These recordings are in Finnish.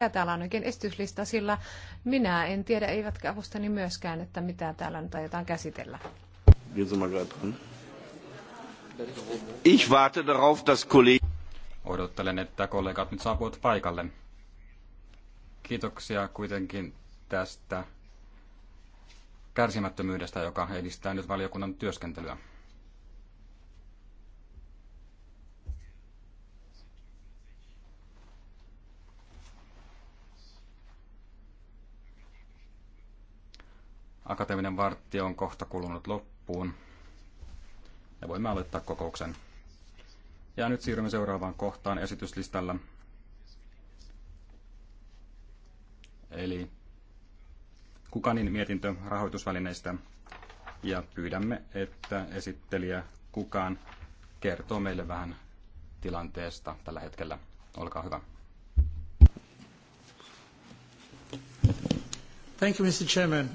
mikä täällä on oikein esityslista, sillä minä en tiedä, eivätkä avustani myöskään, että mitä täällä nyt aiotaan käsitellä. Ich warte darauf, dass kollegi... Odottelen, että kollegat nyt saapuvat paikalle. Kiitoksia kuitenkin tästä kärsimättömyydestä, joka edistää nyt valiokunnan työskentelyä. Akateeminen vartti on kohta kulunut loppuun ja voimme aloittaa kokouksen. Ja nyt siirrymme seuraavaan kohtaan esityslistalla. Eli Kukanin mietintö rahoitusvälineistä ja pyydämme, että esittelijä Kukan kertoo meille vähän tilanteesta tällä hetkellä. Olkaa hyvä. Thank you, Mr. Chairman.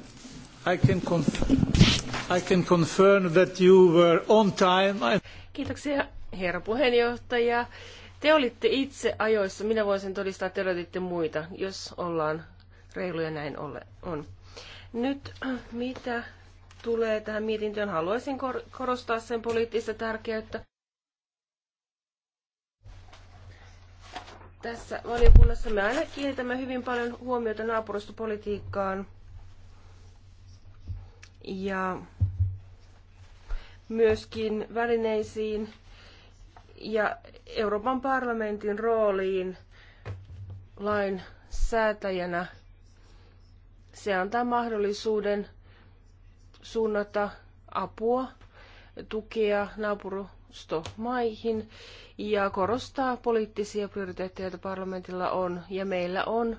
I can, I can confirm that you were on time. Kiitoksia, herra puheenjohtaja. Te olitte itse ajoissa. Minä voisin todistaa, että te odotitte muita, jos ollaan reiluja näin on. Nyt mitä tulee tähän mietintöön, haluaisin kor- korostaa sen poliittista tärkeyttä. Tässä valiokunnassa me aina kiinnitämme hyvin paljon huomiota naapurustopolitiikkaan ja myöskin välineisiin ja Euroopan parlamentin rooliin lain säätäjänä. Se antaa mahdollisuuden suunnata apua, tukea naapurustomaihin ja korostaa poliittisia prioriteetteja, joita parlamentilla on ja meillä on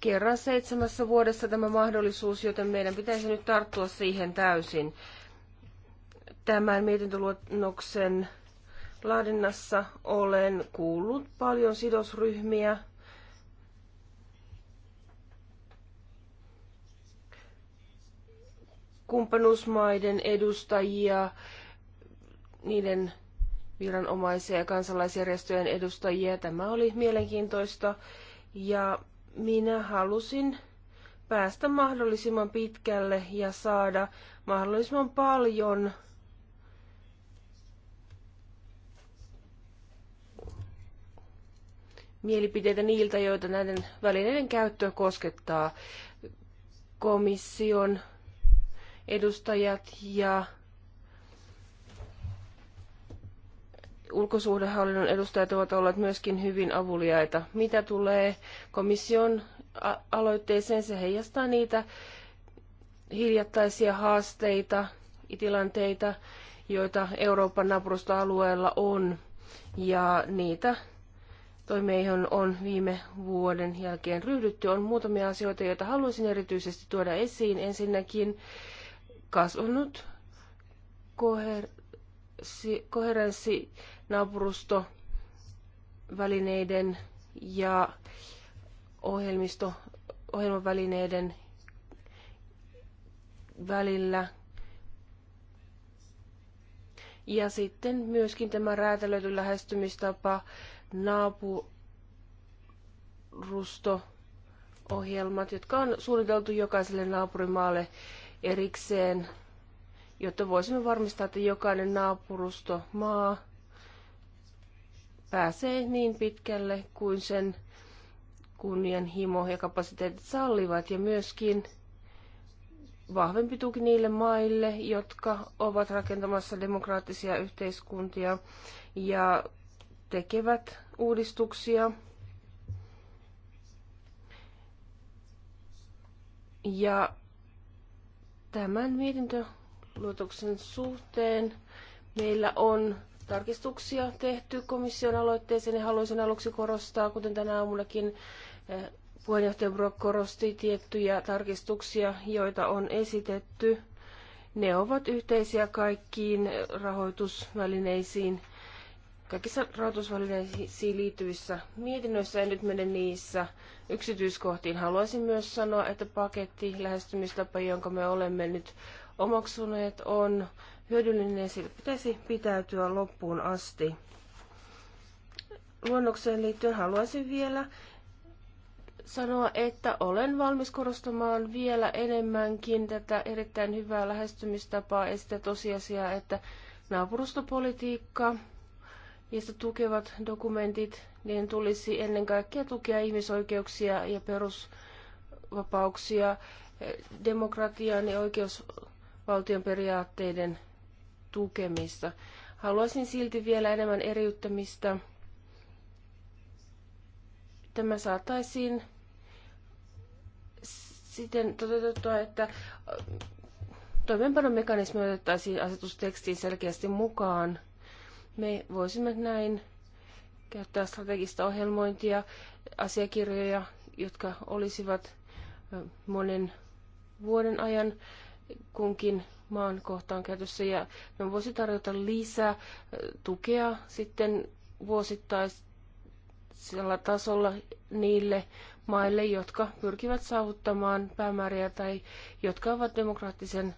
kerran seitsemässä vuodessa tämä mahdollisuus, joten meidän pitäisi nyt tarttua siihen täysin. Tämän mietintöluonnoksen laadinnassa olen kuullut paljon sidosryhmiä. kumppanuusmaiden edustajia, niiden viranomaisia ja kansalaisjärjestöjen edustajia. Tämä oli mielenkiintoista ja minä halusin päästä mahdollisimman pitkälle ja saada mahdollisimman paljon mielipiteitä niiltä, joita näiden välineiden käyttö koskettaa. Komission edustajat ja ulkosuhdehallinnon edustajat ovat olleet myöskin hyvin avuliaita. Mitä tulee komission aloitteeseen, se heijastaa niitä hiljattaisia haasteita ja tilanteita, joita Euroopan naapurustoalueella on, ja niitä toimia, on viime vuoden jälkeen ryhdytty. On muutamia asioita, joita haluaisin erityisesti tuoda esiin. Ensinnäkin kasvanut koher- koherenssi naapurustovälineiden ja ohjelmisto, ohjelmavälineiden välillä. Ja sitten myöskin tämä räätälöity lähestymistapa, naapurusto-ohjelmat, jotka on suunniteltu jokaiselle naapurimaalle erikseen, jotta voisimme varmistaa, että jokainen naapurustomaa pääsee niin pitkälle kuin sen kunnianhimo ja kapasiteetit sallivat ja myöskin vahvempi tuki niille maille, jotka ovat rakentamassa demokraattisia yhteiskuntia ja tekevät uudistuksia. Ja tämän mietintöluotoksen suhteen meillä on tarkistuksia tehty komission aloitteeseen ja haluaisin aluksi korostaa, kuten tänä aamunakin eh, puheenjohtaja Brock korosti tiettyjä tarkistuksia, joita on esitetty. Ne ovat yhteisiä kaikkiin rahoitusvälineisiin, kaikissa rahoitusvälineisiin liittyvissä mietinnöissä. En nyt mene niissä yksityiskohtiin. Haluaisin myös sanoa, että paketti lähestymistapa, jonka me olemme nyt omaksuneet, on hyödyllinen ja sillä pitäisi pitäytyä loppuun asti. Luonnokseen liittyen haluaisin vielä sanoa, että olen valmis korostamaan vielä enemmänkin tätä erittäin hyvää lähestymistapaa ja sitä tosiasiaa, että naapurustopolitiikka ja sitä tukevat dokumentit, niin tulisi ennen kaikkea tukea ihmisoikeuksia ja perusvapauksia, demokratian ja oikeusvaltion periaatteiden tukemista. Haluaisin silti vielä enemmän eriyttämistä. Tämä saataisiin siten toteutettua, että toimeenpanomekanismi otettaisiin asetustekstiin selkeästi mukaan. Me voisimme näin käyttää strategista ohjelmointia, asiakirjoja, jotka olisivat monen vuoden ajan kunkin maan kohtaan käytössä ja me voisi tarjota lisää tukea sitten vuosittaisella tasolla niille maille, jotka pyrkivät saavuttamaan päämääriä tai jotka ovat demokraattisen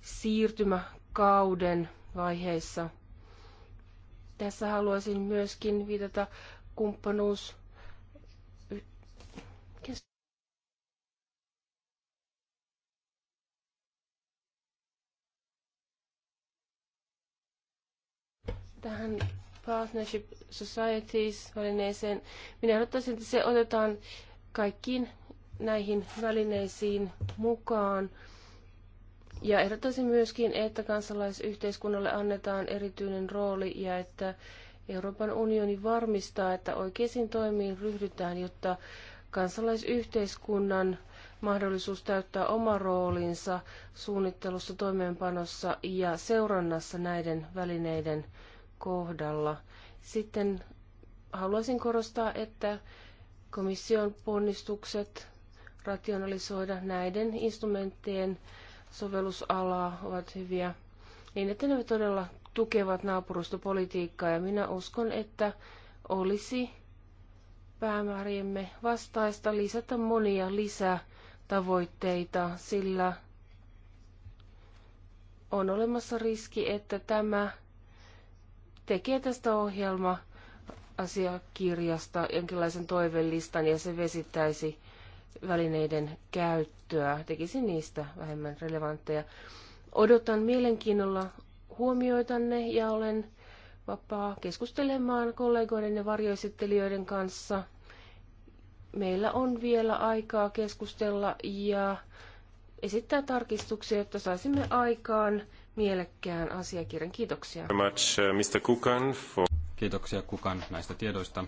siirtymäkauden vaiheissa. Tässä haluaisin myöskin viitata kumppanuus tähän Partnership Societies-välineeseen. Minä ehdottaisin, että se otetaan kaikkiin näihin välineisiin mukaan. Ja ehdottaisin myöskin, että kansalaisyhteiskunnalle annetaan erityinen rooli ja että Euroopan unioni varmistaa, että oikeisiin toimiin ryhdytään, jotta kansalaisyhteiskunnan mahdollisuus täyttää oma roolinsa suunnittelussa, toimeenpanossa ja seurannassa näiden välineiden kohdalla. Sitten haluaisin korostaa, että komission ponnistukset rationalisoida näiden instrumenttien sovellusalaa ovat hyviä, niin että ne todella tukevat naapurustopolitiikkaa ja minä uskon, että olisi päämääriemme vastaista lisätä monia lisätavoitteita, sillä on olemassa riski, että tämä tekee tästä ohjelma asiakirjasta jonkinlaisen toivelistan ja se vesittäisi välineiden käyttöä, tekisi niistä vähemmän relevantteja. Odotan mielenkiinnolla huomioitanne ja olen vapaa keskustelemaan kollegoiden ja varjoesittelijöiden kanssa. Meillä on vielä aikaa keskustella ja esittää tarkistuksia, jotta saisimme aikaan mielekkään asiakirjan. Kiitoksia. Much, uh, Mr. Kukan for... Kiitoksia Kukan näistä tiedoista.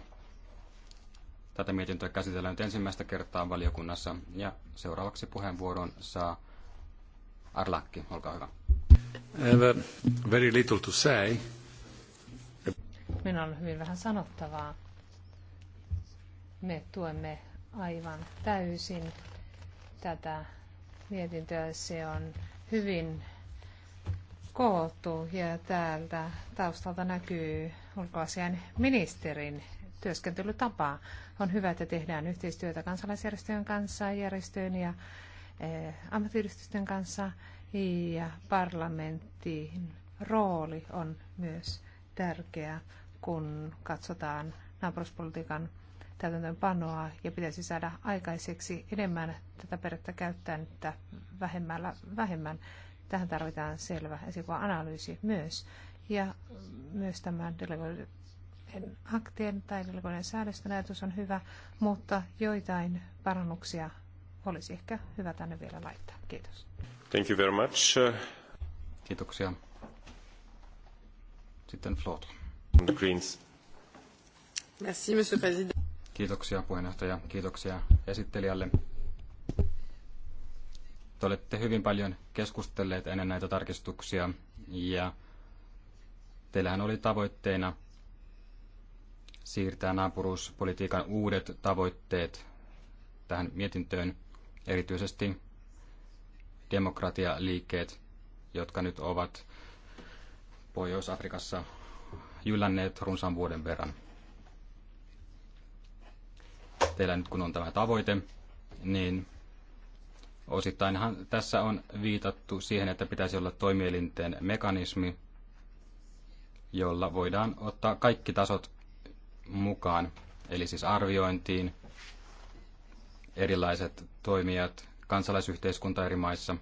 Tätä mietintöä käsitellään nyt ensimmäistä kertaa valiokunnassa ja seuraavaksi puheenvuoron saa Arlakki, olkaa hyvä. Very little to say. Minulla on hyvin vähän sanottavaa. Me tuemme aivan täysin tätä mietintöä. Se on hyvin koottu ja täältä taustalta näkyy ulkoasian ministerin työskentelytapa. On hyvä, että tehdään yhteistyötä kansalaisjärjestöjen kanssa, järjestöjen ja eh, ammattiyhdistysten kanssa ja parlamentin rooli on myös tärkeä, kun katsotaan naapuruspolitiikan täytäntöönpanoa ja pitäisi saada aikaiseksi enemmän tätä perättä käyttäen, että vähemmällä vähemmän. Tähän tarvitaan selvä esikuva-analyysi myös. Ja myös tämä delegoiden aktien tai delegoiden säädösten ajatus on hyvä, mutta joitain parannuksia olisi ehkä hyvä tänne vielä laittaa. Kiitos. Thank you very much. Kiitoksia. Sitten Flot. Greens. Merci, monsieur Kiitoksia puheenjohtaja, kiitoksia esittelijälle. Te olette hyvin paljon keskustelleet ennen näitä tarkistuksia ja teillähän oli tavoitteena siirtää naapuruuspolitiikan uudet tavoitteet tähän mietintöön, erityisesti demokratialiikkeet, jotka nyt ovat Pohjois-Afrikassa jyllänneet runsaan vuoden verran. Teillä nyt kun on tämä tavoite, niin Osittainhan tässä on viitattu siihen, että pitäisi olla toimielinten mekanismi, jolla voidaan ottaa kaikki tasot mukaan, eli siis arviointiin erilaiset toimijat, kansalaisyhteiskunta eri maissa.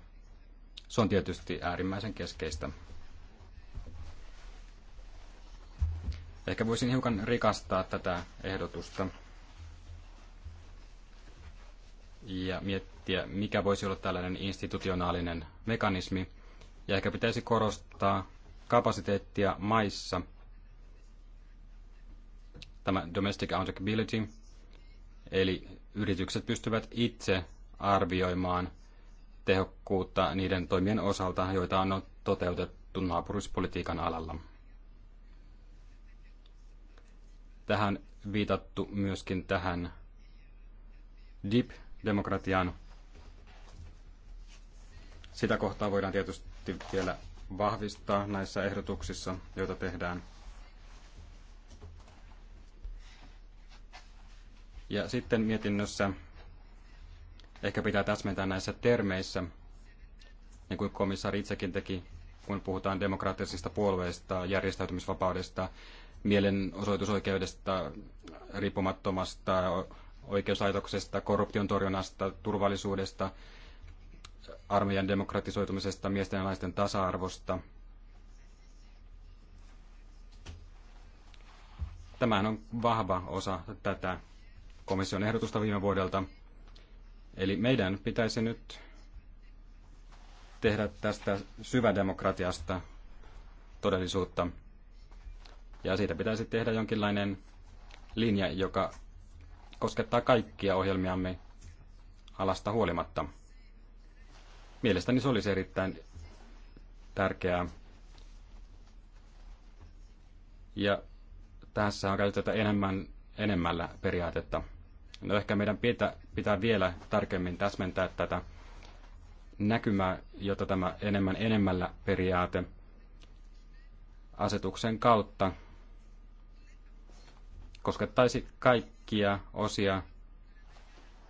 Se on tietysti äärimmäisen keskeistä. Ehkä voisin hiukan rikastaa tätä ehdotusta ja miettiä, mikä voisi olla tällainen institutionaalinen mekanismi. Ja ehkä pitäisi korostaa kapasiteettia maissa, tämä domestic accountability, eli yritykset pystyvät itse arvioimaan tehokkuutta niiden toimien osalta, joita on toteutettu naapuruspolitiikan alalla. Tähän viitattu myöskin tähän DIP demokratiaan. Sitä kohtaa voidaan tietysti vielä vahvistaa näissä ehdotuksissa, joita tehdään. Ja sitten mietinnössä ehkä pitää täsmentää näissä termeissä, niin kuin komissaari itsekin teki, kun puhutaan demokraattisista puolueista, järjestäytymisvapaudesta, mielenosoitusoikeudesta, riippumattomasta oikeuslaitoksesta, korruption torjunnasta, turvallisuudesta, armeijan demokratisoitumisesta, miesten ja naisten tasa-arvosta. Tämähän on vahva osa tätä komission ehdotusta viime vuodelta. Eli meidän pitäisi nyt tehdä tästä syvädemokratiasta todellisuutta. Ja siitä pitäisi tehdä jonkinlainen linja, joka koskettaa kaikkia ohjelmiamme alasta huolimatta. Mielestäni se olisi erittäin tärkeää. Ja tässä on käytetty enemmän, enemmällä periaatetta. No ehkä meidän pitää, pitää vielä tarkemmin täsmentää tätä näkymää, jota tämä enemmän enemmällä periaate asetuksen kautta koskettaisi kaikkia osia,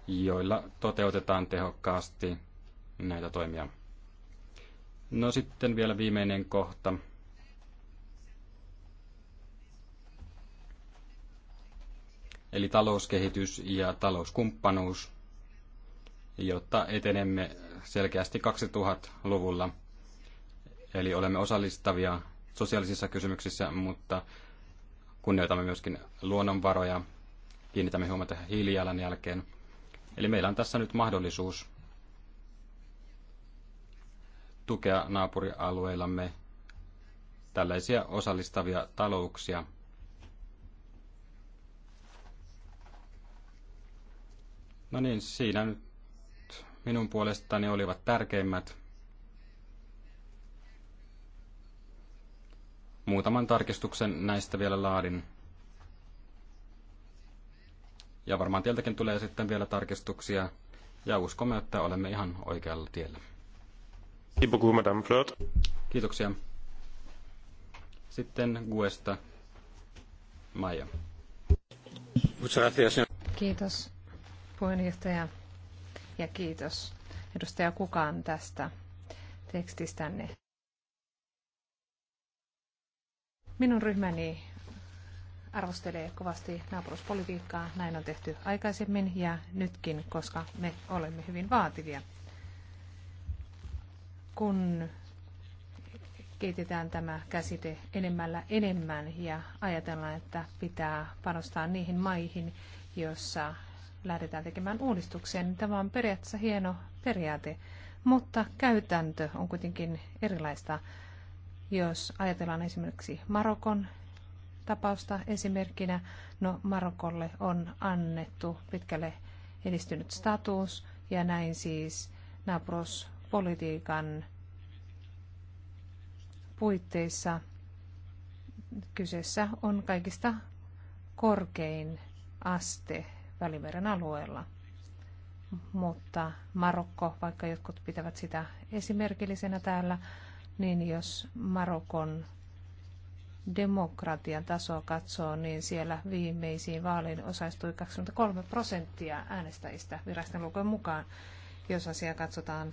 joilla toteutetaan tehokkaasti näitä toimia. No sitten vielä viimeinen kohta. Eli talouskehitys ja talouskumppanuus, jotta etenemme selkeästi 2000-luvulla. Eli olemme osallistavia sosiaalisissa kysymyksissä, mutta kunnioitamme myöskin luonnonvaroja, kiinnitämme huomiota hiilijalanjälkeen. Eli meillä on tässä nyt mahdollisuus tukea naapurialueillamme tällaisia osallistavia talouksia. No niin, siinä nyt minun puolestani olivat tärkeimmät Muutaman tarkistuksen näistä vielä laadin. Ja varmaan teiltäkin tulee sitten vielä tarkistuksia, ja uskomme, että olemme ihan oikealla tiellä. Kiitoksia. Sitten Guesta, Maija. Kiitos puheenjohtaja ja kiitos edustaja Kukaan tästä tekstistänne. Minun ryhmäni arvostelee kovasti naapuruspolitiikkaa. Näin on tehty aikaisemmin ja nytkin, koska me olemme hyvin vaativia. Kun keitetään tämä käsite enemmällä enemmän ja ajatellaan, että pitää panostaa niihin maihin, joissa lähdetään tekemään uudistuksia, niin tämä on periaatteessa hieno periaate. Mutta käytäntö on kuitenkin erilaista jos ajatellaan esimerkiksi Marokon tapausta esimerkkinä, no Marokolle on annettu pitkälle edistynyt status ja näin siis naapuruspolitiikan puitteissa kyseessä on kaikista korkein aste Välimeren alueella. Mutta Marokko, vaikka jotkut pitävät sitä esimerkillisenä täällä, niin jos Marokon demokratian taso katsoo, niin siellä viimeisiin vaaliin osaistui 23 prosenttia äänestäjistä virasten lukujen mukaan, jos asia katsotaan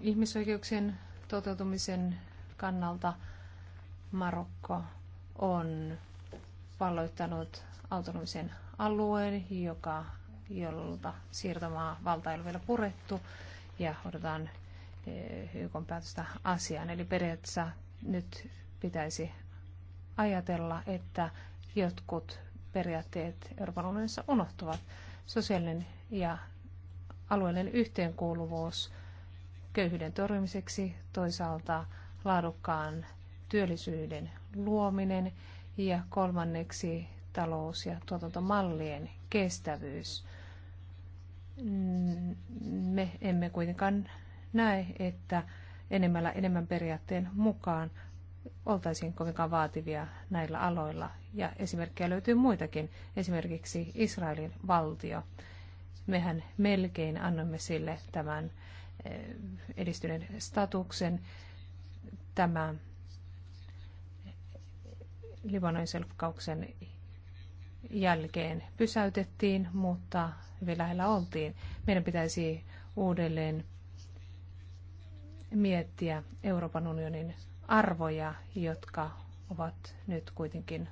ihmisoikeuksien toteutumisen kannalta. Marokko on valloittanut autonomisen alueen, joka, jolta siirtomaa valta ei ole vielä purettu ja odotetaan Eh, YK päätöstä asiaan. Eli periaatteessa nyt pitäisi ajatella, että jotkut periaatteet Euroopan unionissa unohtuvat. Sosiaalinen ja alueellinen yhteenkuuluvuus köyhyyden torjumiseksi, toisaalta laadukkaan työllisyyden luominen ja kolmanneksi talous- ja tuotantomallien kestävyys. Me emme kuitenkaan näe, että enemmällä enemmän periaatteen mukaan oltaisiin kovinkaan vaativia näillä aloilla. Ja esimerkkejä löytyy muitakin, esimerkiksi Israelin valtio. Mehän melkein annamme sille tämän eh, edistyneen statuksen. Tämä eh, Libanon selfkauksen jälkeen pysäytettiin, mutta hyvin lähellä oltiin. Meidän pitäisi uudelleen miettiä Euroopan unionin arvoja, jotka ovat nyt kuitenkin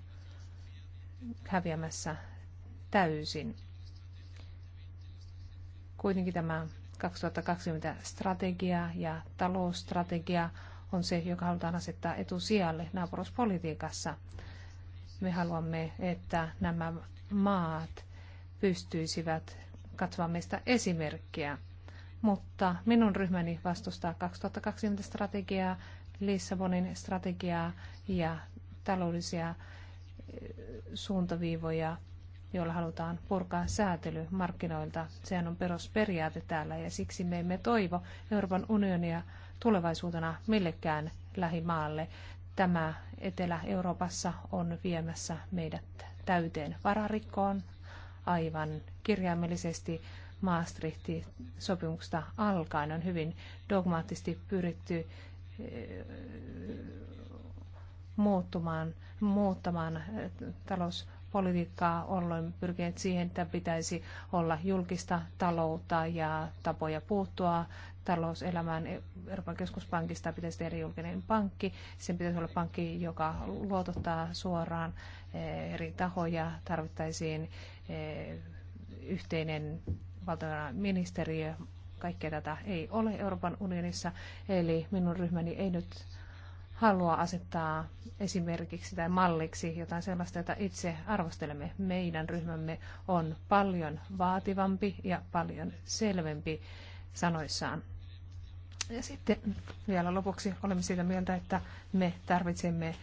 häviämässä täysin. Kuitenkin tämä 2020 strategia ja talousstrategia on se, joka halutaan asettaa etusijalle naapuruspolitiikassa. Me haluamme, että nämä maat pystyisivät katsomaan meistä esimerkkiä mutta minun ryhmäni vastustaa 2020 strategiaa, Lissabonin strategiaa ja taloudellisia eh, suuntaviivoja, joilla halutaan purkaa säätely markkinoilta. Sehän on perusperiaate täällä ja siksi me emme toivo Euroopan unionia tulevaisuutena millekään lähimaalle. Tämä Etelä-Euroopassa on viemässä meidät täyteen vararikkoon aivan kirjaimellisesti Maastrichtin sopimuksesta alkaen on hyvin dogmaattisesti pyritty eh, muuttumaan, muuttamaan eh, talouspolitiikkaa, olloin pyrkineet siihen, että pitäisi olla julkista taloutta ja tapoja puuttua talouselämään. Euroopan keskuspankista pitäisi tehdä julkinen pankki. Sen pitäisi olla pankki, joka luotottaa suoraan eh, eri tahoja. Tarvittaisiin yhteinen valtiovarainministeriö, kaikkea tätä ei ole Euroopan unionissa, eli minun ryhmäni ei nyt halua asettaa esimerkiksi tai malliksi jotain sellaista, jota itse arvostelemme. Meidän ryhmämme on paljon vaativampi ja paljon selvempi sanoissaan. Ja sitten vielä lopuksi olemme siitä mieltä, että me tarvitsemme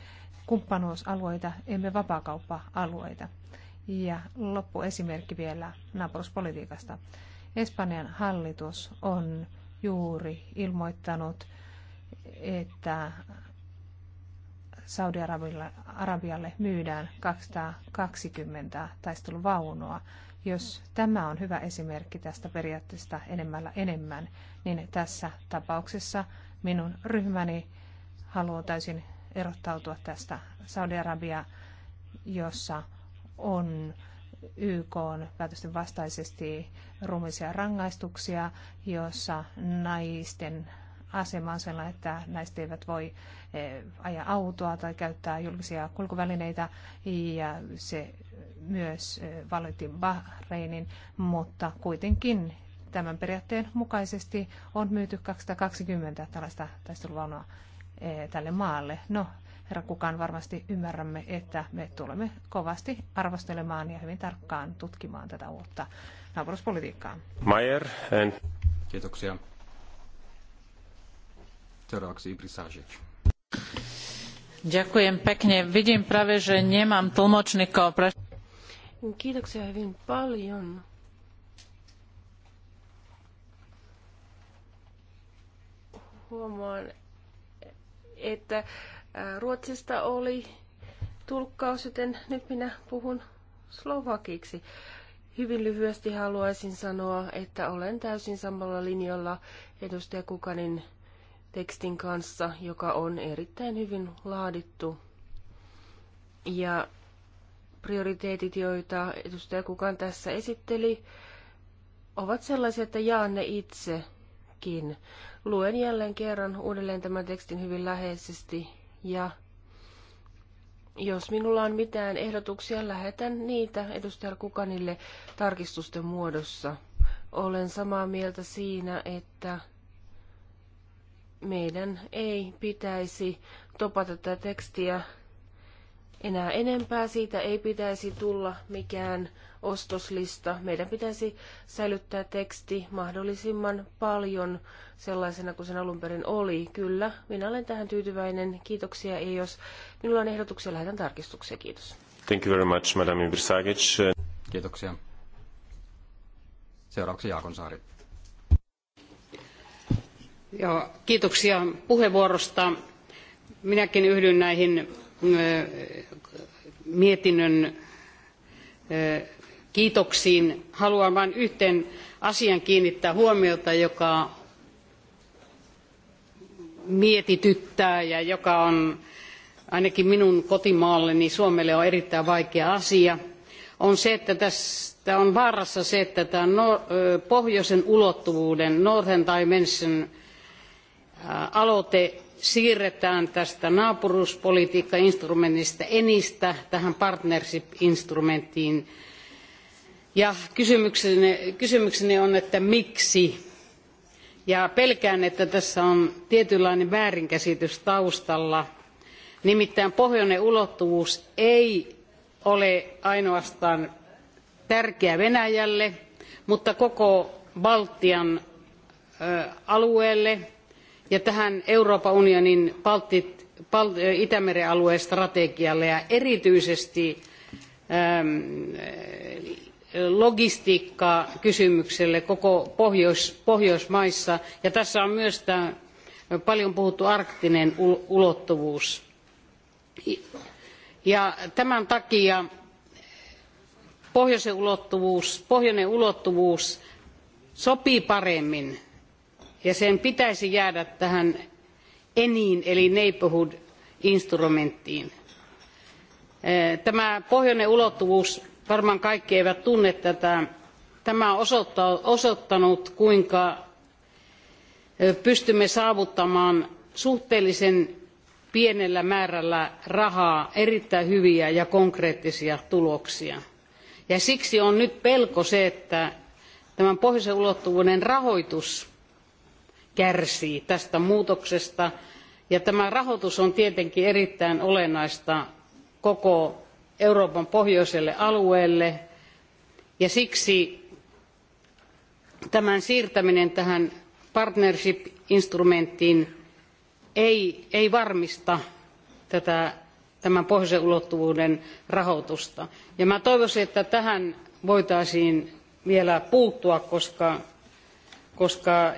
kumppanuusalueita, emme vapaakauppa-alueita. Ja loppuesimerkki vielä naapuruspolitiikasta. Espanjan hallitus on juuri ilmoittanut, että Saudi-Arabialle myydään 220 taisteluvaunua. Jos tämä on hyvä esimerkki tästä periaatteesta enemmällä enemmän, niin tässä tapauksessa minun ryhmäni haluaa täysin erottautua tästä Saudi-Arabia, jossa on YK on päätösten vastaisesti rumisia rangaistuksia, jossa naisten asema on sellainen, että naiset eivät voi eh, ajaa autoa tai käyttää julkisia kulkuvälineitä ja se myös eh, valitti Bahreinin, mutta kuitenkin tämän periaatteen mukaisesti on myyty 220 tällaista taisteluvaunua eh, tälle maalle. No, herra Kukaan varmasti ymmärrämme, että me tulemme kovasti arvostelemaan ja hyvin tarkkaan tutkimaan tätä uutta naapuruspolitiikkaa. Mayer, en. Kiitoksia. Seuraavaksi Ibris Ďakujem pekne. Vidím práve, že nemám tlmočníkov. Pre... Kiitoksia hyvin paljon. Huomaan, että Ruotsista oli tulkkaus, joten nyt minä puhun slovakiksi. Hyvin lyhyesti haluaisin sanoa, että olen täysin samalla linjalla edustaja Kukanin tekstin kanssa, joka on erittäin hyvin laadittu. Ja prioriteetit, joita edustaja Kukan tässä esitteli, ovat sellaisia, että jaan ne itsekin. Luen jälleen kerran uudelleen tämän tekstin hyvin läheisesti ja jos minulla on mitään ehdotuksia, lähetän niitä edustaja Kukanille tarkistusten muodossa. Olen samaa mieltä siinä, että meidän ei pitäisi topata tätä tekstiä enää enempää. Siitä ei pitäisi tulla mikään ostoslista. Meidän pitäisi säilyttää teksti mahdollisimman paljon sellaisena kuin sen alun perin oli. Kyllä, minä olen tähän tyytyväinen. Kiitoksia. ei jos minulla on ehdotuksia, lähetän tarkistuksia. Kiitos. Thank you very much, Madam Ibrisagic. Kiitoksia. Seuraavaksi Jaakon Saari. Joo, kiitoksia puheenvuorosta. Minäkin yhdyn näihin mietinnön kiitoksiin. Haluan vain yhteen asian kiinnittää huomiota, joka mietityttää ja joka on ainakin minun kotimaalleni Suomelle on erittäin vaikea asia, on se, että tästä on vaarassa se, että tämän no, pohjoisen ulottuvuuden Northern Dimension aloite siirretään tästä naapuruuspolitiikkainstrumentista enistä tähän partnership-instrumenttiin. Ja kysymykseni, kysymykseni on, että miksi? Ja pelkään, että tässä on tietynlainen väärinkäsitys taustalla. Nimittäin pohjoinen ulottuvuus ei ole ainoastaan tärkeä Venäjälle, mutta koko Baltian alueelle – ja tähän Euroopan unionin Baltit, Balt, Itämeren alueen strategialle ja erityisesti ähm, kysymykselle koko Pohjois, Pohjoismaissa. Ja tässä on myös tämä paljon puhuttu arktinen ulottuvuus. Ja tämän takia pohjoisen ulottuvuus, pohjoinen ulottuvuus sopii paremmin ja sen pitäisi jäädä tähän eniin eli neighborhood instrumenttiin. Eh, tämä pohjoinen ulottuvuus, varmaan kaikki eivät tunne tätä, tämä on osoittanut kuinka eh, pystymme saavuttamaan suhteellisen pienellä määrällä rahaa erittäin hyviä ja konkreettisia tuloksia. Ja siksi on nyt pelko se, että tämän pohjoisen ulottuvuuden rahoitus kärsii tästä muutoksesta. Ja tämä rahoitus on tietenkin erittäin olennaista koko Euroopan pohjoiselle alueelle. Ja siksi tämän siirtäminen tähän partnership-instrumenttiin ei, ei varmista tätä, tämän pohjoisen ulottuvuuden rahoitusta. Ja mä toivoisin, että tähän voitaisiin vielä puuttua, koska, koska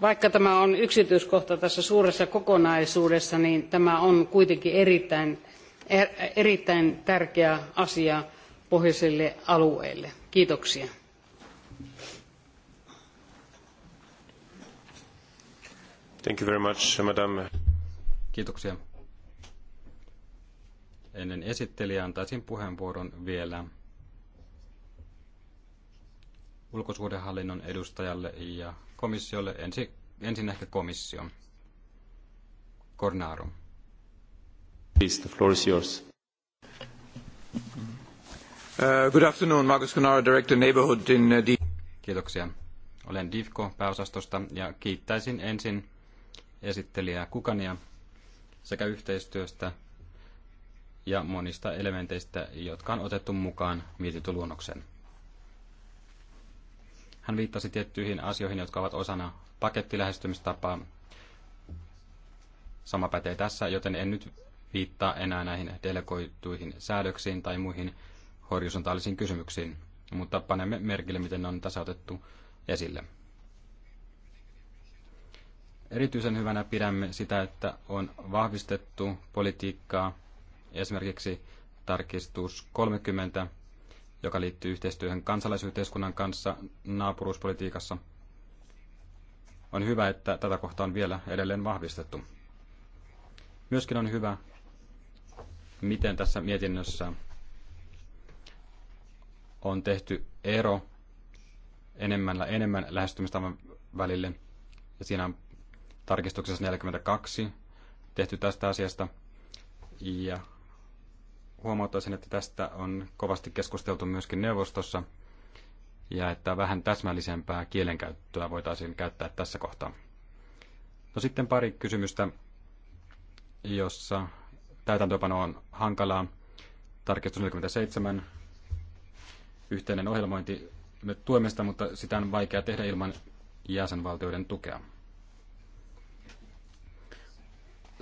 vaikka tämä on yksityiskohta tässä suuressa kokonaisuudessa, niin tämä on kuitenkin erittäin, er, erittäin tärkeä asia pohjoisille alueille. Kiitoksia. Thank you very much, madame. Kiitoksia. Ennen esittelijää antaisin puheenvuoron vielä ulkosuhdehallinnon edustajalle ja komissiolle. Ensi, ensin ehkä komissio. Cornaro. Please, the floor is yours. Uh, good afternoon, Markus Cornaro, Director Neighborhood in uh, D- Kiitoksia. Olen DIVKO pääosastosta ja kiittäisin ensin esittelijää Kukania sekä yhteistyöstä ja monista elementeistä, jotka on otettu mukaan mietintöluonnokseen. Hän viittasi tiettyihin asioihin, jotka ovat osana pakettilähestymistapaa. Sama pätee tässä, joten en nyt viittaa enää näihin delegoituihin säädöksiin tai muihin horisontaalisiin kysymyksiin, mutta panemme merkille, miten ne on tässä otettu esille. Erityisen hyvänä pidämme sitä, että on vahvistettu politiikkaa, esimerkiksi tarkistus 30, joka liittyy yhteistyöhön kansalaisyhteiskunnan kanssa naapuruuspolitiikassa. On hyvä, että tätä kohtaa on vielä edelleen vahvistettu. Myöskin on hyvä, miten tässä mietinnössä on tehty ero enemmän enemmän lähestymistavan välille. Ja siinä on tarkistuksessa 42 tehty tästä asiasta. Ja huomauttaisin, että tästä on kovasti keskusteltu myöskin neuvostossa ja että vähän täsmällisempää kielenkäyttöä voitaisiin käyttää tässä kohtaa. No sitten pari kysymystä, jossa täytäntöpano on hankalaa. Tarkistus 47, yhteinen ohjelmointi me tuemme sitä, mutta sitä on vaikea tehdä ilman jäsenvaltioiden tukea.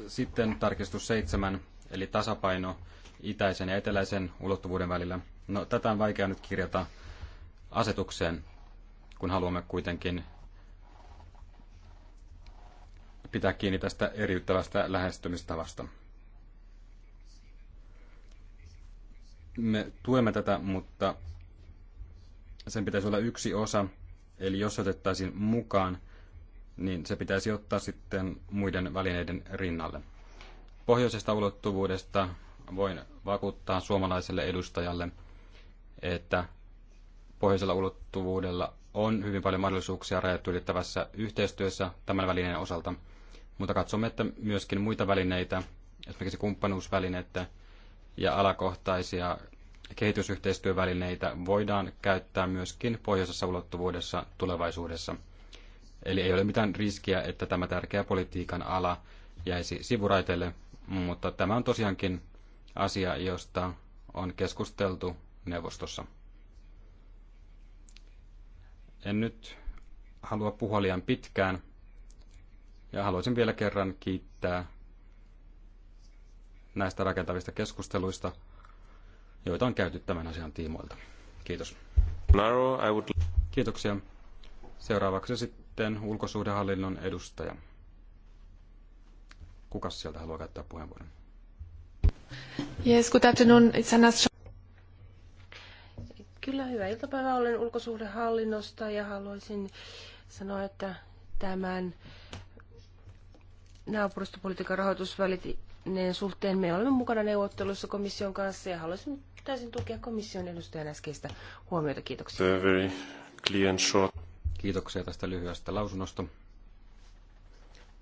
Sitten tarkistus 7, eli tasapaino itäisen ja eteläisen ulottuvuuden välillä. No, tätä on vaikea nyt kirjata asetukseen, kun haluamme kuitenkin pitää kiinni tästä eriyttävästä lähestymistavasta. Me tuemme tätä, mutta sen pitäisi olla yksi osa, eli jos otettaisiin mukaan, niin se pitäisi ottaa sitten muiden välineiden rinnalle. Pohjoisesta ulottuvuudesta voin vakuuttaa suomalaiselle edustajalle, että pohjoisella ulottuvuudella on hyvin paljon mahdollisuuksia rajat ylittävässä yhteistyössä tämän välineen osalta, mutta katsomme, että myöskin muita välineitä, esimerkiksi kumppanuusvälineitä ja alakohtaisia kehitysyhteistyövälineitä voidaan käyttää myöskin pohjoisessa ulottuvuudessa tulevaisuudessa. Eli ei ole mitään riskiä, että tämä tärkeä politiikan ala jäisi sivuraiteille, mutta tämä on tosiaankin asia, josta on keskusteltu neuvostossa. En nyt halua puhua liian pitkään ja haluaisin vielä kerran kiittää näistä rakentavista keskusteluista, joita on käyty tämän asian tiimoilta. Kiitos. Kiitoksia. Seuraavaksi sitten ulkosuhdehallinnon edustaja. Kuka sieltä haluaa käyttää puheenvuoron? Yes, good afternoon. It's Anna Kyllä, hyvää iltapäivää. Olen ulkosuhdehallinnosta ja haluaisin sanoa, että tämän naapuristopolitiikan rahoitusvälineen suhteen me olemme mukana neuvotteluissa komission kanssa ja haluaisin täysin tukea komission edustajan äskeistä huomiota. Kiitoksia. Very clear and short. Kiitoksia tästä lyhyestä lausunnosta.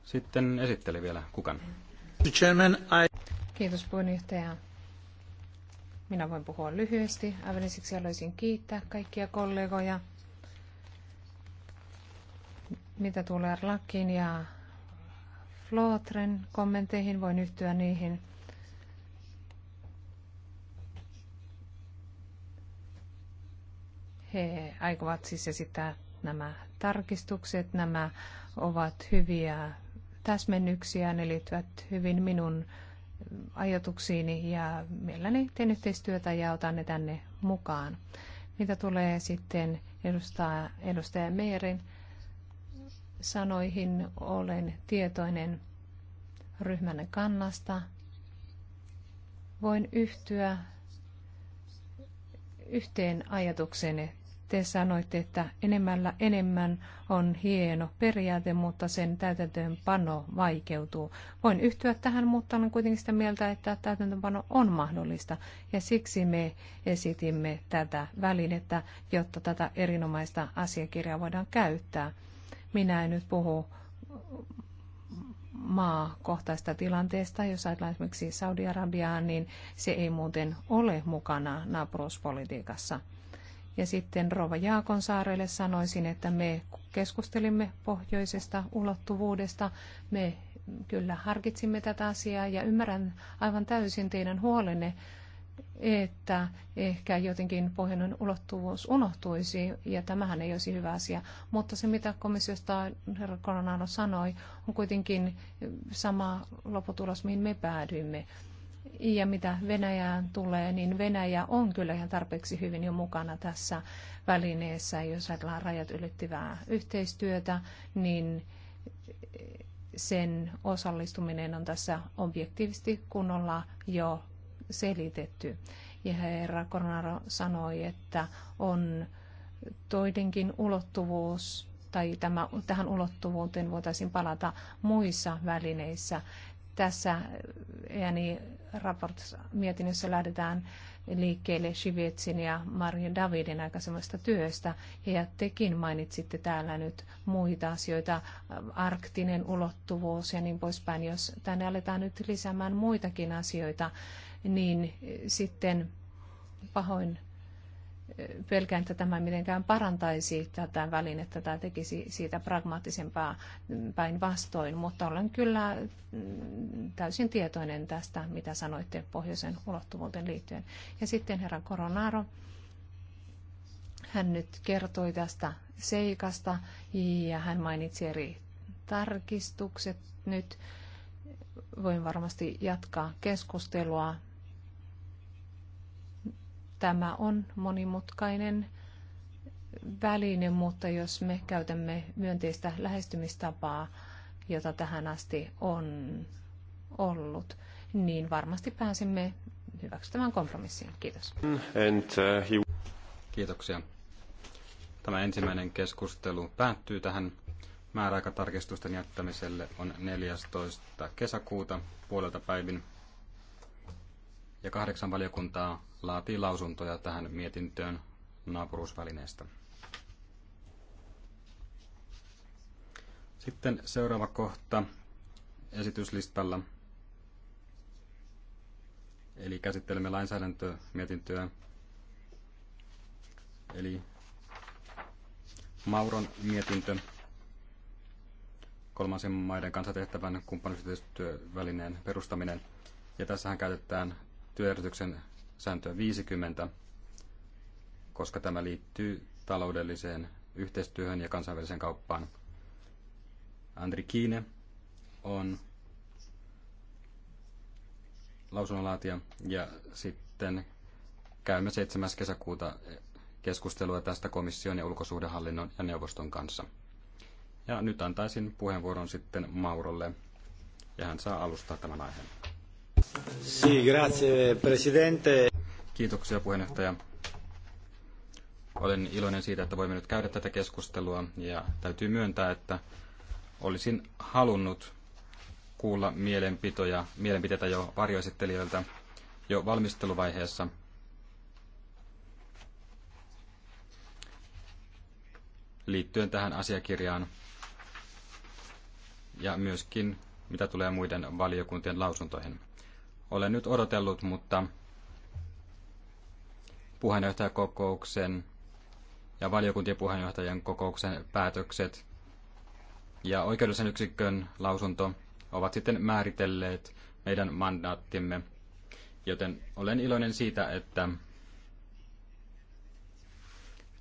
Sitten esitteli vielä Kukan. Chairman, I... Kiitos puheenjohtaja. Minä voin puhua lyhyesti. Aivan ensiksi haluaisin kiittää kaikkia kollegoja. Mitä tulee Lakin ja Flootren kommenteihin, voin yhtyä niihin. He aikovat siis esittää nämä tarkistukset. Nämä ovat hyviä täsmennyksiä, ne liittyvät hyvin minun ajatuksiini ja mielelläni teen yhteistyötä ja otan ne tänne mukaan. Mitä tulee sitten edustaja, edustaja Meerin sanoihin, olen tietoinen ryhmänne kannasta. Voin yhtyä yhteen ajatukseen te sanoitte, että enemmällä enemmän on hieno periaate, mutta sen täytäntöönpano vaikeutuu. Voin yhtyä tähän, mutta olen kuitenkin sitä mieltä, että täytäntöönpano on mahdollista. Ja siksi me esitimme tätä välinettä, jotta tätä erinomaista asiakirjaa voidaan käyttää. Minä en nyt puhu maakohtaista tilanteesta, jos ajatellaan esimerkiksi Saudi-Arabiaa, niin se ei muuten ole mukana naapuruuspolitiikassa. Ja sitten Rova saarelle sanoisin, että me keskustelimme pohjoisesta ulottuvuudesta. Me kyllä harkitsimme tätä asiaa ja ymmärrän aivan täysin teidän huolenne, että ehkä jotenkin pohjoinen ulottuvuus unohtuisi, ja tämähän ei olisi hyvä asia. Mutta se, mitä komissiosta herra Coronado sanoi, on kuitenkin sama lopputulos, mihin me päädyimme. Ja mitä Venäjään tulee, niin Venäjä on kyllä ihan tarpeeksi hyvin jo mukana tässä välineessä. Jos ajatellaan rajat ylittävää yhteistyötä, niin sen osallistuminen on tässä objektiivisesti kunnolla jo selitetty. Ja herra Coronaro sanoi, että on toidenkin ulottuvuus, tai tämä, tähän ulottuvuuteen voitaisiin palata muissa välineissä. Tässä yani, raportissa mietinnössä lähdetään liikkeelle Shivetsin ja Marja Davidin aikaisemmasta työstä. Ja tekin mainitsitte täällä nyt muita asioita, arktinen ulottuvuus ja niin poispäin. Jos tänne aletaan nyt lisäämään muitakin asioita, niin sitten pahoin pelkään, että tämä mitenkään parantaisi tätä välinettä tai tekisi siitä pragmaattisempaa mm, päinvastoin, mutta olen kyllä mm, täysin tietoinen tästä, mitä sanoitte pohjoisen ulottuvuuteen liittyen. Ja sitten herra Koronaro, hän nyt kertoi tästä seikasta ja hän mainitsi eri tarkistukset nyt. Voin varmasti jatkaa keskustelua Tämä on monimutkainen väline, mutta jos me käytämme myönteistä lähestymistapaa, jota tähän asti on ollut, niin varmasti pääsemme hyväksyttämään kompromissiin. Kiitos. Uh, Kiitoksia. Tämä ensimmäinen keskustelu päättyy tähän. Määräaikatarkistusten jättämiselle on 14. kesäkuuta puolelta päivin ja kahdeksan valiokuntaa laatii lausuntoja tähän mietintöön naapuruusvälineestä. Sitten seuraava kohta esityslistalla. Eli käsittelemme lainsäädäntömietintöä. Eli Mauron mietintö kolmansien maiden kanssa tehtävän kumppanuusyhteistyövälineen perustaminen. Ja tässähän käytetään työjärjestyksen sääntöä 50, koska tämä liittyy taloudelliseen yhteistyöhön ja kansainväliseen kauppaan. Andri Kiine on lausunnonlaatija ja sitten käymme 7. kesäkuuta keskustelua tästä komission ja ulkosuhdehallinnon ja neuvoston kanssa. Ja nyt antaisin puheenvuoron sitten Maurolle ja hän saa alustaa tämän aiheen. Si, grazie, Kiitoksia puheenjohtaja. Olen iloinen siitä, että voimme nyt käydä tätä keskustelua ja täytyy myöntää, että olisin halunnut kuulla mielenpitoja, mielenpiteitä jo varjoesittelijöiltä jo valmisteluvaiheessa. liittyen tähän asiakirjaan ja myöskin mitä tulee muiden valiokuntien lausuntoihin. Olen nyt odotellut, mutta puheenjohtajakokouksen ja valiokuntien puheenjohtajien kokouksen päätökset ja oikeudellisen yksikön lausunto ovat sitten määritelleet meidän mandaattimme, joten olen iloinen siitä, että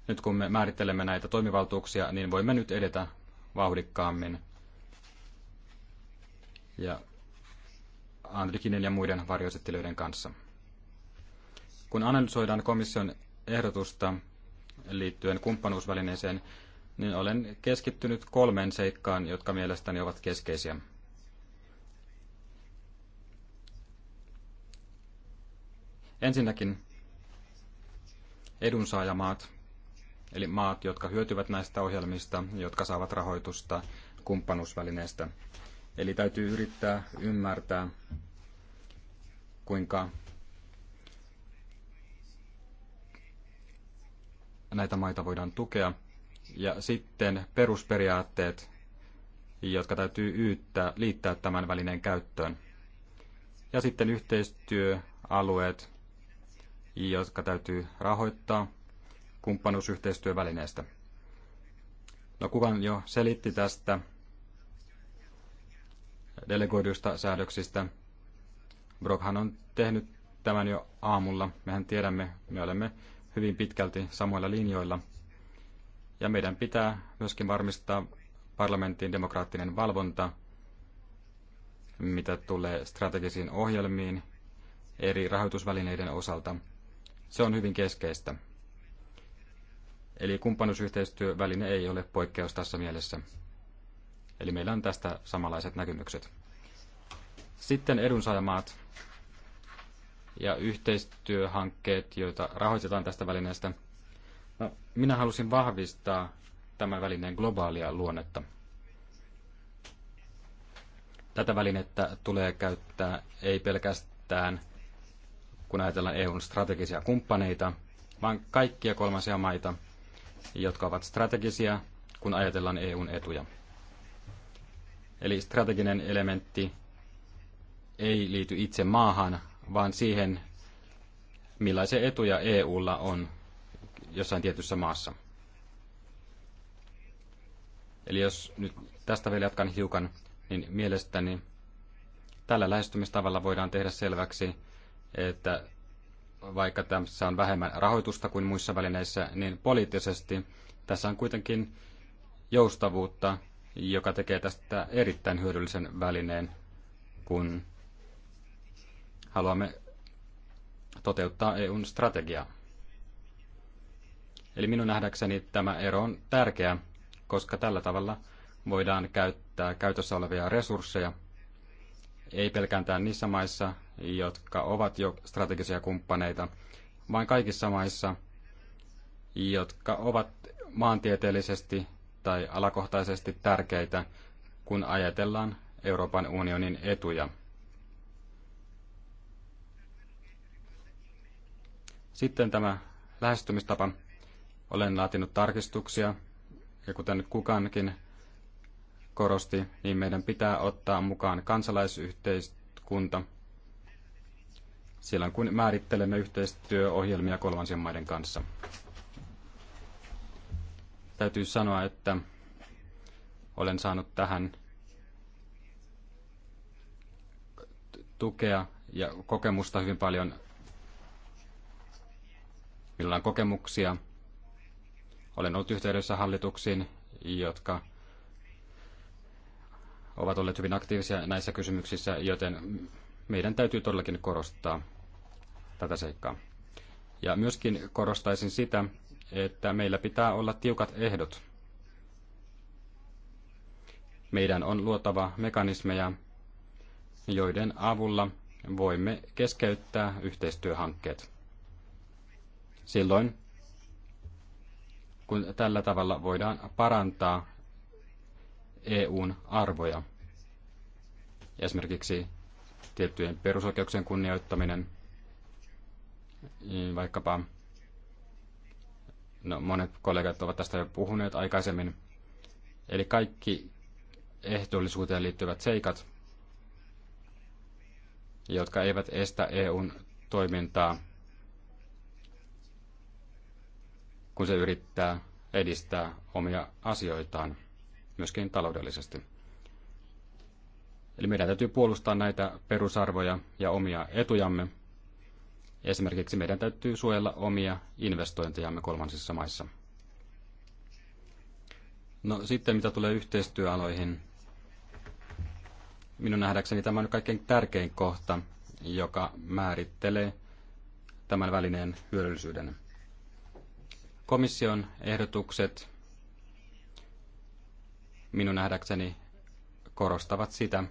nyt kun me määrittelemme näitä toimivaltuuksia, niin voimme nyt edetä vauhdikkaammin. Ja Andrikinin ja muiden varjoesittelijöiden kanssa. Kun analysoidaan komission ehdotusta liittyen kumppanuusvälineeseen, niin olen keskittynyt kolmeen seikkaan, jotka mielestäni ovat keskeisiä. Ensinnäkin edunsaajamaat, eli maat, jotka hyötyvät näistä ohjelmista, jotka saavat rahoitusta kumppanuusvälineestä. Eli täytyy yrittää ymmärtää, kuinka näitä maita voidaan tukea. Ja sitten perusperiaatteet, jotka täytyy yyttää, liittää tämän välineen käyttöön. Ja sitten yhteistyöalueet, jotka täytyy rahoittaa kumppanuusyhteistyövälineestä. No kukaan jo selitti tästä delegoiduista säädöksistä. Brockhan on tehnyt tämän jo aamulla. Mehän tiedämme, me olemme hyvin pitkälti samoilla linjoilla. Ja meidän pitää myöskin varmistaa parlamentin demokraattinen valvonta, mitä tulee strategisiin ohjelmiin eri rahoitusvälineiden osalta. Se on hyvin keskeistä. Eli kumppanuusyhteistyöväline ei ole poikkeus tässä mielessä. Eli meillä on tästä samanlaiset näkemykset. Sitten edunsaajamaat ja yhteistyöhankkeet, joita rahoitetaan tästä välineestä. No, minä halusin vahvistaa tämän välineen globaalia luonnetta. Tätä välinettä tulee käyttää ei pelkästään, kun ajatellaan EUn strategisia kumppaneita, vaan kaikkia kolmansia maita, jotka ovat strategisia, kun ajatellaan EUn etuja. Eli strateginen elementti ei liity itse maahan, vaan siihen, millaisia etuja EUlla on jossain tietyssä maassa. Eli jos nyt tästä vielä jatkan hiukan, niin mielestäni tällä lähestymistavalla voidaan tehdä selväksi, että vaikka tässä on vähemmän rahoitusta kuin muissa välineissä, niin poliittisesti tässä on kuitenkin joustavuutta joka tekee tästä erittäin hyödyllisen välineen, kun haluamme toteuttaa EUn strategiaa. Eli minun nähdäkseni tämä ero on tärkeä, koska tällä tavalla voidaan käyttää käytössä olevia resursseja, ei pelkääntään niissä maissa, jotka ovat jo strategisia kumppaneita, vaan kaikissa maissa, jotka ovat maantieteellisesti tai alakohtaisesti tärkeitä, kun ajatellaan Euroopan unionin etuja. Sitten tämä lähestymistapa. Olen laatinut tarkistuksia, ja kuten nyt kukaankin korosti, niin meidän pitää ottaa mukaan kansalaisyhteiskunta silloin, kun määrittelemme yhteistyöohjelmia kolmansien maiden kanssa. Täytyy sanoa, että olen saanut tähän tukea ja kokemusta hyvin paljon. Minulla on kokemuksia. Olen ollut yhteydessä hallituksiin, jotka ovat olleet hyvin aktiivisia näissä kysymyksissä, joten meidän täytyy todellakin korostaa tätä seikkaa. Ja myöskin korostaisin sitä, että meillä pitää olla tiukat ehdot. Meidän on luotava mekanismeja, joiden avulla voimme keskeyttää yhteistyöhankkeet. Silloin, kun tällä tavalla voidaan parantaa EUn arvoja, esimerkiksi tiettyjen perusoikeuksien kunnioittaminen, vaikkapa No, monet kollegat ovat tästä jo puhuneet aikaisemmin. Eli kaikki ehdollisuuteen liittyvät seikat, jotka eivät estä EUn toimintaa, kun se yrittää edistää omia asioitaan, myöskin taloudellisesti. Eli meidän täytyy puolustaa näitä perusarvoja ja omia etujamme – Esimerkiksi meidän täytyy suojella omia investointejamme kolmansissa maissa. No sitten mitä tulee yhteistyöaloihin, minun nähdäkseni tämä on kaikkein tärkein kohta, joka määrittelee tämän välineen hyödyllisyyden. Komission ehdotukset minun nähdäkseni korostavat sitä,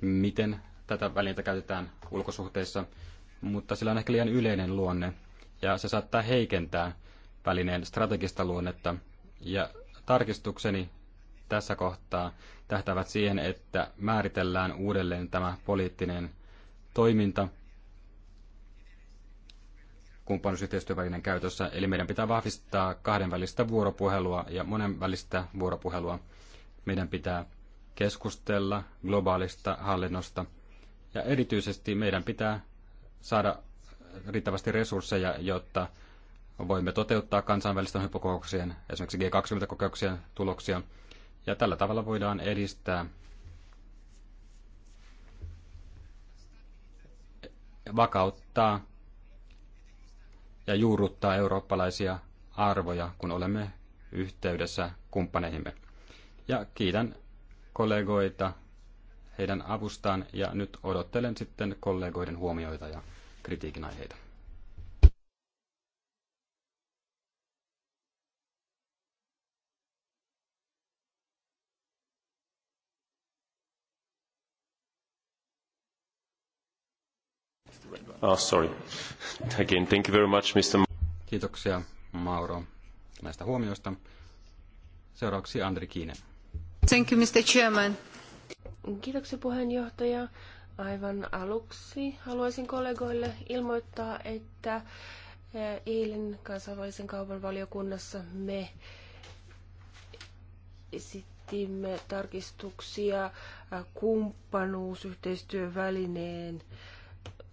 miten tätä välintä käytetään ulkosuhteissa, mutta sillä on ehkä liian yleinen luonne ja se saattaa heikentää välineen strategista luonnetta. Ja tarkistukseni tässä kohtaa tähtävät siihen, että määritellään uudelleen tämä poliittinen toiminta kumppanuusyhteistyövälinen käytössä. Eli meidän pitää vahvistaa kahdenvälistä vuoropuhelua ja monenvälistä vuoropuhelua. Meidän pitää keskustella globaalista hallinnosta – ja erityisesti meidän pitää saada riittävästi resursseja, jotta voimme toteuttaa kansainvälisten huippukokouksien, esimerkiksi G20-kokouksien tuloksia. Ja tällä tavalla voidaan edistää vakauttaa ja juurruttaa eurooppalaisia arvoja, kun olemme yhteydessä kumppaneihimme. Ja kiitän kollegoita heidän avustaan ja nyt odottelen sitten kollegoiden huomioita ja kritiikin aiheita. Oh, sorry. Again, thank you very much, Mr. Kiitoksia, Mauro, näistä huomioista. Seuraavaksi Andri Kiinen. Thank you, Mr. Chairman. Kiitoksia puheenjohtaja. Aivan aluksi haluaisin kollegoille ilmoittaa, että eilen kansainvälisen kaupan valiokunnassa me esittimme tarkistuksia kumppanuusyhteistyövälineen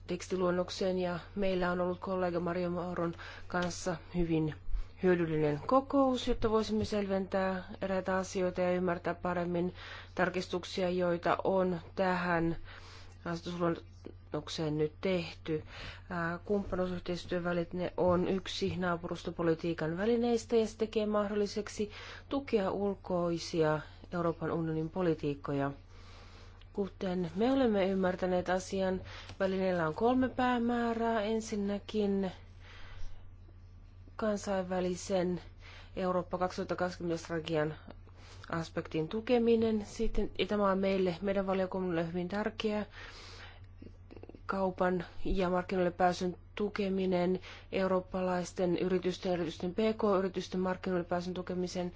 tekstiluonnokseen ja meillä on ollut kollega Maria Mauron kanssa hyvin hyödyllinen kokous, jotta voisimme selventää eräitä asioita ja ymmärtää paremmin tarkistuksia, joita on tähän asetusluonnokseen nyt tehty. Kumppanuusyhteistyöväline on yksi naapurustopolitiikan välineistä ja se tekee mahdolliseksi tukea ulkoisia Euroopan unionin politiikkoja. Kuten me olemme ymmärtäneet asian, välineellä on kolme päämäärää. Ensinnäkin kansainvälisen Eurooppa 2020-strategian aspektin tukeminen. Sitten, ja tämä on meille, meidän valiokunnalle hyvin tärkeä Kaupan ja markkinoille pääsyn tukeminen, eurooppalaisten yritysten, yritysten PK-yritysten markkinoille pääsyn tukemisen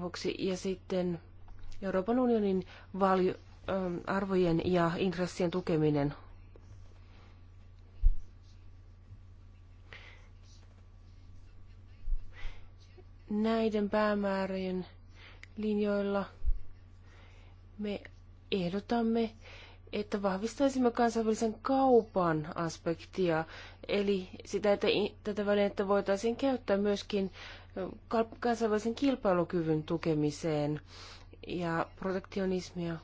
vuoksi ja sitten Euroopan unionin valio, arvojen ja intressien tukeminen näiden päämäärien linjoilla me ehdotamme, että vahvistaisimme kansainvälisen kaupan aspektia, eli sitä, että tätä välinettä voitaisiin käyttää myöskin kansainvälisen kilpailukyvyn tukemiseen ja protektionismia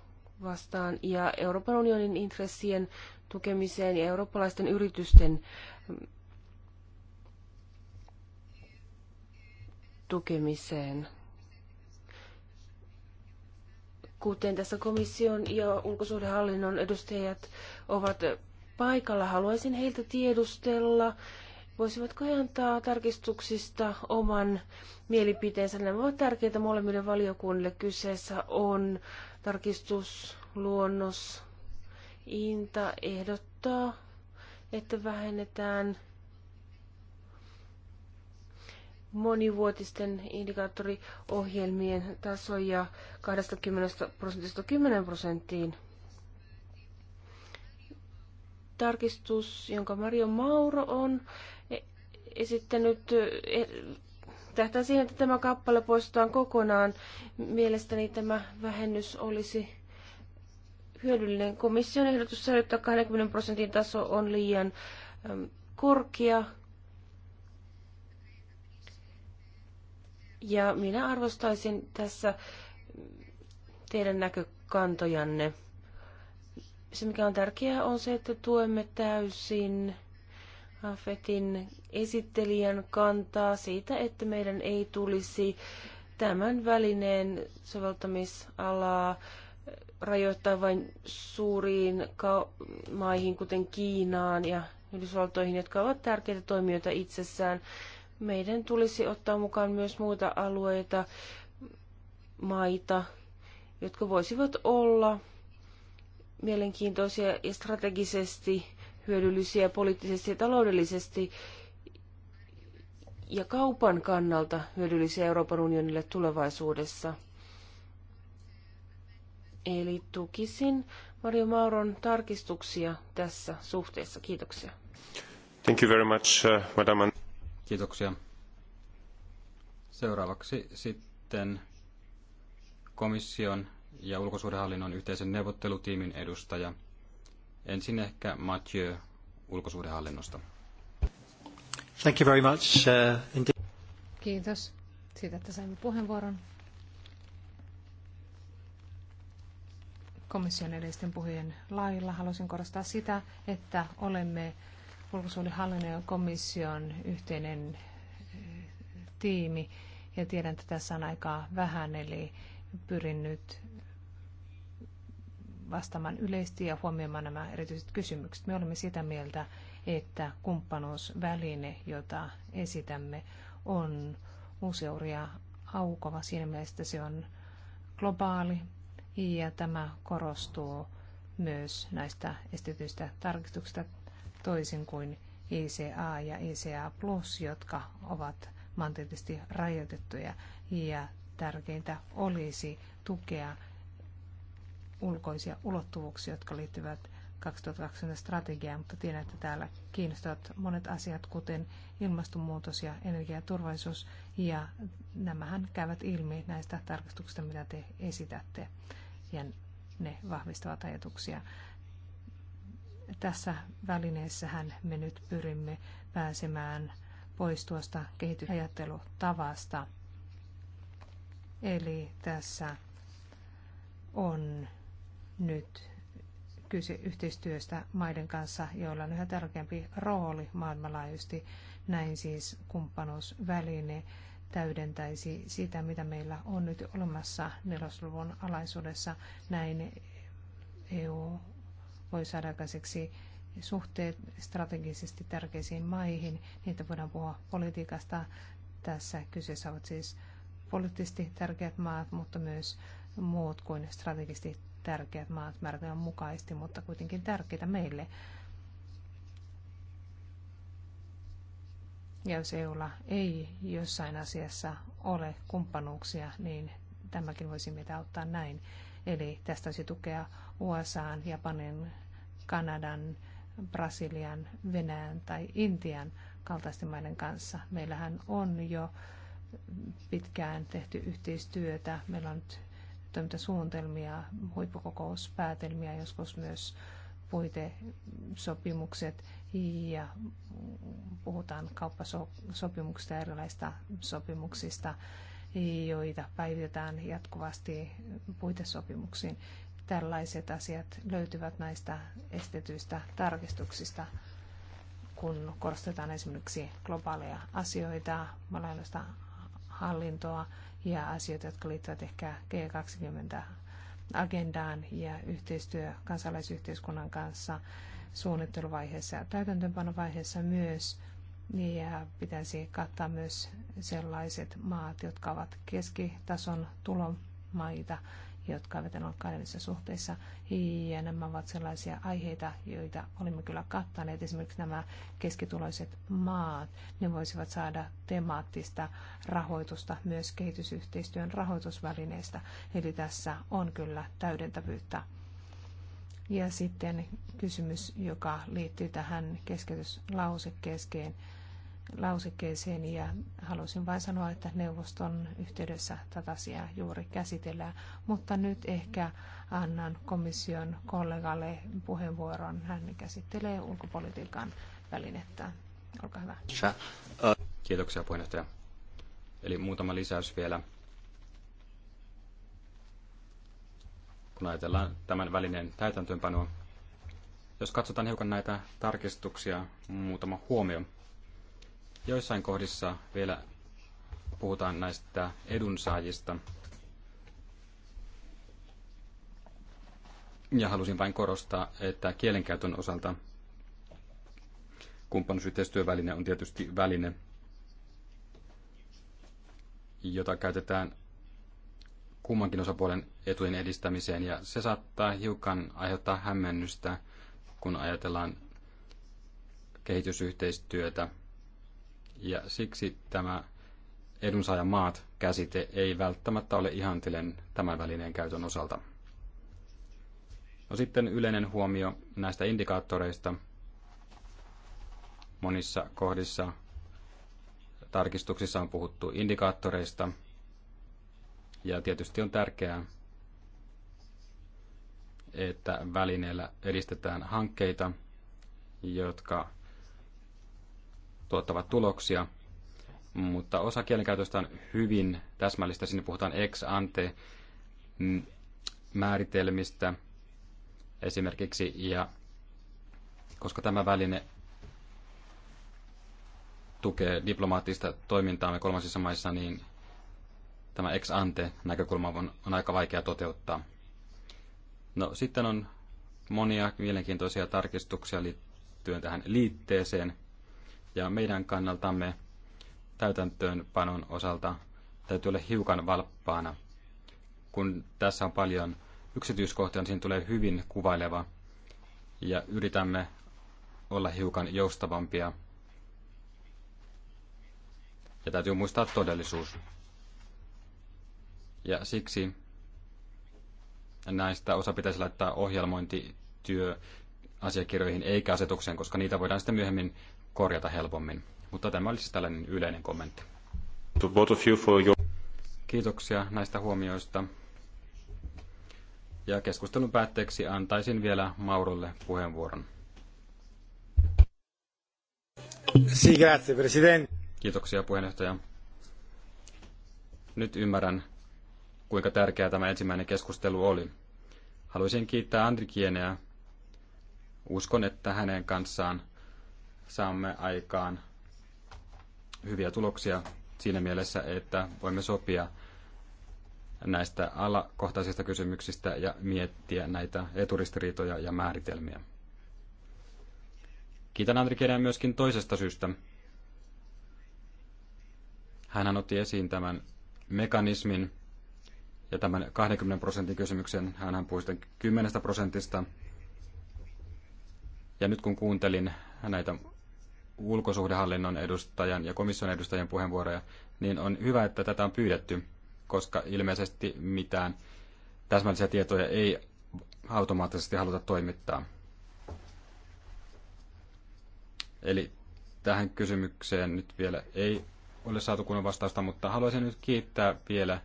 vastaan ja Euroopan unionin intressien tukemiseen ja eurooppalaisten yritysten tukemiseen. Kuten tässä komission ja ulkosuhdehallinnon edustajat ovat paikalla, haluaisin heiltä tiedustella, voisivatko he antaa tarkistuksista oman mielipiteensä. Nämä ovat tärkeitä molemmille valiokunnille. Kyseessä on tarkistusluonnos. Inta ehdottaa, että vähennetään monivuotisten indikaattoriohjelmien tasoja 20 prosentista 10 prosenttiin. Tarkistus, jonka Mario Mauro on e- esittänyt, e- tähtää siihen, että tämä kappale poistetaan kokonaan. Mielestäni tämä vähennys olisi hyödyllinen. Komission ehdotus säilyttää 20 prosentin taso on liian korkea Ja minä arvostaisin tässä teidän näkökantojanne. Se, mikä on tärkeää, on se, että tuemme täysin Afetin esittelijän kantaa siitä, että meidän ei tulisi tämän välineen soveltamisalaa rajoittaa vain suuriin maihin, kuten Kiinaan ja Yhdysvaltoihin, jotka ovat tärkeitä toimijoita itsessään meidän tulisi ottaa mukaan myös muita alueita, maita, jotka voisivat olla mielenkiintoisia ja strategisesti hyödyllisiä poliittisesti ja taloudellisesti ja kaupan kannalta hyödyllisiä Euroopan unionille tulevaisuudessa. Eli tukisin Mario Mauron tarkistuksia tässä suhteessa. Kiitoksia. Thank you very much, uh, Madame. Kiitoksia. Seuraavaksi sitten komission ja ulkosuhdehallinnon yhteisen neuvottelutiimin edustaja. Ensin ehkä Mathieu ulkosuhdehallinnosta. Thank you very much. Uh, Kiitos siitä, että saimme puheenvuoron. Komission edellisten puhujen lailla haluaisin korostaa sitä, että olemme ulkosuudenhallinnon ja komission yhteinen eh, tiimi ja tiedän, että tässä on aikaa vähän, eli pyrin nyt vastaamaan yleisesti ja huomioimaan nämä erityiset kysymykset. Me olemme sitä mieltä, että kumppanuusväline, jota esitämme, on museuria aukova siinä mielessä, että se on globaali ja tämä korostuu myös näistä estetyistä tarkistuksista toisin kuin ICA ja ICA+, Plus, jotka ovat maantieteellisesti rajoitettuja. Ja tärkeintä olisi tukea ulkoisia ulottuvuuksia, jotka liittyvät 2020 strategiaan, mutta tiedän, että täällä kiinnostavat monet asiat, kuten ilmastonmuutos ja energiaturvallisuus, ja nämähän käyvät ilmi näistä tarkastuksista, mitä te esitätte, ja ne vahvistavat ajatuksia tässä välineessähän me nyt pyrimme pääsemään pois tuosta kehitysajattelutavasta. Eli tässä on nyt kyse yhteistyöstä maiden kanssa, joilla on yhä tärkeämpi rooli maailmanlaajuisesti. Näin siis kumppanuusväline täydentäisi sitä, mitä meillä on nyt olemassa nelosluvun alaisuudessa. Näin EU voi saada aikaiseksi suhteet strategisesti tärkeisiin maihin, niitä voidaan puhua politiikasta. Tässä kyseessä ovat siis poliittisesti tärkeät maat, mutta myös muut kuin strategisesti tärkeät maat määritelmän mukaisesti, mutta kuitenkin tärkeitä meille. Ja jos EUlla ei jossain asiassa ole kumppanuuksia, niin tämäkin voisi meitä auttaa näin. Eli tästä olisi tukea USAan, Japanin, Kanadan, Brasilian, Venäjän tai Intian kaltaisten maiden kanssa. Meillähän on jo pitkään tehty yhteistyötä. Meillä on nyt toimintasuunnitelmia, huippukokouspäätelmiä, joskus myös puitesopimukset ja puhutaan kauppasopimuksista ja erilaisista sopimuksista, joita päivitetään jatkuvasti puitesopimuksiin. Tällaiset asiat löytyvät näistä estetyistä tarkistuksista, kun korostetaan esimerkiksi globaaleja asioita, maailmasta hallintoa ja asioita, jotka liittyvät ehkä G20 agendaan ja yhteistyö kansalaisyhteiskunnan kanssa suunnitteluvaiheessa ja täytäntöönpanovaiheessa myös. Ja pitäisi kattaa myös sellaiset maat, jotka ovat keskitason tulomaita jotka eivät ole kahdellisissa suhteissa. Ja nämä ovat sellaisia aiheita, joita olimme kyllä kattaneet. Esimerkiksi nämä keskituloiset maat, ne voisivat saada temaattista rahoitusta myös kehitysyhteistyön rahoitusvälineestä. Eli tässä on kyllä täydentävyyttä. Ja sitten kysymys, joka liittyy tähän keskityslausekeskeen lausekkeeseen ja halusin vain sanoa, että neuvoston yhteydessä tätä asiaa juuri käsitellään, mutta nyt ehkä annan komission kollegalle puheenvuoron. Hän käsittelee ulkopolitiikan välinettä. Olkaa hyvä. Kiitoksia puheenjohtaja. Eli muutama lisäys vielä. Kun ajatellaan tämän välineen täytäntöönpanoa, jos katsotaan hiukan näitä tarkistuksia, muutama huomio Joissain kohdissa vielä puhutaan näistä edunsaajista. Ja halusin vain korostaa, että kielenkäytön osalta kumppanuusyhteistyöväline on tietysti väline, jota käytetään kummankin osapuolen etujen edistämiseen, ja se saattaa hiukan aiheuttaa hämmennystä, kun ajatellaan kehitysyhteistyötä ja siksi tämä edunsaajan maat käsite ei välttämättä ole ihantillen tämän välineen käytön osalta. No sitten yleinen huomio näistä indikaattoreista. Monissa kohdissa tarkistuksissa on puhuttu indikaattoreista. Ja tietysti on tärkeää, että välineellä edistetään hankkeita, jotka tuottavat tuloksia, mutta osa kielenkäytöstä on hyvin täsmällistä. Sinne puhutaan ex ante määritelmistä esimerkiksi, ja koska tämä väline tukee diplomaattista toimintaamme kolmansissa maissa, niin tämä ex ante näkökulma on, on aika vaikea toteuttaa. No sitten on monia mielenkiintoisia tarkistuksia liittyen tähän liitteeseen, ja meidän kannaltamme täytäntöönpanon osalta täytyy olla hiukan valppaana. Kun tässä on paljon yksityiskohtia, niin siinä tulee hyvin kuvaileva ja yritämme olla hiukan joustavampia. Ja täytyy muistaa todellisuus. Ja siksi näistä osa pitäisi laittaa ohjelmointityö asiakirjoihin eikä asetukseen, koska niitä voidaan sitten myöhemmin korjata helpommin. Mutta tämä olisi siis tällainen yleinen kommentti. Kiitoksia näistä huomioista. Ja keskustelun päätteeksi antaisin vielä Maurolle puheenvuoron. Kiitoksia puheenjohtaja. Nyt ymmärrän, kuinka tärkeä tämä ensimmäinen keskustelu oli. Haluaisin kiittää Andri Kieneä. Uskon, että hänen kanssaan saamme aikaan hyviä tuloksia siinä mielessä, että voimme sopia näistä alakohtaisista kysymyksistä ja miettiä näitä eturistiriitoja ja määritelmiä. Kiitän Andri Kedän myöskin toisesta syystä. Hän otti esiin tämän mekanismin ja tämän 20 prosentin kysymyksen. Hän puhui sitten 10 prosentista. Ja nyt kun kuuntelin näitä ulkosuhdehallinnon edustajan ja komission edustajien puheenvuoroja, niin on hyvä, että tätä on pyydetty, koska ilmeisesti mitään täsmällisiä tietoja ei automaattisesti haluta toimittaa. Eli tähän kysymykseen nyt vielä ei ole saatu kunnon vastausta, mutta haluaisin nyt kiittää vielä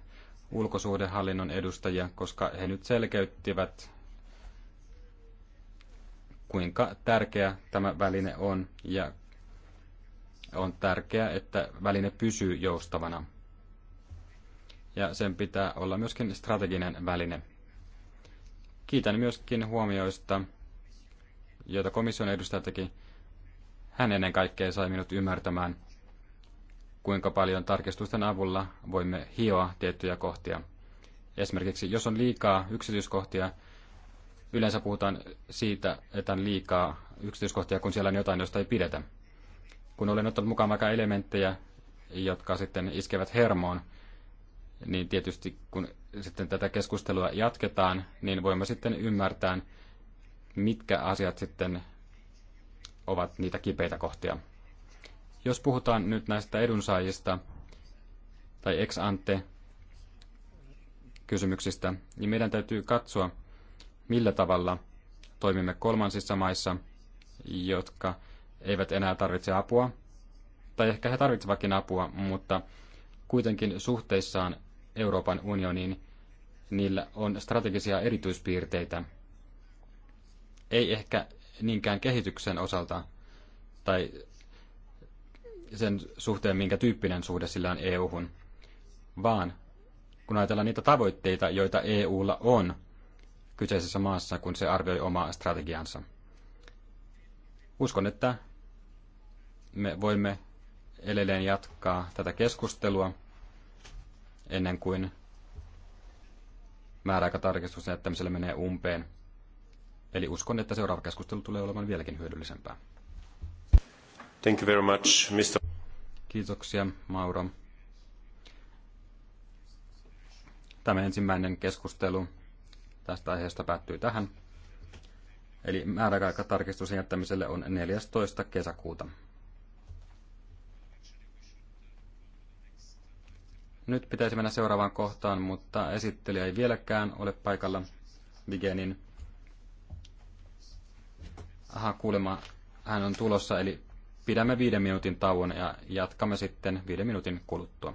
ulkosuhdehallinnon edustajia, koska he nyt selkeyttivät, kuinka tärkeä tämä väline on ja on tärkeää, että väline pysyy joustavana. Ja sen pitää olla myöskin strateginen väline. Kiitän myöskin huomioista, joita komission edustaja teki. Hän ennen kaikkea sai minut ymmärtämään, kuinka paljon tarkistusten avulla voimme hioa tiettyjä kohtia. Esimerkiksi jos on liikaa yksityiskohtia, yleensä puhutaan siitä, että on liikaa yksityiskohtia, kun siellä on jotain, josta ei pidetä kun olen ottanut mukaan vaikka elementtejä, jotka sitten iskevät hermoon, niin tietysti kun sitten tätä keskustelua jatketaan, niin voimme sitten ymmärtää, mitkä asiat sitten ovat niitä kipeitä kohtia. Jos puhutaan nyt näistä edunsaajista tai ex ante kysymyksistä, niin meidän täytyy katsoa, millä tavalla toimimme kolmansissa maissa, jotka eivät enää tarvitse apua, tai ehkä he tarvitsevatkin apua, mutta kuitenkin suhteissaan Euroopan unioniin niillä on strategisia erityispiirteitä. Ei ehkä niinkään kehityksen osalta tai sen suhteen, minkä tyyppinen suhde sillä on EU-hun, vaan kun ajatellaan niitä tavoitteita, joita EUlla on kyseisessä maassa, kun se arvioi omaa strategiansa. Uskon, että me voimme edelleen jatkaa tätä keskustelua ennen kuin määräaikatarkistus jättämiselle menee umpeen. Eli uskon, että seuraava keskustelu tulee olemaan vieläkin hyödyllisempää. Thank you very much, Mr. Kiitoksia, Mauro. Tämä ensimmäinen keskustelu tästä aiheesta päättyy tähän. Eli määräaikatarkistuksen jättämiselle on 14. kesäkuuta. Nyt pitäisi mennä seuraavaan kohtaan, mutta esittelijä ei vieläkään ole paikalla Vigenin. Aha, kuulemma hän on tulossa, eli pidämme viiden minuutin tauon ja jatkamme sitten viiden minuutin kuluttua.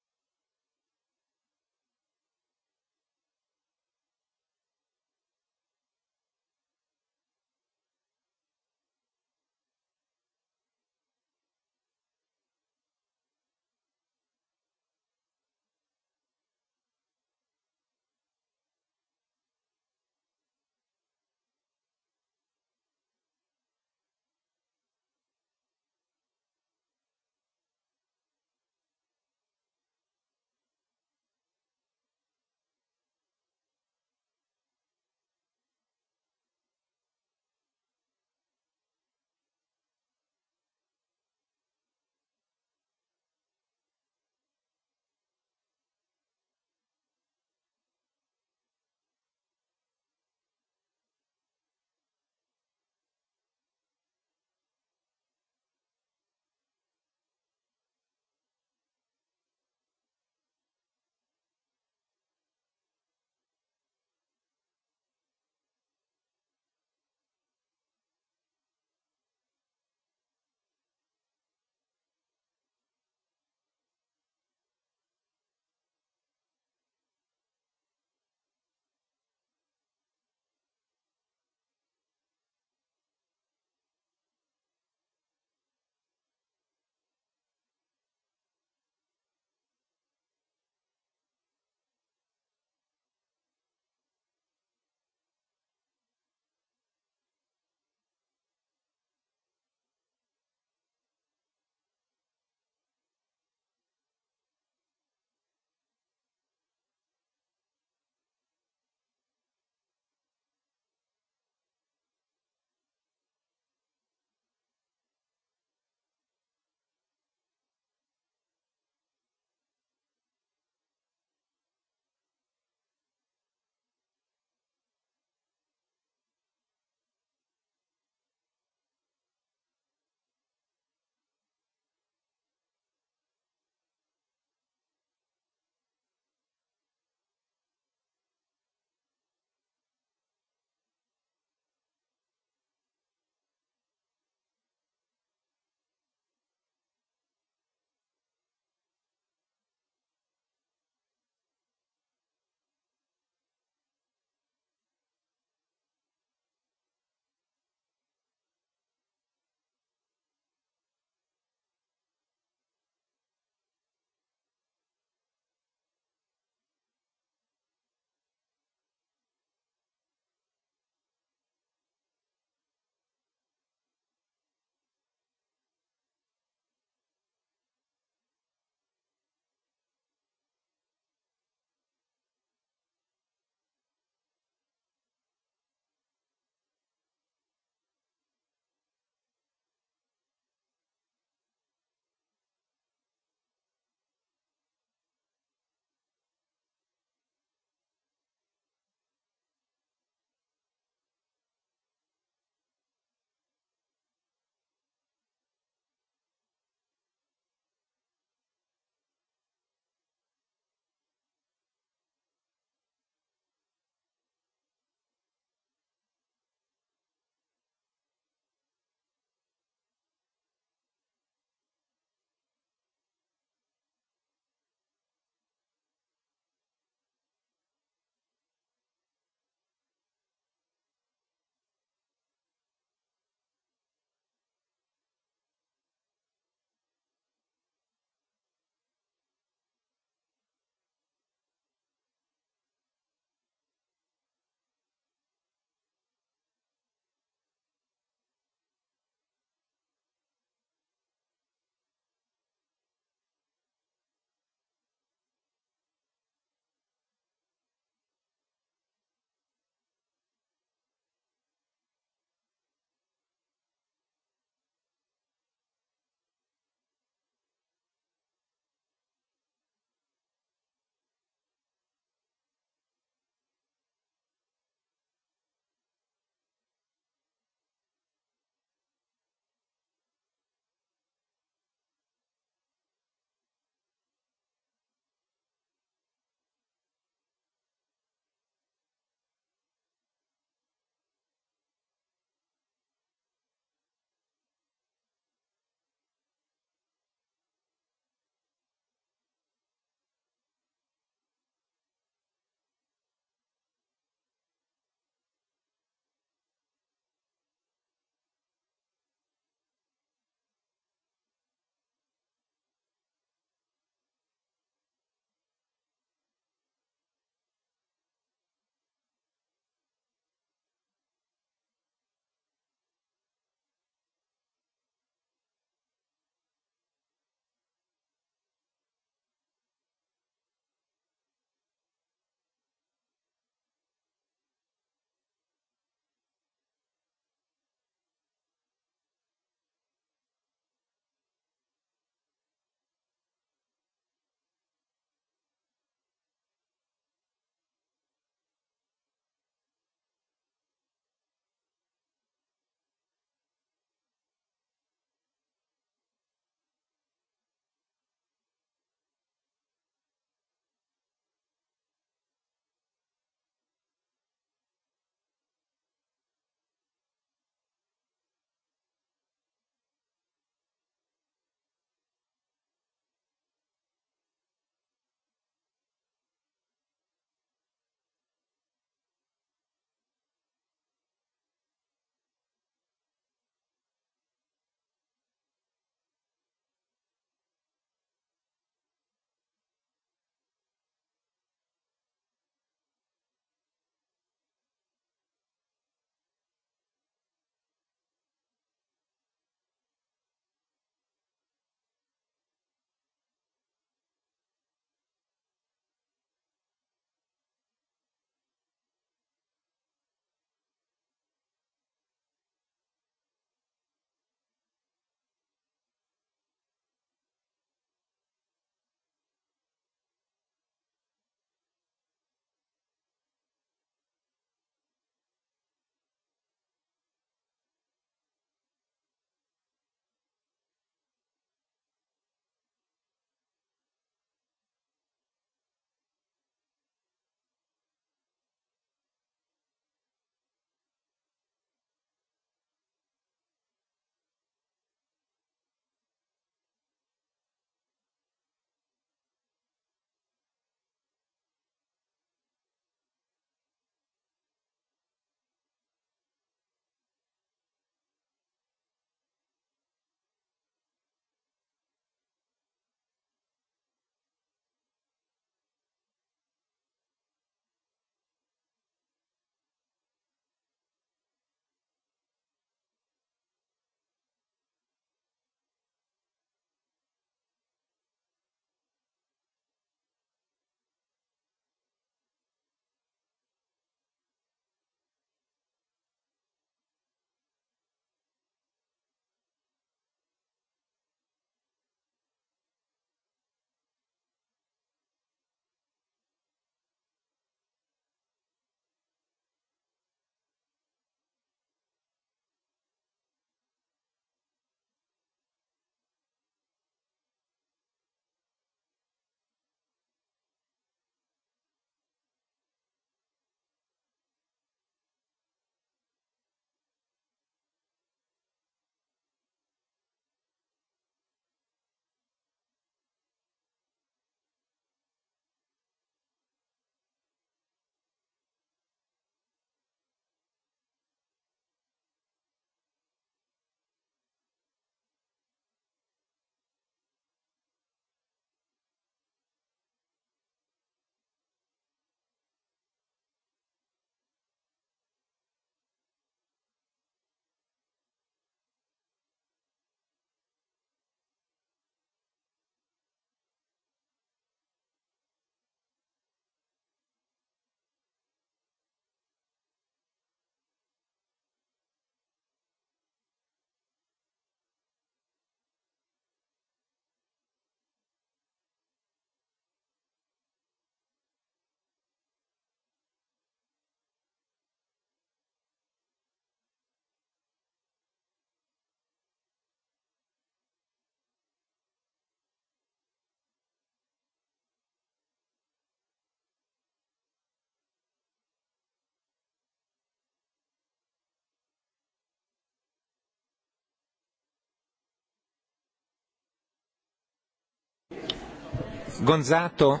Gonzato,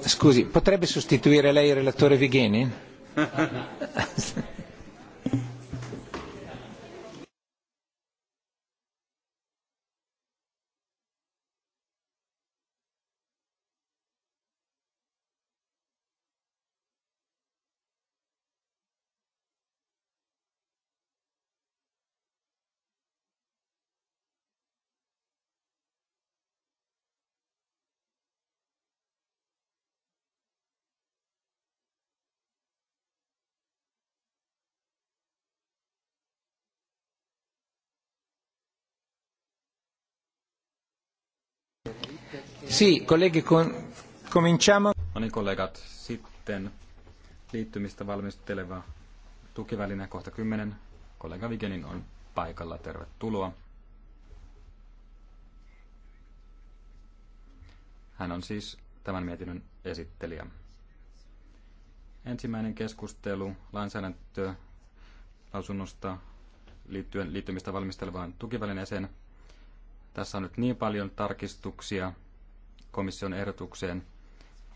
scusi, potrebbe sostituire lei il relatore Vigheni? No niin, kollegat, sitten liittymistä valmisteleva tukiväline kohta 10. Kollega Vigenin on paikalla. Tervetuloa. Hän on siis tämän mietinnön esittelijä. Ensimmäinen keskustelu lausunnosta liittyen liittymistä valmistelevaan tukivälineeseen. Tässä on nyt niin paljon tarkistuksia, komission ehdotukseen,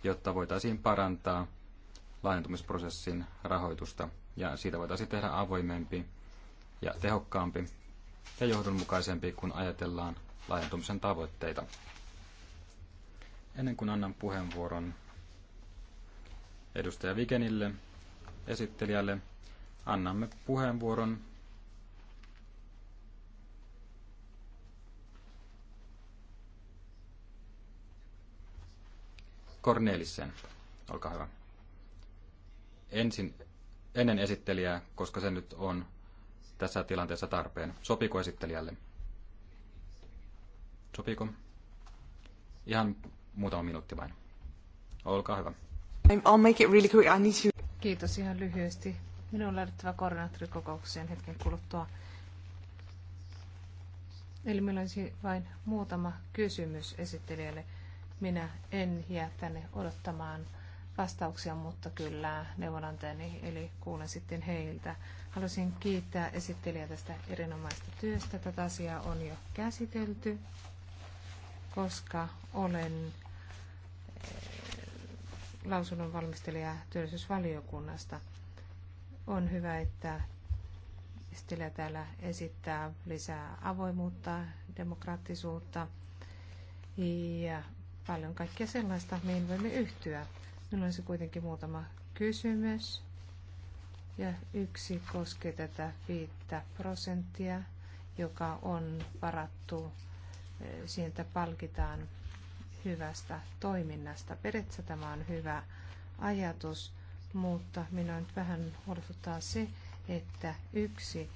jotta voitaisiin parantaa laajentumisprosessin rahoitusta ja siitä voitaisiin tehdä avoimempi ja tehokkaampi ja johdonmukaisempi, kun ajatellaan laajentumisen tavoitteita. Ennen kuin annan puheenvuoron edustaja Vikenille, esittelijälle, annamme puheenvuoron Cornelissen. Olkaa hyvä. Ensin, ennen esittelijää, koska se nyt on tässä tilanteessa tarpeen. Sopiiko esittelijälle? Sopiiko? Ihan muutama minuutti vain. Olkaa hyvä. I'll make it really quick. I need to... Kiitos ihan lyhyesti. Minun on lähdettävä koordinaattorikokoukseen hetken kuluttua. Eli meillä olisi vain muutama kysymys esittelijälle. Minä en jää tänne odottamaan vastauksia, mutta kyllä neuvonantajani, eli kuulen sitten heiltä. Haluaisin kiittää esittelijä tästä erinomaista työstä. Tätä asiaa on jo käsitelty, koska olen eh, lausunnon valmistelija työllisyysvaliokunnasta. On hyvä, että esittelijä täällä esittää lisää avoimuutta, demokraattisuutta ja paljon kaikkea sellaista, mihin voimme yhtyä. Minulla olisi kuitenkin muutama kysymys. Ja yksi koskee tätä 5 prosenttia, joka on varattu eh, sieltä palkitaan hyvästä toiminnasta. Periaatteessa tämä on hyvä ajatus, mutta minä nyt vähän huolestuttaa se, että yksi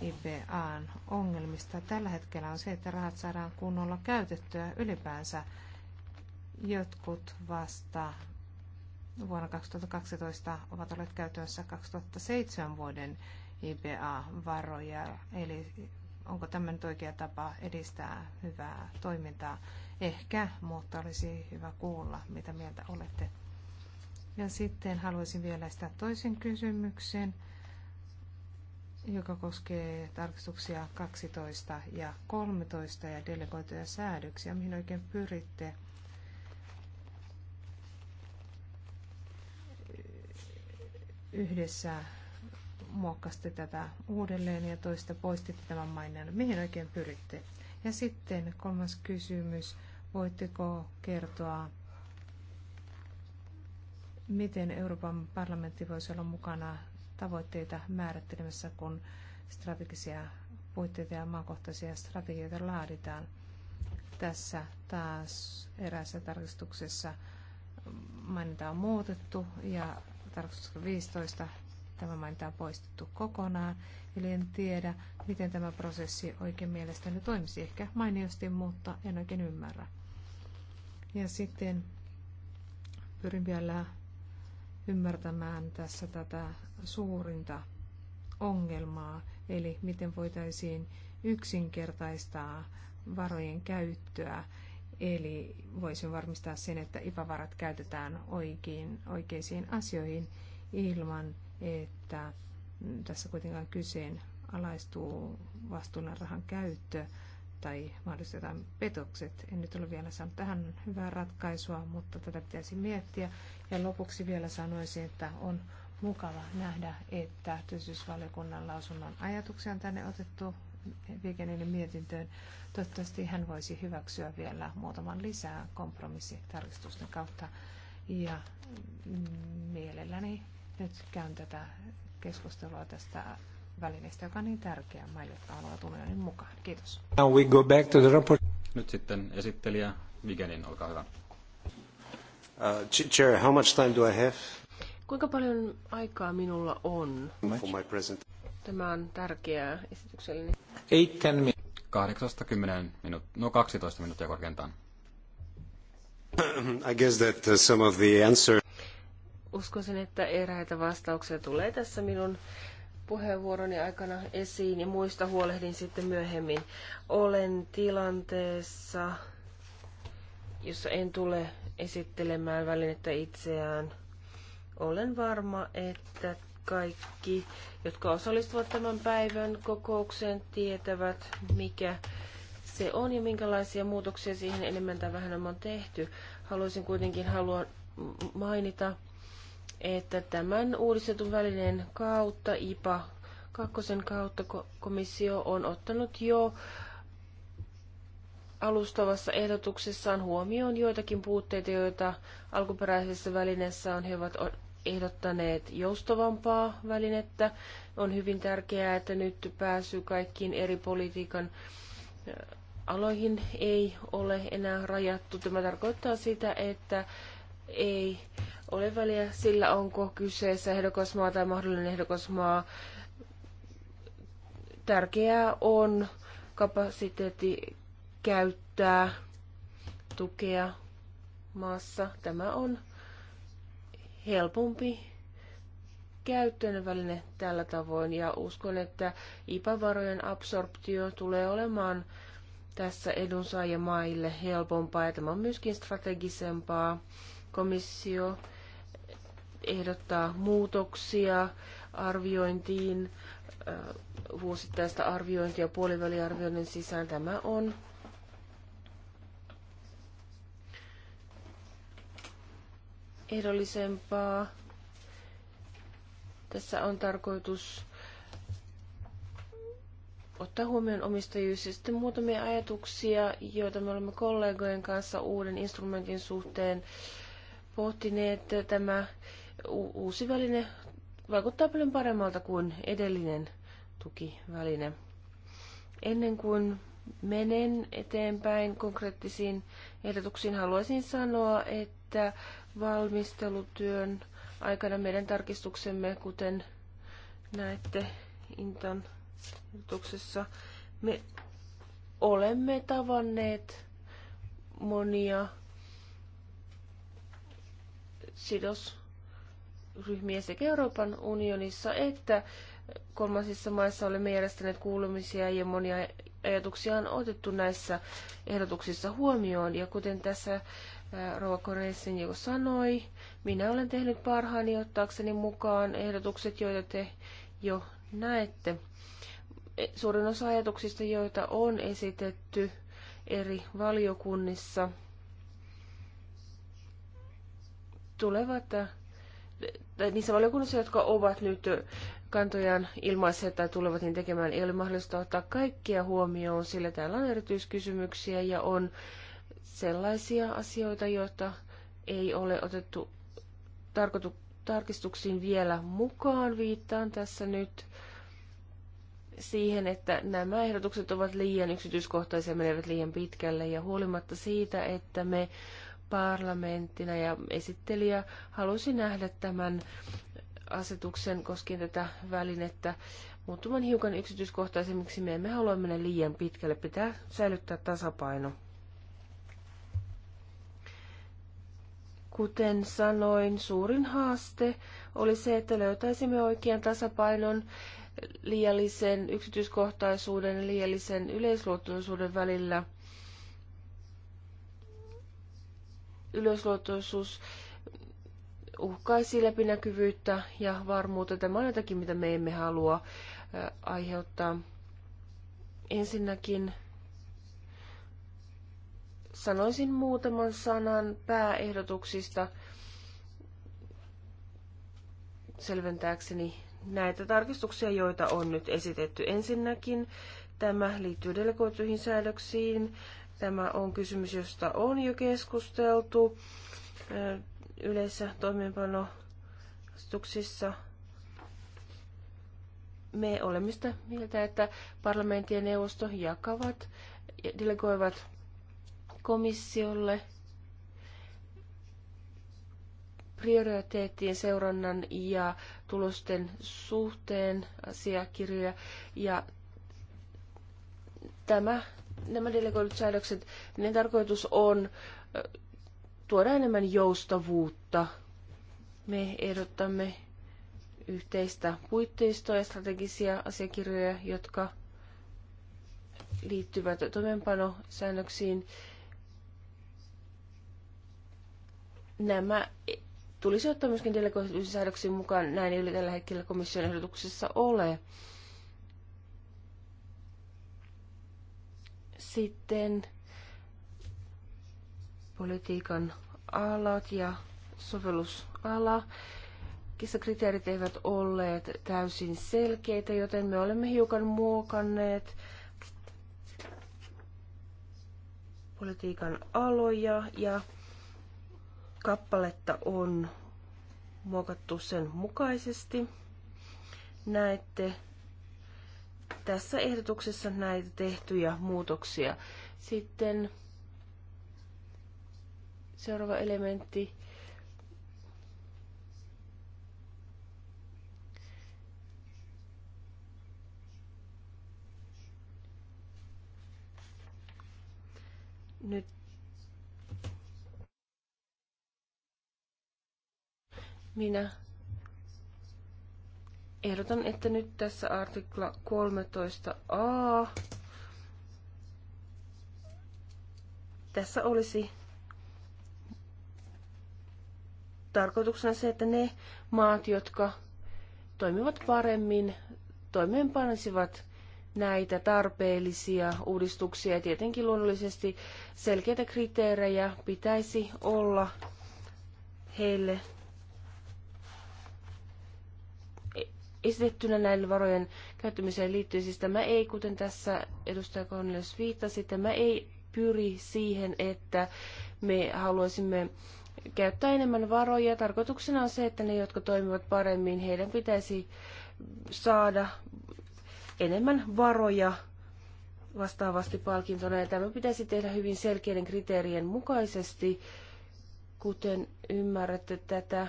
IBAn ongelmista tällä hetkellä on se, että rahat saadaan kunnolla käytettyä ylipäänsä Jotkut vasta vuonna 2012 ovat olleet käytössä 2007 vuoden IPA-varoja, eli onko tämä nyt oikea tapa edistää hyvää toimintaa? Ehkä, mutta olisi hyvä kuulla, mitä mieltä olette. Ja sitten haluaisin vielä sitä toisen kysymyksen, joka koskee tarkistuksia 12 ja 13 ja delegoituja säädöksiä, mihin oikein pyritte yhdessä muokkasitte tätä uudelleen ja toista poistitte tämän maineen. Mihin oikein pyritte? Ja sitten kolmas kysymys. Voitteko kertoa, miten Euroopan parlamentti voisi olla mukana tavoitteita määrittelemässä, kun strategisia puitteita ja maakohtaisia strategioita laaditaan? Tässä taas eräässä tarkistuksessa maininta on muutettu ja tarkastus 15 tämä maininta on poistettu kokonaan. Eli en tiedä, miten tämä prosessi oikein mielestäni toimisi. Ehkä mainiosti, mutta en oikein ymmärrä. Ja sitten pyrin vielä ymmärtämään tässä tätä suurinta ongelmaa, eli miten voitaisiin yksinkertaistaa varojen käyttöä Eli voisin varmistaa sen, että IPA-varat käytetään oikein, oikeisiin asioihin ilman, että tässä kuitenkaan kyseen alaistuu vastuullinen rahan käyttö tai mahdollisesti petokset. En nyt ole vielä saanut tähän hyvää ratkaisua, mutta tätä pitäisi miettiä. Ja lopuksi vielä sanoisin, että on mukava nähdä, että työllisyysvaliokunnan lausunnon ajatuksia on tänne otettu Vigenin mietintöön. Toivottavasti hän voisi hyväksyä vielä muutaman lisää kompromissitarkistusten kautta. Ja mielelläni nyt käyn tätä keskustelua tästä välineestä, joka on niin tärkeä maille, jotka haluavat unionin mukaan. Kiitos. Now we go back to the report. Nyt sitten esittelijä Vigenin, olkaa hyvä. Uh, chair, how much time do I have? Kuinka paljon aikaa minulla on? For my present. Tämä on tärkeää esitykselleni. 8-10 minuuttia, no 12 minuuttia korkeintaan. I guess that uh, some of the answer... Uskoisin, että eräitä vastauksia tulee tässä minun puheenvuoroni aikana esiin ja muista huolehdin sitten myöhemmin. Olen tilanteessa, jossa en tule esittelemään välinettä itseään. Olen varma, että kaikki jotka osallistuvat tämän päivän kokoukseen, tietävät, mikä se on ja minkälaisia muutoksia siihen enemmän tai vähemmän on tehty. Haluaisin kuitenkin halua mainita, että tämän uudistetun välineen kautta, IPA kakkosen kautta komissio on ottanut jo alustavassa ehdotuksessaan huomioon joitakin puutteita, joita alkuperäisessä välineessä on. He ovat ehdottaneet joustavampaa välinettä. On hyvin tärkeää, että nyt pääsy kaikkiin eri politiikan äh, aloihin ei ole enää rajattu. Tämä tarkoittaa sitä, että ei ole väliä sillä, onko kyseessä ehdokasmaa tai mahdollinen ehdokasmaa. Tärkeää on kapasiteetti käyttää tukea maassa. Tämä on helpompi käyttöön väline tällä tavoin ja uskon, että IPA-varojen absorptio tulee olemaan tässä edunsaajamaille helpompaa ja tämä on myöskin strategisempaa. Komissio ehdottaa muutoksia arviointiin, vuosittaista arviointia puoliväliarvioinnin sisään. Tämä on ehdollisempaa. Tässä on tarkoitus ottaa huomioon omistajuus ja sitten muutamia ajatuksia, joita me olemme kollegojen kanssa uuden instrumentin suhteen pohtineet. Tämä uusi väline vaikuttaa paljon paremmalta kuin edellinen tukiväline. Ennen kuin menen eteenpäin konkreettisiin ehdotuksiin, haluaisin sanoa, että valmistelutyön aikana meidän tarkistuksemme, kuten näette Intan jutuksessa, me olemme tavanneet monia sidosryhmiä sekä Euroopan unionissa että kolmansissa maissa olemme järjestäneet kuulumisia ja monia ajatuksia on otettu näissä ehdotuksissa huomioon. Ja kuten tässä Rova Koreessin jo sanoi, minä olen tehnyt parhaani ottaakseni mukaan ehdotukset, joita te jo näette. E, suurin osa ajatuksista, joita on esitetty eri valiokunnissa, tulevat e, tai niissä valiokunnissa, jotka ovat nyt kantojaan ilmaisseet tai tulevat niin tekemään, ei ole mahdollista ottaa kaikkia huomioon, sillä täällä on erityiskysymyksiä ja on sellaisia asioita, joita ei ole otettu tarkoitu, tarkistuksiin vielä mukaan. Viittaan tässä nyt siihen, että nämä ehdotukset ovat liian yksityiskohtaisia, menevät liian pitkälle ja huolimatta siitä, että me parlamenttina ja esittelijä halusi nähdä tämän asetuksen koskien tätä välinettä muuttuvan hiukan yksityiskohtaisemmiksi. Me emme halua mennä liian pitkälle, pitää säilyttää tasapaino. Kuten sanoin, suurin haaste oli se, että löytäisimme oikean tasapainon liiallisen yksityiskohtaisuuden ja liiallisen yleisluottoisuuden välillä. Yleisluottoisuus uhkaisi läpinäkyvyyttä ja varmuutta. Tämä on jotakin, mitä me emme halua aiheuttaa. Ensinnäkin sanoisin muutaman sanan pääehdotuksista selventääkseni näitä tarkistuksia, joita on nyt esitetty. Ensinnäkin tämä liittyy delegoituihin säädöksiin. Tämä on kysymys, josta on jo keskusteltu yleisessä toimeenpanostuksissa. Me olemme sitä mieltä, että parlamentin ja neuvosto jakavat ja delegoivat komissiolle prioriteettien seurannan ja tulosten suhteen asiakirjoja ja tämä, nämä delegoidut säädökset, niiden tarkoitus on tuoda enemmän joustavuutta. Me ehdottamme yhteistä puitteistoa ja strategisia asiakirjoja, jotka liittyvät toimeenpanosäännöksiin. säännöksiin nämä tulisi ottaa myöskin delegoitusäädöksiin mukaan. Näin ei tällä hetkellä komission ehdotuksessa ole. Sitten politiikan alat ja sovellusala. Kissakriteerit eivät olleet täysin selkeitä, joten me olemme hiukan muokanneet politiikan aloja ja kappaletta on muokattu sen mukaisesti. Näette tässä ehdotuksessa näitä tehtyjä muutoksia. Sitten seuraava elementti. Nyt Minä ehdotan, että nyt tässä artikla 13a tässä olisi tarkoituksena se, että ne maat, jotka toimivat paremmin, toimeenpanisivat näitä tarpeellisia uudistuksia. Ja tietenkin luonnollisesti selkeitä kriteerejä pitäisi olla heille esitettynä näiden varojen käyttämiseen liittyen. Siis tämä ei, kuten tässä edustaja Cornelius viittasi, tämä ei pyri siihen, että me haluaisimme käyttää enemmän varoja. Tarkoituksena on se, että ne, jotka toimivat paremmin, heidän pitäisi saada enemmän varoja vastaavasti palkintona. Ja tämä pitäisi tehdä hyvin selkeiden kriteerien mukaisesti. Kuten ymmärrätte, tätä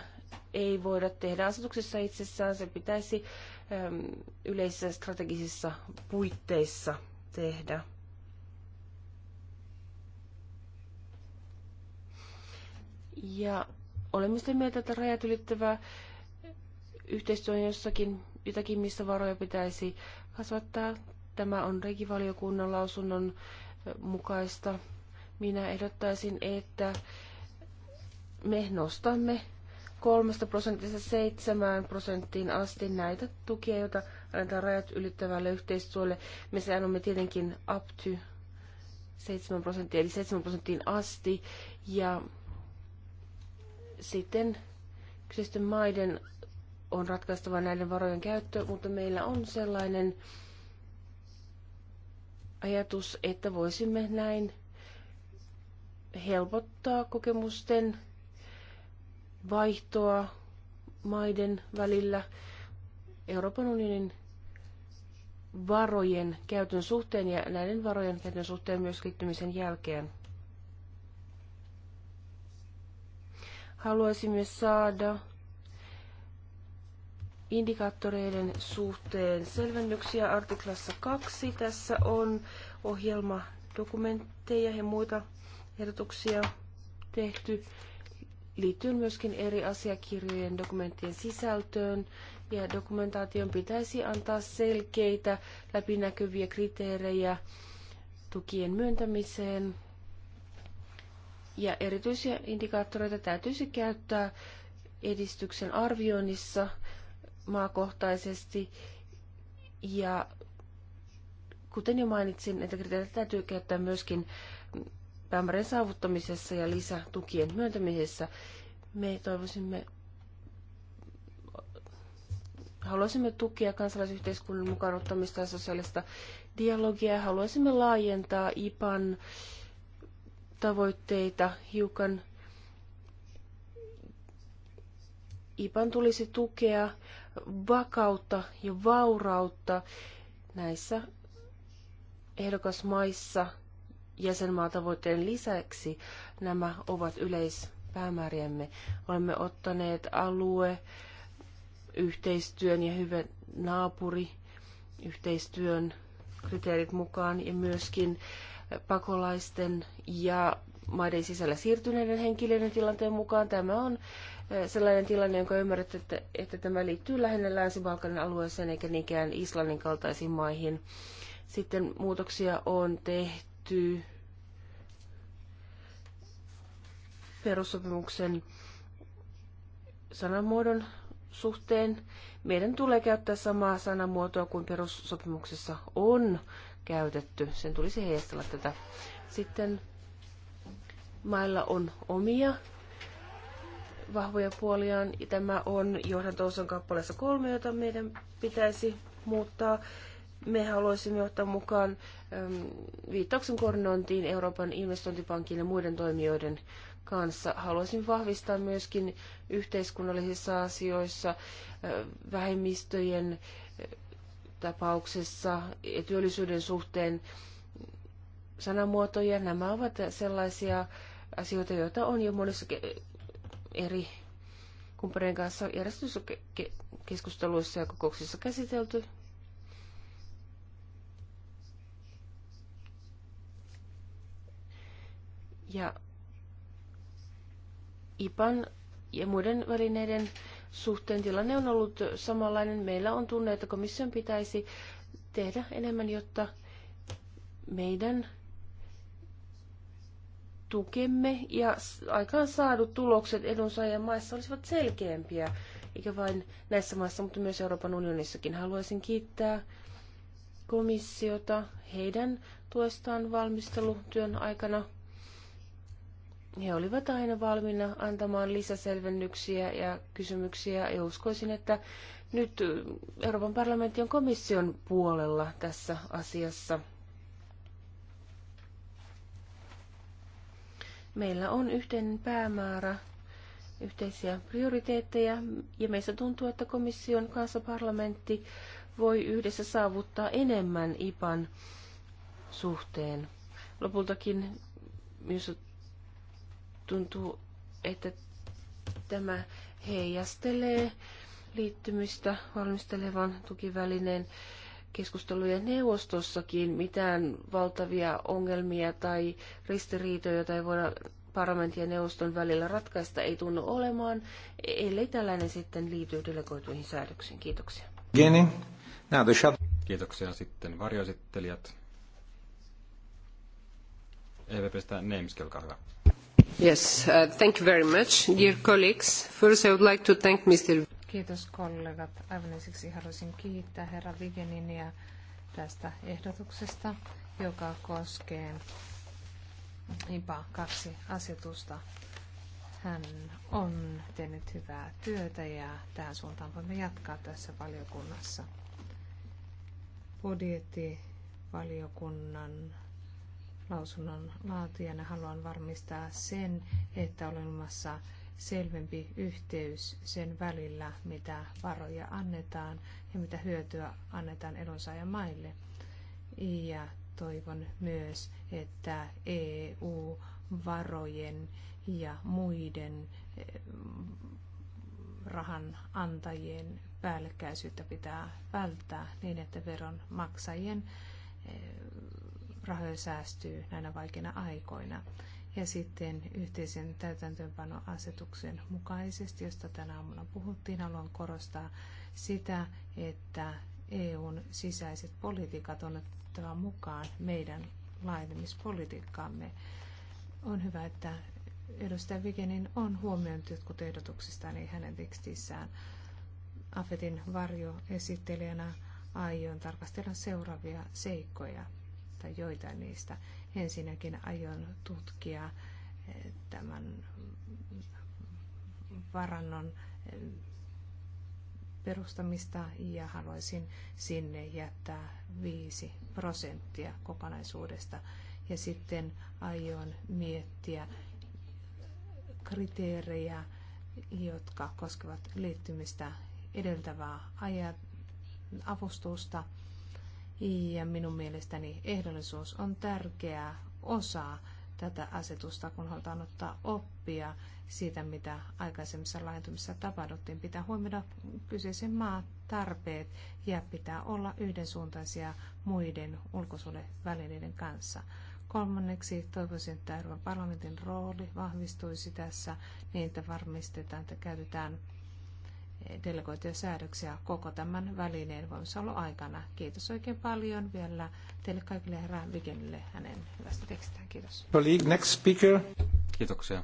ei voida tehdä asetuksessa itsessään, se pitäisi ähm, yleisissä strategisissa puitteissa tehdä. Ja olemme sitä mieltä, että rajat ylittävää yhteistyö on jossakin jotakin, missä varoja pitäisi kasvattaa. Tämä on regivaliokunnan lausunnon mukaista. Minä ehdottaisin, että me nostamme kolmesta prosentista seitsemään prosenttiin asti näitä tukia, joita annetaan rajat ylittävälle yhteistyölle. Me sanomme tietenkin up to 7 prosenttia, eli 7 prosenttiin asti. Ja sitten kyseisten maiden on ratkaistava näiden varojen käyttö, mutta meillä on sellainen ajatus, että voisimme näin helpottaa kokemusten vaihtoa maiden välillä Euroopan unionin varojen käytön suhteen ja näiden varojen käytön suhteen myös liittymisen jälkeen. haluaisin myös saada indikaattoreiden suhteen selvennyksiä artiklassa 2. Tässä on ohjelma dokumentteja ja muita ehdotuksia tehty liittyy myöskin eri asiakirjojen dokumenttien sisältöön ja dokumentaation pitäisi antaa selkeitä läpinäkyviä kriteerejä tukien myöntämiseen ja erityisiä indikaattoreita täytyisi käyttää edistyksen arvioinnissa maakohtaisesti ja kuten jo mainitsin, että kriteereitä täytyy käyttää myöskin päämäärän saavuttamisessa ja lisätukien myöntämisessä. Me toivoisimme, haluaisimme tukea kansalaisyhteiskunnan mukaan ottamista ja sosiaalista dialogia ja haluaisimme laajentaa IPAN tavoitteita hiukan. IPAN tulisi tukea vakautta ja vaurautta näissä ehdokasmaissa – jäsenmaatavoitteen lisäksi nämä ovat yleispäämääriämme. Olemme ottaneet alue, yhteistyön ja hyvän naapuri, yhteistyön kriteerit mukaan ja myöskin pakolaisten ja maiden sisällä siirtyneiden henkilöiden tilanteen mukaan. Tämä on eh, sellainen tilanne, jonka ymmärrät, että, että tämä liittyy lähinnä Länsi-Balkanin alueeseen eikä niinkään Islannin kaltaisiin maihin. Sitten muutoksia on tehty liittyy perussopimuksen sanamuodon suhteen. Meidän tulee käyttää samaa sanamuotoa kuin perussopimuksessa on käytetty. Sen tulisi heijastella tätä. Sitten mailla on omia vahvoja puoliaan. Tämä on johdantoosan kappaleessa kolme, jota meidän pitäisi muuttaa me haluaisimme ottaa mukaan ähm, viittauksen koordinointiin Euroopan investointipankin ja muiden toimijoiden kanssa. Haluaisin vahvistaa myöskin yhteiskunnallisissa asioissa, äh, vähemmistöjen äh, tapauksessa ja työllisyyden suhteen sanamuotoja. Nämä ovat sellaisia asioita, joita on jo monissa eri kumppaneiden kanssa järjestyskeskusteluissa ja kokouksissa käsitelty. ja IPAN ja muiden välineiden suhteen tilanne on ollut samanlainen. Meillä on tunne, että komission pitäisi tehdä enemmän, jotta meidän tukemme ja aikaan saadut tulokset edunsaajan maissa olisivat selkeämpiä, eikä vain näissä maissa, mutta myös Euroopan unionissakin. Haluaisin kiittää komissiota heidän tuestaan valmistelutyön aikana. He olivat aina valmiina antamaan lisäselvennyksiä ja kysymyksiä ja uskoisin, että nyt Euroopan parlamentti on komission puolella tässä asiassa. Meillä on yhteinen päämäärä, yhteisiä prioriteetteja ja meissä tuntuu, että komission kanssa parlamentti voi yhdessä saavuttaa enemmän IPAN suhteen. Lopultakin myös tuntuu, että tämä heijastelee liittymistä valmistelevan tukivälineen keskustelujen neuvostossakin mitään valtavia ongelmia tai ristiriitoja, joita ei voida parlamentin ja neuvoston välillä ratkaista, ei tunnu olemaan, ellei tällainen sitten liity delegoituihin säädöksiin. Kiitoksia. Kiitoksia sitten varjoesittelijät. EVPstä Neemski, olkaa hyvä. Yes, uh, thank you very much, dear colleagues. First I would like to thank Mr. Kiitos kollegat. Aivan ensiksi haluaisin kiittää herra Vigeninia tästä ehdotuksesta, joka koskee IPA kaksi asetusta. Hän on tehnyt hyvää työtä ja tähän suuntaan voimme jatkaa tässä valiokunnassa. Budjettivaliokunnan lausunnon laatijana niin haluan varmistaa sen, että on olemassa selvempi yhteys sen välillä, mitä varoja annetaan ja mitä hyötyä annetaan edunsaajamaille. Ja toivon myös, että EU-varojen ja muiden eh, rahan antajien päällekkäisyyttä pitää välttää niin, että veronmaksajien eh, rahoja säästyy näinä vaikeina aikoina. Ja sitten yhteisen täytäntöönpanoasetuksen mukaisesti, josta tänä aamuna puhuttiin, haluan korostaa sitä, että EUn sisäiset politiikat on otettava mukaan meidän laajentamispolitiikkaamme. On hyvä, että edustaja Vigenin on huomioinut jotkut ehdotuksista, niin hänen tekstissään. Afetin varjoesittelijänä aion tarkastella seuraavia seikkoja mainita joita niistä. Ensinnäkin aion tutkia eh, tämän varannon eh, perustamista ja haluaisin sinne jättää 5 prosenttia kokonaisuudesta. Ja sitten aion miettiä kriteerejä, jotka koskevat liittymistä edeltävää avustusta ja minun mielestäni ehdollisuus on tärkeä osa tätä asetusta, kun halutaan ottaa oppia siitä, mitä aikaisemmissa laajentumissa tapahtuttiin. Pitää huomioida kyseisen maan tarpeet ja pitää olla yhdensuuntaisia muiden ulkosuhdevälineiden kanssa. Kolmanneksi toivoisin, että Euroopan parlamentin rooli vahvistuisi tässä niin, että varmistetaan, että käytetään delegoituja säädöksiä koko tämän välineen voimassaolon aikana. Kiitos oikein paljon vielä teille kaikille herra Vigenille hänen hyvästä tekstään. Kiitos. Next speaker. Kiitoksia.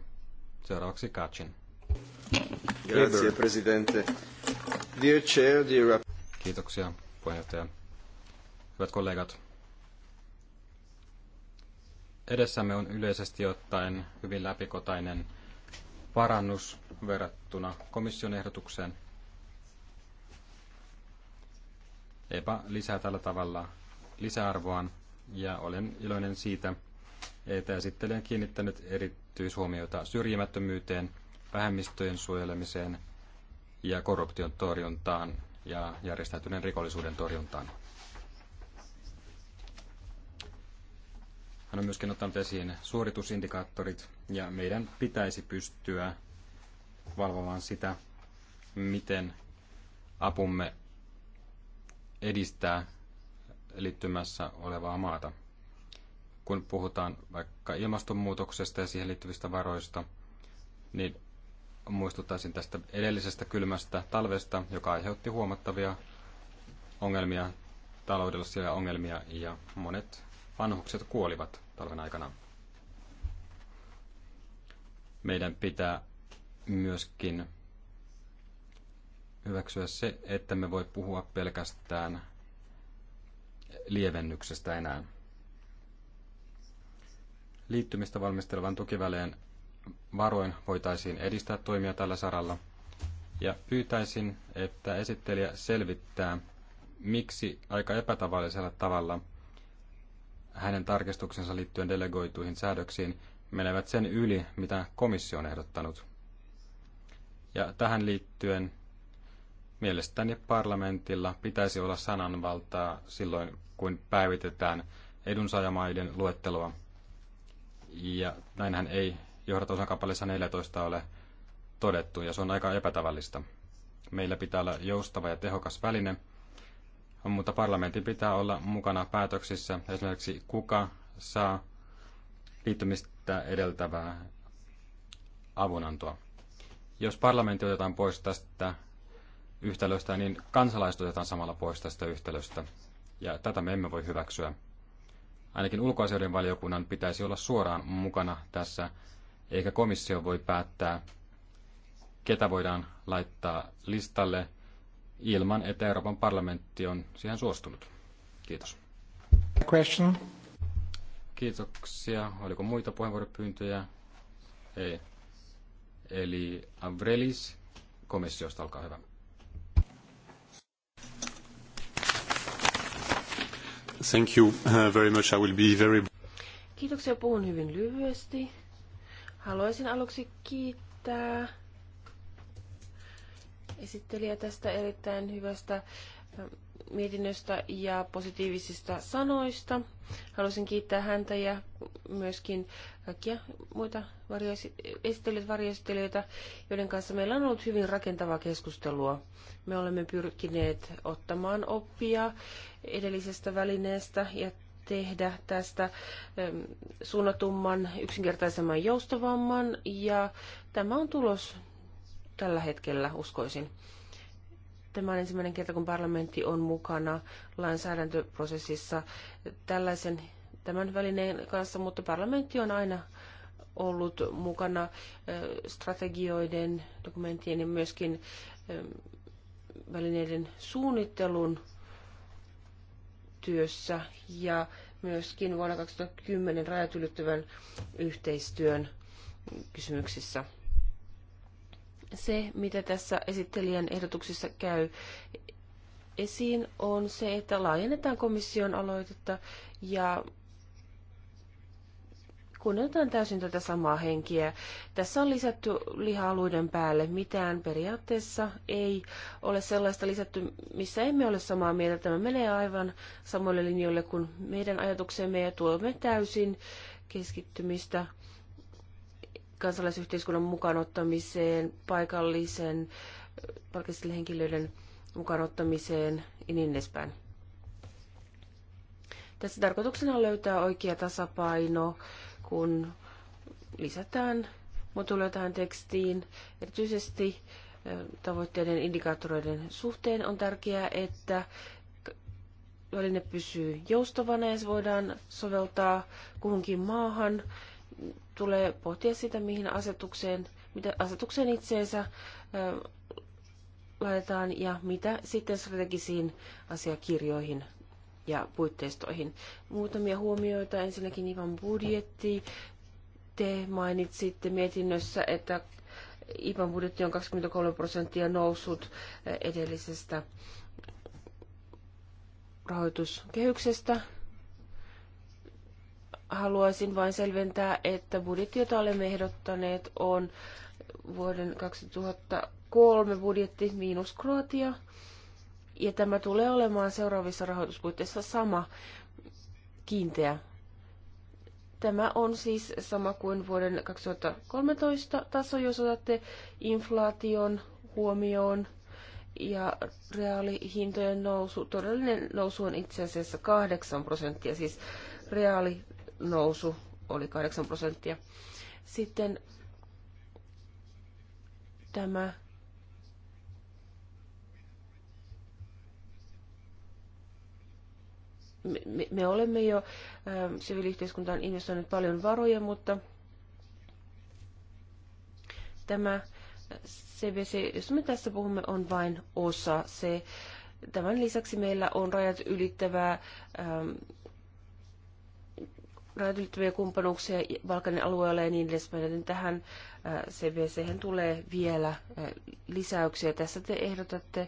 Seuraavaksi Kacin. Grazie, presidente. Dear chair, dear... Kiitoksia, puheenjohtaja. Hyvät kollegat, edessämme on yleisesti ottaen hyvin läpikotainen parannus verrattuna komission ehdotukseen. EPA lisää tällä tavalla lisäarvoaan ja olen iloinen siitä, että esittelijä on kiinnittänyt erityishuomiota syrjimättömyyteen, vähemmistöjen suojelemiseen ja korruption torjuntaan ja järjestäytyneen rikollisuuden torjuntaan. Hän on myöskin ottanut esiin suoritusindikaattorit ja meidän pitäisi pystyä valvomaan sitä, miten apumme edistää liittymässä olevaa maata. Kun puhutaan vaikka ilmastonmuutoksesta ja siihen liittyvistä varoista, niin muistuttaisin tästä edellisestä kylmästä talvesta, joka aiheutti huomattavia ongelmia, taloudellisia ongelmia ja monet vanhukset kuolivat talven aikana. Meidän pitää myöskin hyväksyä se, että me voi puhua pelkästään lievennyksestä enää. Liittymistä valmistelevan tukiväleen varoin voitaisiin edistää toimia tällä saralla. Ja pyytäisin, että esittelijä selvittää, miksi aika epätavallisella tavalla hänen tarkistuksensa liittyen delegoituihin säädöksiin menevät sen yli, mitä komissio on ehdottanut. Ja tähän liittyen Mielestäni parlamentilla pitäisi olla sananvaltaa silloin, kun päivitetään edunsaajamaiden luetteloa. Ja näinhän ei johdatosan kappaleessa 14 ole todettu, ja se on aika epätavallista. Meillä pitää olla joustava ja tehokas väline, mutta parlamentin pitää olla mukana päätöksissä, esimerkiksi kuka saa liittymistä edeltävää avunantoa. Jos parlamentti otetaan pois tästä yhtälöstä, niin kansalaiset otetaan samalla pois tästä yhtälöstä. Ja tätä me emme voi hyväksyä. Ainakin ulkoasioiden valiokunnan pitäisi olla suoraan mukana tässä, eikä komissio voi päättää, ketä voidaan laittaa listalle ilman, että Euroopan parlamentti on siihen suostunut. Kiitos. Question. Kiitoksia. Oliko muita puheenvuoropyyntöjä? Ei. Eli Avrelis komissiosta, olkaa hyvä. Thank you uh, very much. I will be very... Kiitoksia. Puhun hyvin lyhyesti. Haluaisin aluksi kiittää esittelijä tästä erittäin hyvästä mietinnöstä ja positiivisista sanoista. Haluaisin kiittää häntä ja myöskin kaikkia muita esittelijöitä, varjoesittelijöitä, joiden kanssa meillä on ollut hyvin rakentavaa keskustelua. Me olemme pyrkineet ottamaan oppia edellisestä välineestä ja tehdä tästä suunnatumman, yksinkertaisemman, joustavamman ja tämä on tulos tällä hetkellä, uskoisin. Tämä on ensimmäinen kerta, kun parlamentti on mukana lainsäädäntöprosessissa tällaisen tämän välineen kanssa, mutta parlamentti on aina ollut mukana strategioiden, dokumenttien ja myöskin välineiden suunnittelun työssä ja myöskin vuonna 2010 rajat ylittävän yhteistyön kysymyksissä. Se, mitä tässä esittelijän ehdotuksessa käy esiin, on se, että laajennetaan komission aloitetta ja kunnioitetaan täysin tätä samaa henkiä. Tässä on lisätty liha-alueiden päälle mitään. Periaatteessa ei ole sellaista lisätty, missä emme ole samaa mieltä. Tämä menee aivan samoille linjoille kuin meidän ajatuksemme ja tuomme täysin keskittymistä kansalaisyhteiskunnan mukaanottamiseen, paikallisen, paikallisten henkilöiden mukaanottamiseen ja niin edespäin. Tässä tarkoituksena on löytää oikea tasapaino, kun lisätään moduulia tähän tekstiin. Erityisesti tavoitteiden indikaattoreiden suhteen on tärkeää, että väline pysyy joustavana ja se voidaan soveltaa kuhunkin maahan tulee pohtia sitä, mihin asetukseen, mitä asetukseen itseensä laitetaan ja mitä sitten strategisiin asiakirjoihin ja puitteistoihin. Muutamia huomioita. Ensinnäkin IVAN budjetti. Te mainitsitte mietinnössä, että IVAN budjetti on 23 prosenttia noussut edellisestä rahoituskehyksestä haluaisin vain selventää, että budjetti, jota olemme ehdottaneet, on vuoden 2003 budjetti miinus Kroatia. Ja tämä tulee olemaan seuraavissa rahoituspuitteissa sama kiinteä. Tämä on siis sama kuin vuoden 2013 taso, jos otatte inflaation huomioon ja reaalihintojen nousu, todellinen nousu on itse asiassa 8 prosenttia, siis reaali nousu oli 8 prosenttia. Sitten tämä me, me olemme jo ähm, siviiliyhteiskuntaan investoineet paljon varoja, mutta tämä CBC, josta me tässä puhumme, on vain osa. Se, tämän lisäksi meillä on rajat ylittävää ähm, rajoitettuja kumppanuuksia Balkanin alueella ja niin edespäin, joten tähän cvc tulee vielä lisäyksiä. Tässä te ehdotatte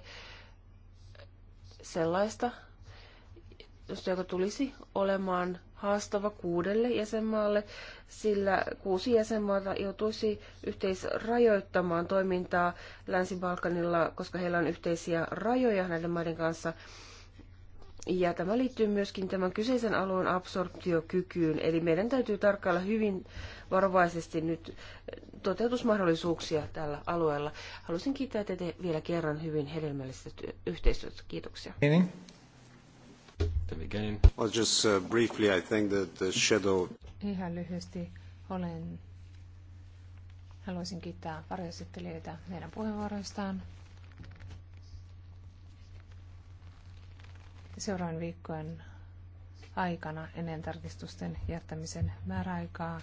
sellaista, joka tulisi olemaan haastava kuudelle jäsenmaalle, sillä kuusi jäsenmaata joutuisi yhteisrajoittamaan toimintaa Länsi-Balkanilla, koska heillä on yhteisiä rajoja näiden maiden kanssa – ja tämä liittyy myöskin tämän kyseisen alueen absorptiokykyyn, eli meidän täytyy tarkkailla hyvin varovaisesti nyt toteutusmahdollisuuksia tällä alueella. Haluaisin kiittää teitä vielä kerran hyvin hedelmällisestä työ- yhteistyöstä. Kiitoksia. just uh, briefly, I think that the shadow... Ihan lyhyesti olen... Haluaisin kiittää varjoesittelijöitä meidän puheenvuoroistaan. seuraavan viikkojen aikana ennen tarkistusten jättämisen määräaikaa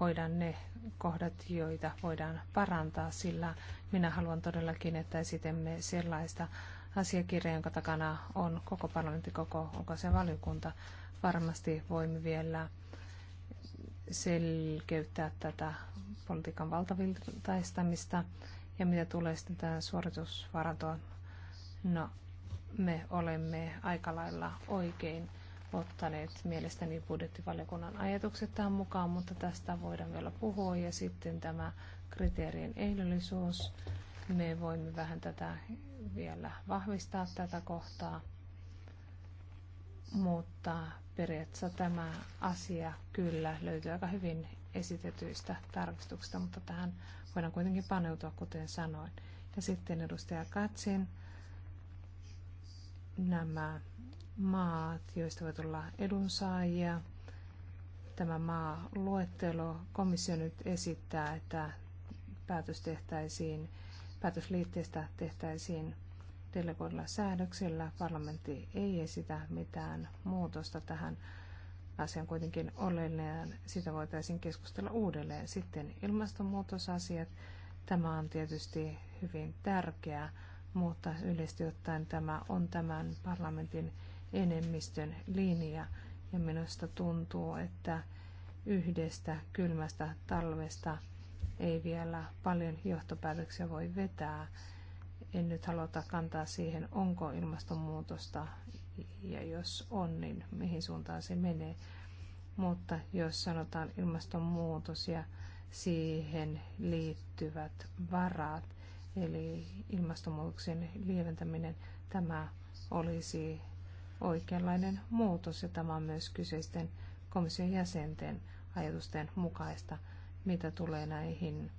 hoidan ne kohdat, joita voidaan parantaa, sillä minä haluan todellakin, että esitemme sellaista asiakirjaa, jonka takana on koko parlamentti, koko onko se valiokunta. Varmasti voimme vielä selkeyttää tätä politiikan valtavirtaistamista ja mitä tulee sitten tähän suoritusvarantoon. No, me olemme aika lailla oikein ottaneet mielestäni budjettivaliokunnan ajatukset tähän mukaan, mutta tästä voidaan vielä puhua. Ja sitten tämä kriteerien ehdollisuus. Me voimme vähän tätä vielä vahvistaa tätä kohtaa, mutta periaatteessa tämä asia kyllä löytyy aika hyvin esitetyistä tarkistuksista, mutta tähän voidaan kuitenkin paneutua, kuten sanoin. Ja sitten edustaja Katsin nämä maat, joista voi tulla edunsaajia. Tämä maaluettelo komissio nyt esittää, että päätös tehtäisiin, päätösliitteestä tehtäisiin delegoidulla säädöksellä. Parlamentti ei esitä mitään muutosta tähän asian kuitenkin oleellinen. Sitä voitaisiin keskustella uudelleen. Sitten ilmastonmuutosasiat. Tämä on tietysti hyvin tärkeä mutta yleisesti ottaen tämä on tämän parlamentin enemmistön linja. Ja minusta tuntuu, että yhdestä kylmästä talvesta ei vielä paljon johtopäätöksiä voi vetää. En nyt halua kantaa siihen, onko ilmastonmuutosta ja jos on, niin mihin suuntaan se menee. Mutta jos sanotaan ilmastonmuutos ja siihen liittyvät varat, eli ilmastonmuutoksen lieventäminen, tämä olisi oikeanlainen muutos ja tämä on myös kyseisten komission jäsenten ajatusten mukaista, mitä tulee näihin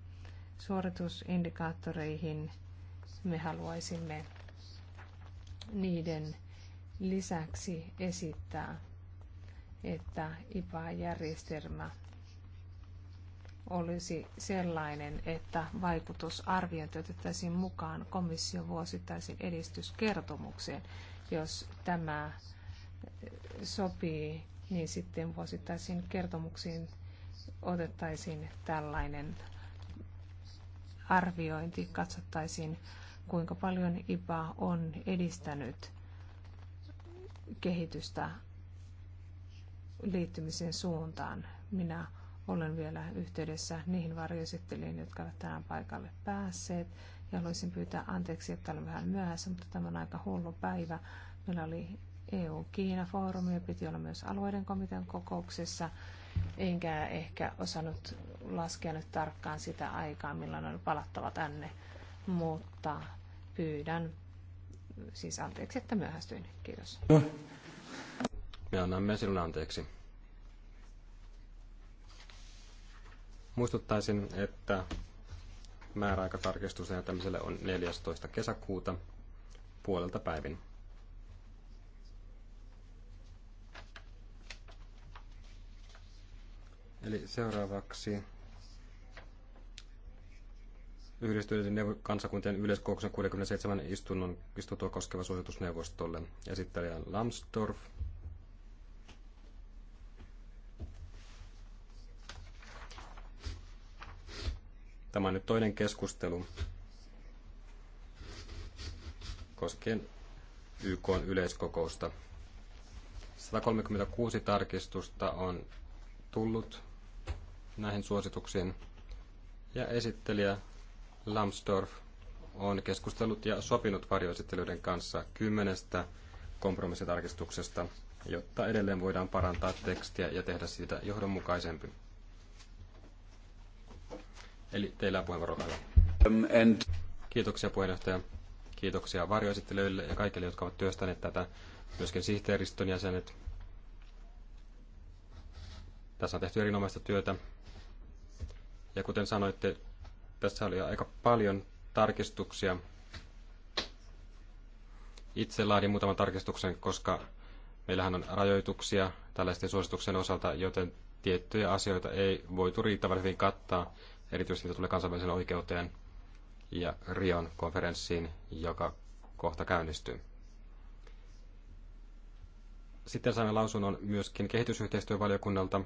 suoritusindikaattoreihin. Me haluaisimme niiden lisäksi esittää, että IPA-järjestelmä olisi sellainen, että vaikutusarviointi otettaisiin mukaan komission vuosittaisen edistyskertomukseen. Jos tämä sopii, niin sitten vuosittaisiin kertomuksiin otettaisiin tällainen arviointi, katsottaisiin kuinka paljon IPA on edistänyt kehitystä liittymisen suuntaan. Minä olen vielä yhteydessä niihin varjoesittelijöihin, jotka ovat tänään paikalle päässeet. Ja haluaisin pyytää anteeksi, että olen vähän myöhässä, mutta tämä on aika hullu päivä. Meillä oli EU-Kiina-foorumi ja piti olla myös alueiden komitean kokouksessa. Enkä ehkä osannut laskea nyt tarkkaan sitä aikaa, milloin on palattava tänne, mutta pyydän siis anteeksi, että myöhästyin. Kiitos. Me annamme sinulle anteeksi. Muistuttaisin, että määräaikatarkistus tämmöiselle on 14. kesäkuuta puolelta päivin. Eli seuraavaksi yhdistyneiden kansakuntien yleiskokouksen 67 istunnon istuntoa koskeva suositus neuvostolle. Esittelijä Lambsdorff. Tämä on nyt toinen keskustelu koskien YK yleiskokousta. 136 tarkistusta on tullut näihin suosituksiin ja esittelijä Lambsdorff on keskustellut ja sopinut varjoesittelyiden kanssa kymmenestä kompromissitarkistuksesta, jotta edelleen voidaan parantaa tekstiä ja tehdä siitä johdonmukaisempi. Eli teillä on puheenvuoro hyvä. Um, and... Kiitoksia puheenjohtaja. Kiitoksia varjoesittelijöille ja kaikille, jotka ovat työstäneet tätä, myöskin sihteeristön jäsenet. Tässä on tehty erinomaista työtä. Ja kuten sanoitte, tässä oli aika paljon tarkistuksia. Itse laadin muutaman tarkistuksen, koska meillähän on rajoituksia tällaisten suosituksen osalta, joten tiettyjä asioita ei voitu riittävän hyvin kattaa erityisesti mitä tulee kansainväliseen oikeuteen ja Rion konferenssiin, joka kohta käynnistyy. Sitten saimme lausunnon myöskin kehitysyhteistyövaliokunnalta.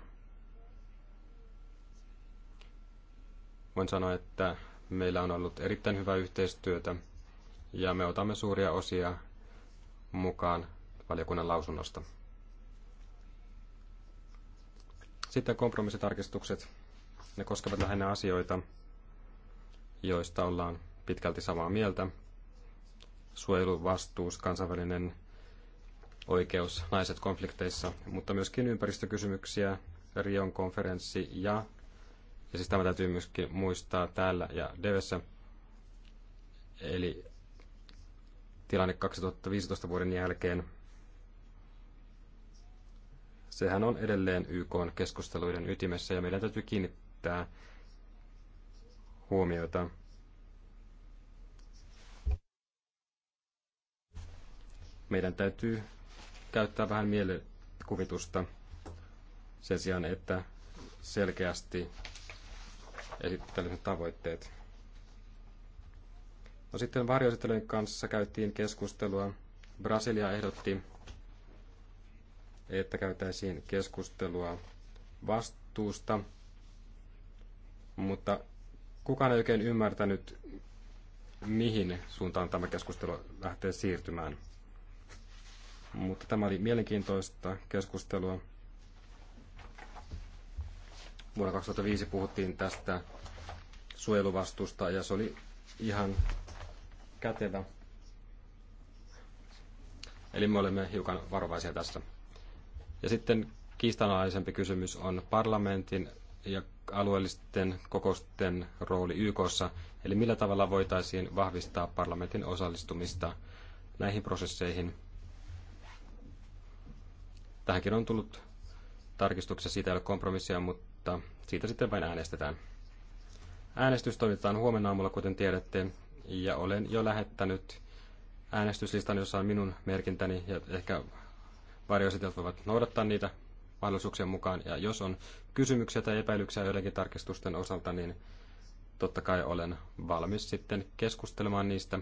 Voin sanoa, että meillä on ollut erittäin hyvää yhteistyötä ja me otamme suuria osia mukaan valiokunnan lausunnosta. Sitten kompromissitarkistukset. Ne koskevat lähinnä asioita, joista ollaan pitkälti samaa mieltä. Suojeluvastuus, kansainvälinen oikeus, naiset konflikteissa, mutta myöskin ympäristökysymyksiä, Rion konferenssi ja, ja siis tämä täytyy myöskin muistaa täällä ja Devessä, eli tilanne 2015 vuoden jälkeen. Sehän on edelleen YK keskusteluiden ytimessä ja meidän täytyy kiinnittää kiinnittää huomiota. Meidän täytyy käyttää vähän mielikuvitusta sen sijaan, että selkeästi esittelemme tavoitteet. No sitten varjoesittelyn kanssa käytiin keskustelua. Brasilia ehdotti, että käytäisiin keskustelua vastuusta mutta kukaan ei oikein ymmärtänyt, mihin suuntaan tämä keskustelu lähtee siirtymään. Mutta tämä oli mielenkiintoista keskustelua. Vuonna 2005 puhuttiin tästä suojeluvastusta ja se oli ihan kätevä. Eli me olemme hiukan varovaisia tässä. Ja sitten kiistanalaisempi kysymys on parlamentin ja alueellisten kokousten rooli YKssa, eli millä tavalla voitaisiin vahvistaa parlamentin osallistumista näihin prosesseihin. Tähänkin on tullut tarkistuksia, siitä ei ole kompromissia, mutta siitä sitten vain äänestetään. Äänestys toimitetaan huomenna aamulla, kuten tiedätte, ja olen jo lähettänyt äänestyslistan, jossa on minun merkintäni, ja ehkä varjoesittelijät voivat noudattaa niitä, mahdollisuuksien mukaan. Ja jos on kysymyksiä tai epäilyksiä joidenkin tarkistusten osalta, niin totta kai olen valmis sitten keskustelemaan niistä.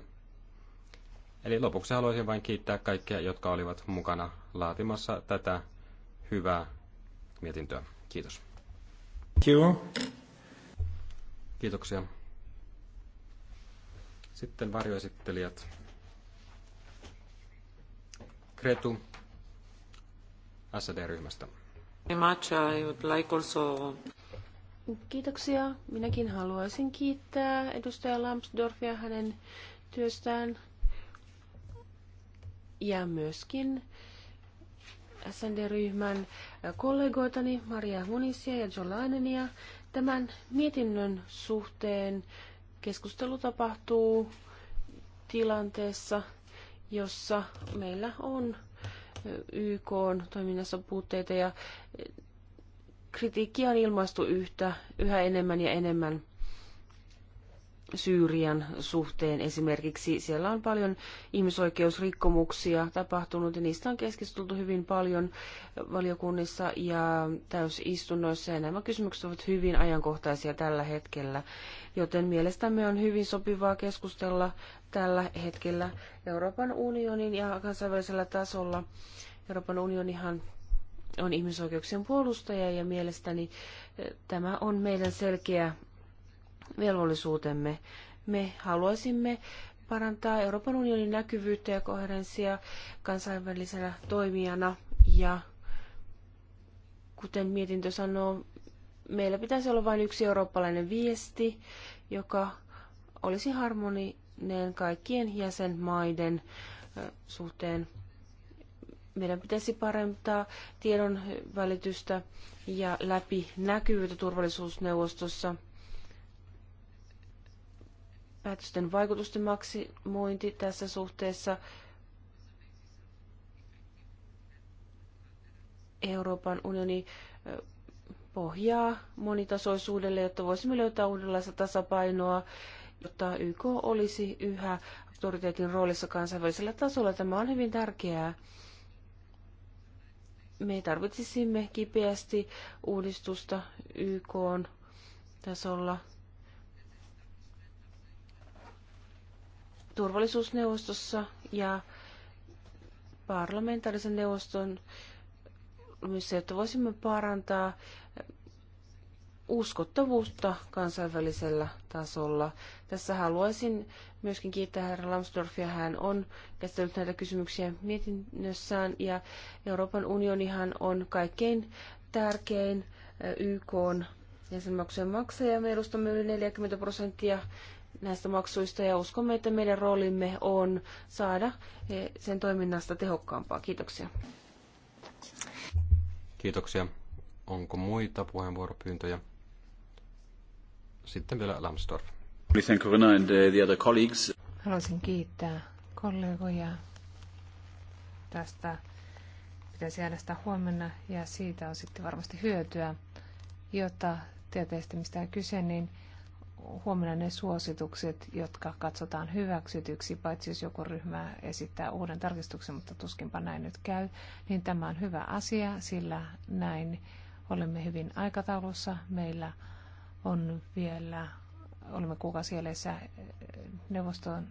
Eli lopuksi haluaisin vain kiittää kaikkia, jotka olivat mukana laatimassa tätä hyvää mietintöä. Kiitos. Kiitos. Kiitoksia. Sitten varjoesittelijät. Kretu SD-ryhmästä. Kiitoksia. Minäkin haluaisin kiittää edustaja Lambsdorffia hänen työstään ja myöskin SND-ryhmän kollegoitani Maria Hunisia ja John Lainenia. Tämän mietinnön suhteen keskustelu tapahtuu tilanteessa, jossa meillä on YK on toiminnassa puutteita ja kritiikkiä on ilmaistu yhtä, yhä enemmän ja enemmän. Syyrian suhteen esimerkiksi. Siellä on paljon ihmisoikeusrikkomuksia tapahtunut ja niistä on keskusteltu hyvin paljon valiokunnissa ja täysistunnoissa ja nämä kysymykset ovat hyvin ajankohtaisia tällä hetkellä. Joten mielestämme on hyvin sopivaa keskustella tällä hetkellä Euroopan unionin ja kansainvälisellä tasolla. Euroopan unionihan on ihmisoikeuksien puolustaja ja mielestäni eh, tämä on meidän selkeä velvollisuutemme. Me haluaisimme parantaa Euroopan unionin näkyvyyttä ja koherenssia kansainvälisenä toimijana ja kuten mietintö sanoo, meillä pitäisi olla vain yksi eurooppalainen viesti, joka olisi harmoninen kaikkien jäsenmaiden suhteen. Meidän pitäisi parantaa tiedon välitystä ja läpi turvallisuusneuvostossa – päätösten vaikutusten maksimointi tässä suhteessa Euroopan unioni pohjaa monitasoisuudelle, jotta voisimme löytää uudenlaista tasapainoa, jotta YK olisi yhä autoriteetin roolissa kansainvälisellä tasolla. Tämä on hyvin tärkeää. Me tarvitsisimme kipeästi uudistusta YK tasolla turvallisuusneuvostossa ja parlamentaarisen neuvoston, missä jotta voisimme parantaa uskottavuutta kansainvälisellä tasolla. Tässä haluaisin myöskin kiittää herra Lambsdorffia. Hän on käsitellyt näitä kysymyksiä mietinnössään ja Euroopan unionihan on kaikkein tärkein YK jäsenmaksujen maksaja. Me edustamme yli 40 prosenttia näistä maksuista ja uskomme, että meidän roolimme on saada eh, sen toiminnasta tehokkaampaa. Kiitoksia. Kiitoksia. Onko muita puheenvuoropyyntöjä? Sitten vielä Lambsdorff. Haluaisin kiittää kollegoja tästä. Pitäisi sitä huomenna ja siitä on sitten varmasti hyötyä, jotta tieteistä mistään kyse, niin huomioida ne suositukset, jotka katsotaan hyväksytyksi, paitsi jos joku ryhmä esittää uuden tarkistuksen, mutta tuskinpa näin nyt käy, niin tämä on hyvä asia, sillä näin olemme hyvin aikataulussa. Meillä on vielä, olemme kuukausielessä eh, neuvoston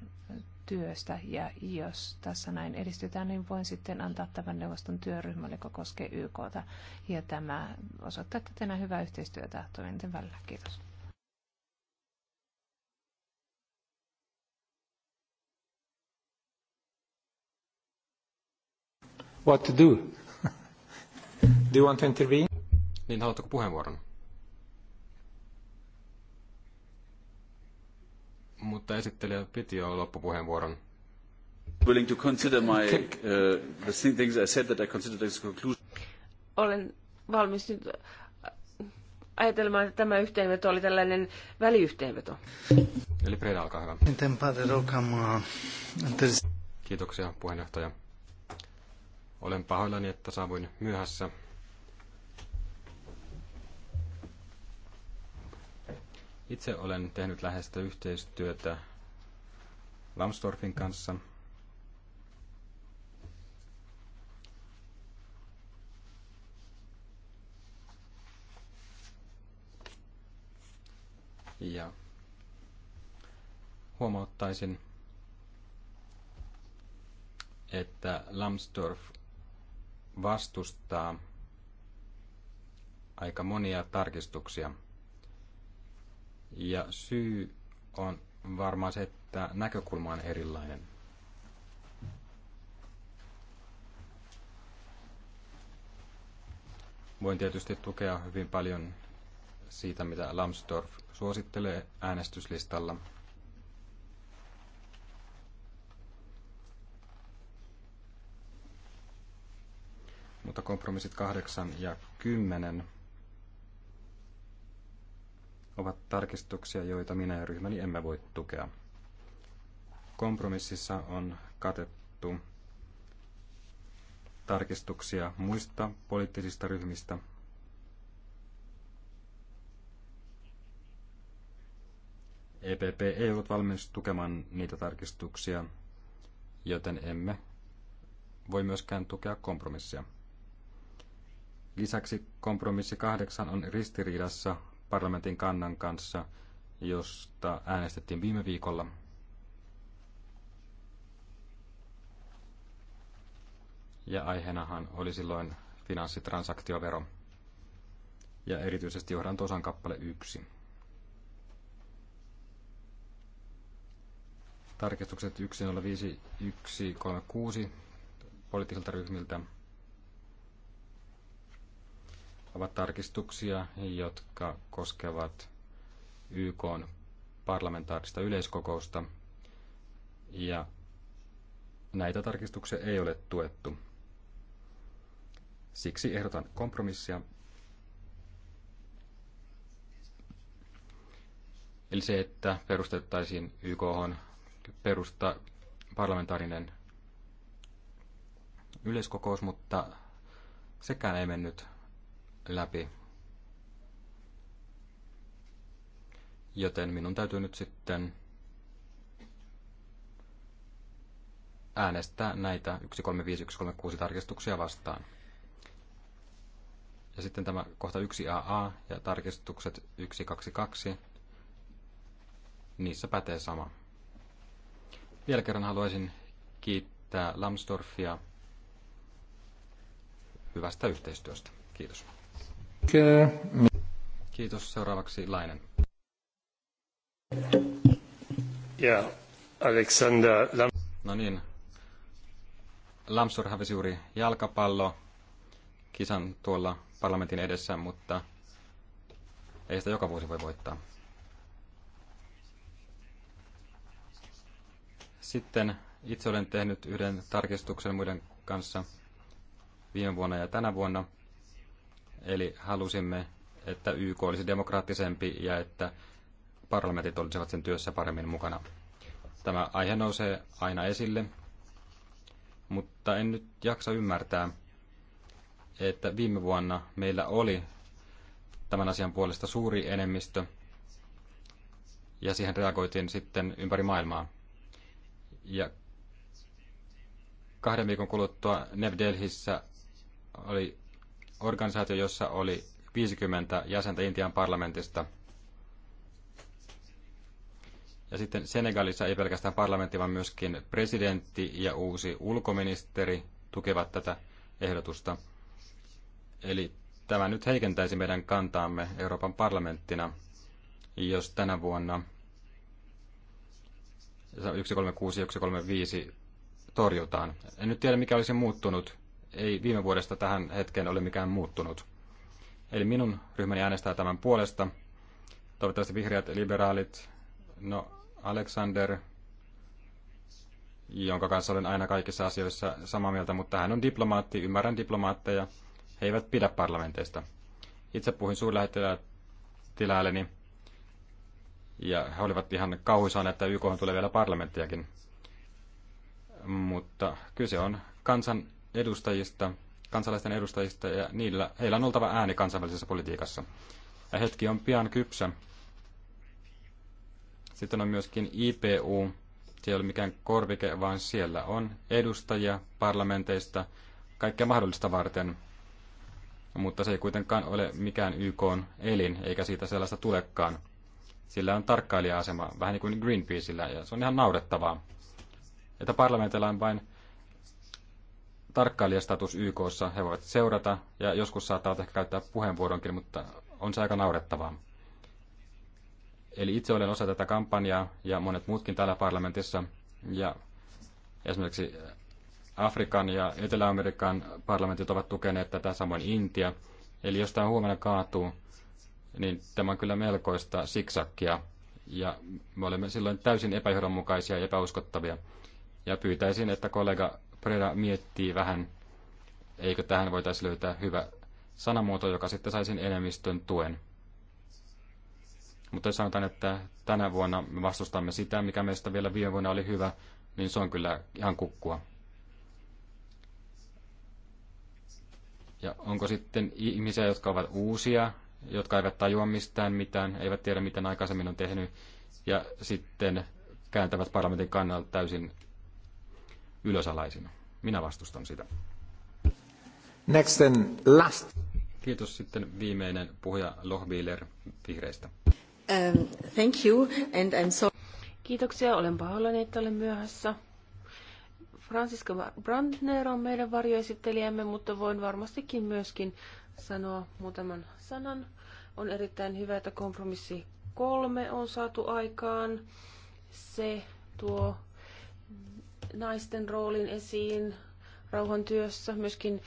työstä ja jos tässä näin edistytään, niin voin sitten antaa tämän neuvoston työryhmälle, joka koskee YKta. Ja tämä osoittaa tätä hyvää yhteistyötä toimintien välillä. Kiitos. what to do. do you want to intervene? Niin, haluatteko puheenvuoron? Mutta esittelijä piti jo loppupuheenvuoron. Willing to consider my, uh, the things I said that I consider as conclusion. Olen valmis nyt äh, ajatelmaan, että tämä yhteenveto oli tällainen väliyhteenveto. Eli Preda, alkaa hyvä. Kiitoksia puheenjohtaja. Olen pahoillani, että saavuin myöhässä. Itse olen tehnyt läheistä yhteistyötä Lamstorfin kanssa. Ja huomauttaisin, että Lambsdorff vastustaa aika monia tarkistuksia. Ja syy on varmaan se, että näkökulma on erilainen. Voin tietysti tukea hyvin paljon siitä, mitä Lambsdorff suosittelee äänestyslistalla – mutta kompromissit 8 ja 10 ovat tarkistuksia, joita minä ja ryhmäni emme voi tukea. Kompromississa on katettu tarkistuksia muista poliittisista ryhmistä. EPP ei ollut valmis tukemaan niitä tarkistuksia, joten emme voi myöskään tukea kompromissia. Lisäksi kompromissi kahdeksan on ristiriidassa parlamentin kannan kanssa, josta äänestettiin viime viikolla. Ja aiheenahan oli silloin finanssitransaktiovero ja erityisesti johdantosan kappale 1. Tarkistukset 105136 poliittisilta ryhmiltä ovat tarkistuksia, jotka koskevat YK parlamentaarista yleiskokousta, ja näitä tarkistuksia ei ole tuettu. Siksi ehdotan kompromissia. Eli se, että perustettaisiin YK perusta parlamentaarinen yleiskokous, mutta sekään ei mennyt läpi. Joten minun täytyy nyt sitten äänestää näitä 135 136 tarkistuksia vastaan. Ja sitten tämä kohta 1AA ja tarkistukset 122, niissä pätee sama. Vielä kerran haluaisin kiittää Lamsdorfia hyvästä yhteistyöstä. Kiitos. Kiitos. Seuraavaksi Lainen. Ja Alexander Lam... No niin. Lamsur hävisi juuri jalkapallo kisan tuolla parlamentin edessä, mutta ei sitä joka vuosi voi voittaa. Sitten itse olen tehnyt yhden tarkistuksen muiden kanssa viime vuonna ja tänä vuonna – Eli halusimme, että YK olisi demokraattisempi ja että parlamentit olisivat sen työssä paremmin mukana. Tämä aihe nousee aina esille, mutta en nyt jaksa ymmärtää, että viime vuonna meillä oli tämän asian puolesta suuri enemmistö, ja siihen reagoitiin sitten ympäri maailmaa. Ja kahden viikon kuluttua Nevdelhissä oli organisaatio, jossa oli 50 jäsentä Intian parlamentista. Ja sitten Senegalissa ei pelkästään parlamentti, vaan myöskin presidentti ja uusi ulkoministeri tukevat tätä ehdotusta. Eli tämä nyt heikentäisi meidän kantaamme Euroopan parlamenttina, jos tänä vuonna 136 ja 135 torjutaan. En nyt tiedä, mikä olisi muuttunut ei viime vuodesta tähän hetkeen ole mikään muuttunut. Eli minun ryhmäni äänestää tämän puolesta. Toivottavasti vihreät liberaalit, no Alexander, jonka kanssa olen aina kaikissa asioissa samaa mieltä, mutta hän on diplomaatti, ymmärrän diplomaatteja, he eivät pidä parlamenteista. Itse puhuin suurlähettiläälleni, ja he olivat ihan kauhuisaan, että YK tulee vielä parlamenttiakin. Mutta kyse on kansan edustajista, kansalaisten edustajista, ja niillä, heillä on oltava ääni kansainvälisessä politiikassa. Ja hetki on pian kypsä. Sitten on myöskin IPU, se ei ole mikään korvike, vaan siellä on edustajia parlamenteista kaikkea mahdollista varten. Mutta se ei kuitenkaan ole mikään YK elin, eikä siitä sellaista tulekaan. Sillä on tarkkailija-asema, vähän niin kuin Greenpeaceillä, ja se on ihan naurettavaa. Että parlamentilla on vain tarkkailijastatus YKssa. He voivat seurata ja joskus saattaa ehkä käyttää puheenvuoronkin, mutta on se aika naurettavaa. Eli itse olen osa tätä kampanjaa ja monet muutkin täällä parlamentissa. Ja esimerkiksi Afrikan ja Etelä-Amerikan parlamentit ovat tukeneet tätä, samoin Intia. Eli jos tämä huomenna kaatuu, niin tämä on kyllä melkoista siksakkia. Ja me olemme silloin täysin epäjohdonmukaisia ja epäuskottavia. Ja pyytäisin, että kollega Preda miettii vähän, eikö tähän voitaisiin löytää hyvä sanamuoto, joka sitten saisi enemmistön tuen. Mutta jos sanotaan, että tänä vuonna me vastustamme sitä, mikä meistä vielä viime vuonna oli hyvä, niin se on kyllä ihan kukkua. Ja onko sitten ihmisiä, jotka ovat uusia, jotka eivät tajua mistään mitään, eivät tiedä, miten aikaisemmin on tehnyt, ja sitten kääntävät parlamentin kannalta täysin ylösalaisin. Minä vastustan sitä. Next and last. Kiitos sitten viimeinen puhuja Lohbiler vihreistä. Um, thank you and I'm sorry. Kiitoksia, olen pahoillani, että olen myöhässä. Francisca Brandner on meidän varjoesittelijämme, mutta voin varmastikin myöskin sanoa muutaman sanan. On erittäin hyvä, että kompromissi kolme on saatu aikaan. Se tuo naisten roolin esiin rauhantyössä, myöskin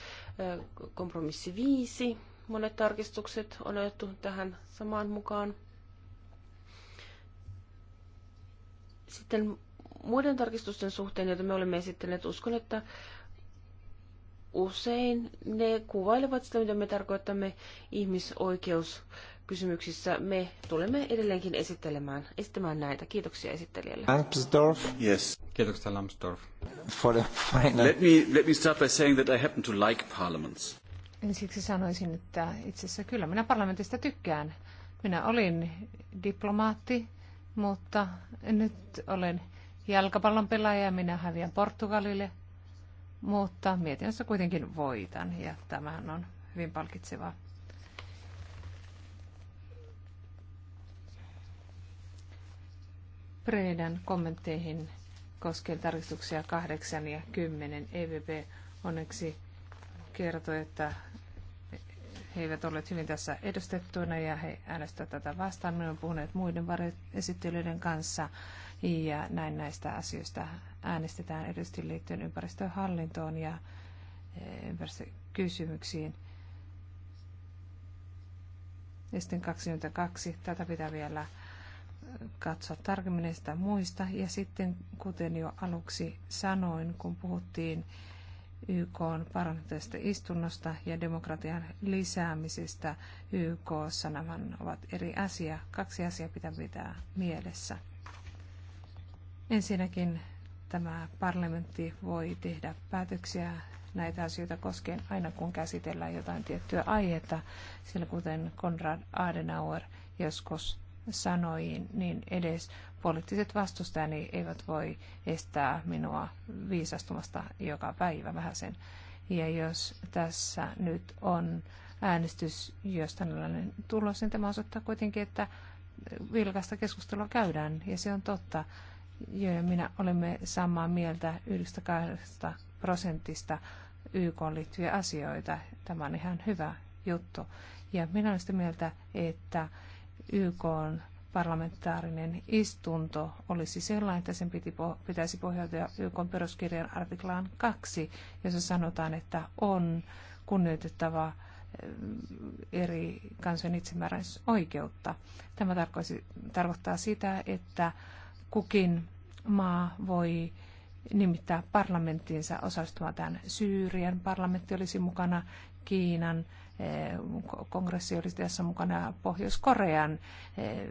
kompromissi 5. Monet tarkistukset on otettu tähän samaan mukaan. Sitten muiden tarkistusten suhteen, joita me olemme esittäneet, uskon, että usein ne kuvailevat sitä, mitä me tarkoitamme ihmisoikeus kysymyksissä me tulemme edelleenkin esittelemään, esittämään näitä. Kiitoksia esittelijälle. Lambsdorff. Yes. Kiitoksia Lambsdorff. For the final. Let me, let me start by saying that I happen to like parliaments. Ensiksi sanoisin, että itse asiassa kyllä minä parlamentista tykkään. Minä olin diplomaatti, mutta nyt olen jalkapallon pelaaja ja minä häviän Portugalille. Mutta mietinnössä kuitenkin voitan ja tämähän on hyvin palkitsevaa. Preedan kommentteihin koskien tarkistuksia 8 ja 10. EVP onneksi kertoi, että he eivät olleet hyvin tässä edustettuina ja he äänestävät tätä vastaan. Me olemme puhuneet muiden esittelyiden kanssa ja näin näistä asioista äänestetään erityisesti liittyen ympäristöhallintoon ja eh, ympäristökysymyksiin. Ja sitten 22. Tätä pitää vielä katsoa tarkemmin sitä muista. Ja sitten, kuten jo aluksi sanoin, kun puhuttiin YK parlamentaarista istunnosta ja demokratian lisäämisestä YK nämä ovat eri asia. Kaksi asiaa pitää pitää mielessä. Ensinnäkin tämä parlamentti voi tehdä päätöksiä näitä asioita koskien aina kun käsitellään jotain tiettyä aihetta, sillä kuten Konrad Adenauer joskus sanoi, niin edes poliittiset vastustajani eivät voi estää minua viisastumasta joka päivä vähän sen. Ja jos tässä nyt on äänestys, jos tällainen tulos, niin tämä osoittaa kuitenkin, että vilkasta keskustelua käydään, ja se on totta. Jo ja minä olemme samaa mieltä yhdestä kahdesta prosentista YK liittyviä asioita. Tämä on ihan hyvä juttu. Ja minä olen sitä mieltä, että YK on parlamentaarinen istunto olisi sellainen, että sen piti pitäisi pohjautua YK peruskirjan artiklaan 2, jossa sanotaan, että on kunnioitettava eh, eri kansojen itsemääräisoikeutta. Tämä tarkoittaa sitä, että kukin maa voi nimittää parlamenttiinsa osallistumaan tämän Syyrian parlamentti olisi mukana, Kiinan Eh, kongressi oli tässä mukana Pohjois-Korean eh,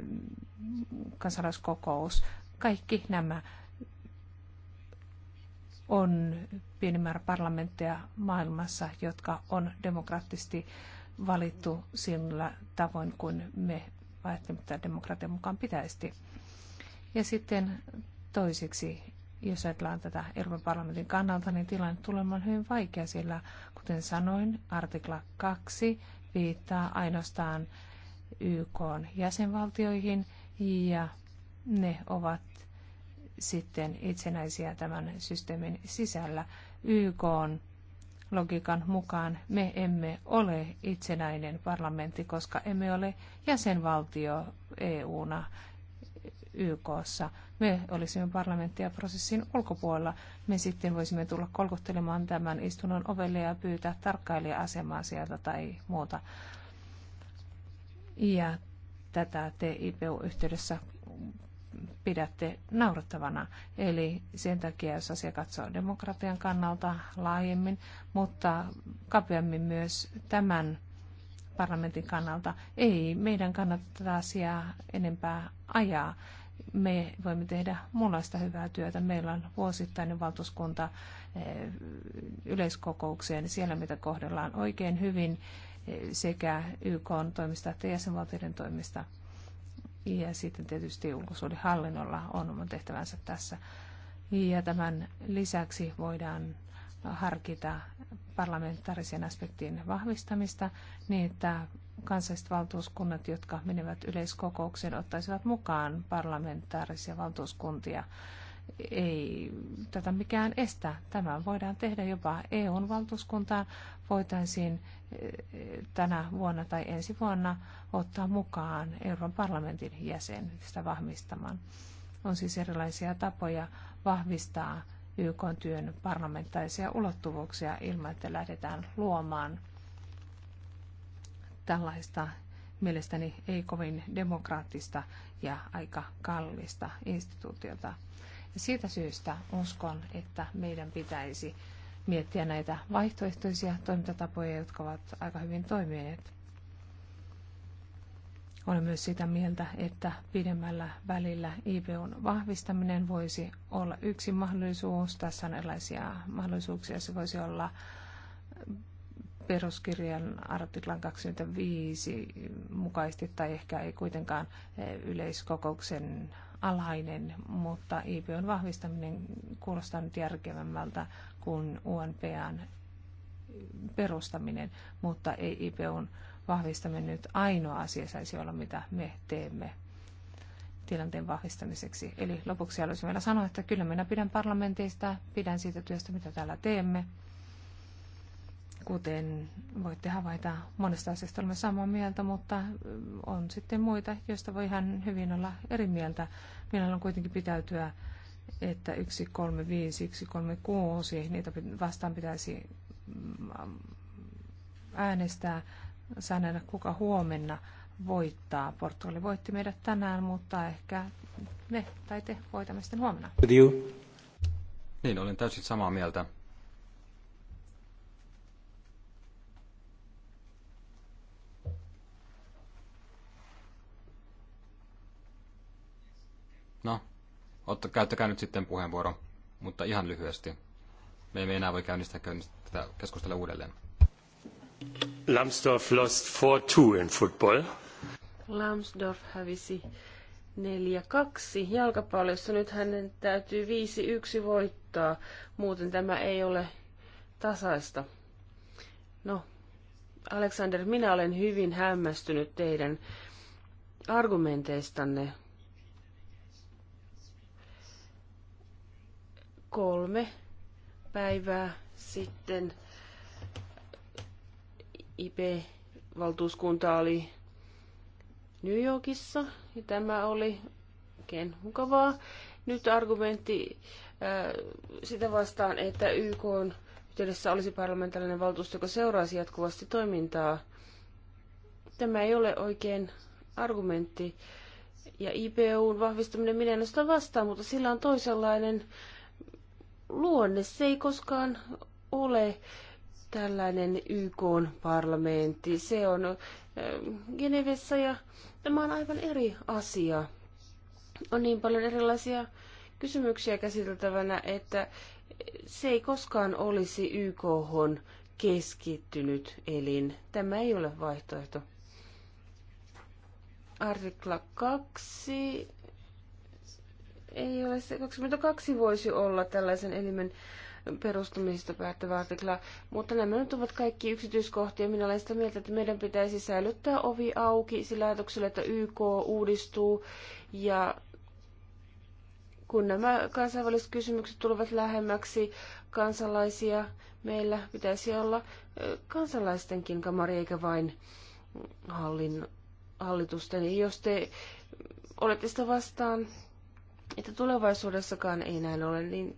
kansalaiskokous. Kaikki nämä on pieni määrä parlamentteja maailmassa, jotka on demokraattisesti valittu sillä tavoin kuin me ajattelemme, että demokratian mukaan pitäisi. Ja sitten toiseksi jos ajatellaan tätä Euroopan parlamentin kannalta, niin tilanne tulee olemaan hyvin vaikea, sillä kuten sanoin, artikla 2 viittaa ainoastaan YK jäsenvaltioihin ja ne ovat sitten itsenäisiä tämän systeemin sisällä. YK logiikan mukaan me emme ole itsenäinen parlamentti, koska emme ole jäsenvaltio EUna YKssa me olisimme parlamenttia prosessin ulkopuolella. Me sitten voisimme tulla kolkuttelemaan tämän istunnon ovelle ja pyytää tarkkailija-asemaa sieltä tai muuta. Ja tätä te IPU-yhteydessä pidätte naurettavana. Eli sen takia, jos asia katsoo demokratian kannalta laajemmin, mutta kapeammin myös tämän parlamentin kannalta, ei meidän kannata tätä asiaa enempää ajaa me voimme tehdä muunlaista hyvää työtä. Meillä on vuosittainen valtuuskunta eh, yleiskokoukseen. Niin siellä mitä kohdellaan oikein hyvin eh, sekä YK toimista että jäsenvaltioiden toimista. Ja sitten tietysti ulkosuudihallinnolla on oma tehtävänsä tässä. Ja tämän lisäksi voidaan harkita parlamentaarisen aspektin vahvistamista niin, että kansalliset valtuuskunnat, jotka menevät yleiskokoukseen, ottaisivat mukaan parlamentaarisia valtuuskuntia. Ei tätä mikään estä. Tämä voidaan tehdä jopa EUn valtuuskuntaan. Voitaisiin eh, tänä vuonna tai ensi vuonna ottaa mukaan Euroopan parlamentin jäsen sitä vahvistamaan. On siis erilaisia tapoja vahvistaa YK-työn parlamentaarisia ulottuvuuksia ilman, että lähdetään luomaan – tällaista mielestäni ei kovin demokraattista ja aika kallista instituutiota. Ja siitä syystä uskon, että meidän pitäisi miettiä näitä vaihtoehtoisia toimintatapoja, jotka ovat aika hyvin toimineet. Olen myös sitä mieltä, että pidemmällä välillä IPUn vahvistaminen voisi olla yksi mahdollisuus. Tässä on erilaisia mahdollisuuksia. Se voisi olla peruskirjan artiklan 25 mukaisesti, tai ehkä ei kuitenkaan eh, yleiskokouksen alhainen, mutta IPOn vahvistaminen kuulostaa nyt järkevämmältä kuin UNPAn perustaminen, mutta ei IPOn vahvistaminen nyt ainoa asia saisi olla, mitä me teemme tilanteen vahvistamiseksi. Eli lopuksi haluaisin vielä sanoa, että kyllä minä pidän parlamentista, pidän siitä työstä, mitä täällä teemme. Kuten voitte havaita, monesta asiasta olemme samaa mieltä, mutta on sitten muita, joista voi ihan hyvin olla eri mieltä. Minä on kuitenkin pitäytyä, että 135, 136, niitä vastaan pitäisi mm, äänestää. Saa nähdä, kuka huomenna voittaa. Portugali voitti meidät tänään, mutta ehkä me tai te voitamme sitten huomenna. Niin, olen täysin samaa mieltä. No, otta, käyttäkää nyt sitten puheenvuoro, mutta ihan lyhyesti. Me emme enää voi käynnistää, käynnistää tätä keskustelua uudelleen. Lambsdorff lost 4-2 in football. Lambsdorff hävisi 4-2 jalkapallossa. Nyt hänen täytyy 5-1 voittaa, muuten tämä ei ole tasaista. No, Alexander, minä olen hyvin hämmästynyt teidän argumenteistanne kolme päivää sitten IP-valtuuskunta oli New Yorkissa ja tämä oli oikein mukavaa. Nyt argumentti äh, sitä vastaan, että YK on yhteydessä olisi parlamentaarinen valtuusto, joka seuraisi jatkuvasti toimintaa. Tämä ei ole oikein argumentti. Ja IPUn vahvistaminen minä en vastaan, mutta sillä on toisenlainen äh, luonne. Se ei koskaan ole tällainen YK parlamentti. Se on Genevessä ja tämä on aivan eri asia. On niin paljon erilaisia kysymyksiä käsiteltävänä, että se ei koskaan olisi YK keskittynyt elin. Tämä ei ole vaihtoehto. Artikla 2 ei ole se 22 voisi olla tällaisen elimen perustumisesta päättävä artikla, mutta nämä nyt ovat kaikki yksityiskohtia. Minä olen sitä mieltä, että meidän pitäisi säilyttää ovi auki sillä ajatuksella, että YK uudistuu ja kun nämä kansainväliset kysymykset tulevat lähemmäksi kansalaisia, meillä pitäisi olla kansalaistenkin kamari eikä vain hallin, hallitusten. Jos te olette sitä vastaan, että tulevaisuudessakaan ei näin ole, niin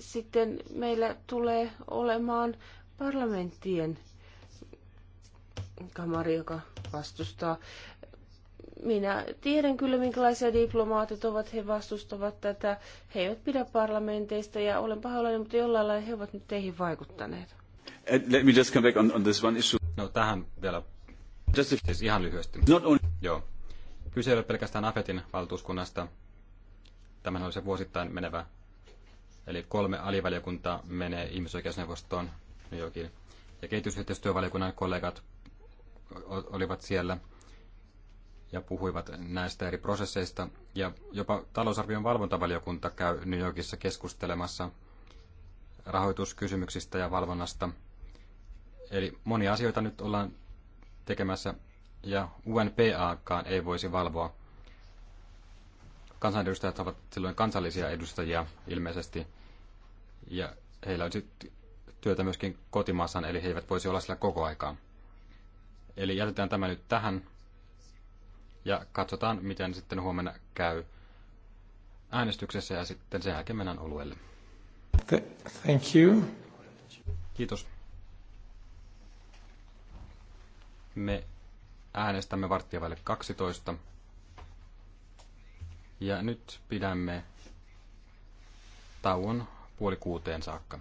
sitten meillä tulee olemaan parlamenttien kamari, joka vastustaa. Minä tiedän kyllä, minkälaisia diplomaatit ovat. He vastustavat tätä. He eivät pidä parlamenteista ja olen pahoillani, mutta jollain lailla he ovat nyt teihin vaikuttaneet. Eh, let me just come back on, on this one issue. No tähän vielä just if... Siis ihan lyhyesti. Not only... Joo. Kyse ei ole pelkästään AFETin valtuuskunnasta, tämähän on se vuosittain menevä. Eli kolme alivaliokuntaa menee ihmisoikeusneuvostoon New Yorkiin. Ja kehitysyhteistyövaliokunnan kollegat olivat siellä ja puhuivat näistä eri prosesseista. Ja jopa talousarvion valvontavaliokunta käy New Yorkissa keskustelemassa rahoituskysymyksistä ja valvonnasta. Eli monia asioita nyt ollaan tekemässä, ja UNPAkaan ei voisi valvoa kansanedustajat ovat silloin kansallisia edustajia ilmeisesti, ja heillä on sitten työtä myöskin kotimaassaan, eli he eivät voisi olla sillä koko aikaa. Eli jätetään tämä nyt tähän, ja katsotaan, miten sitten huomenna käy äänestyksessä, ja sitten sen jälkeen mennään oluelle. Thank you. Kiitos. Me äänestämme varttia 12. Ja nyt pidämme tauon puoli kuuteen saakka.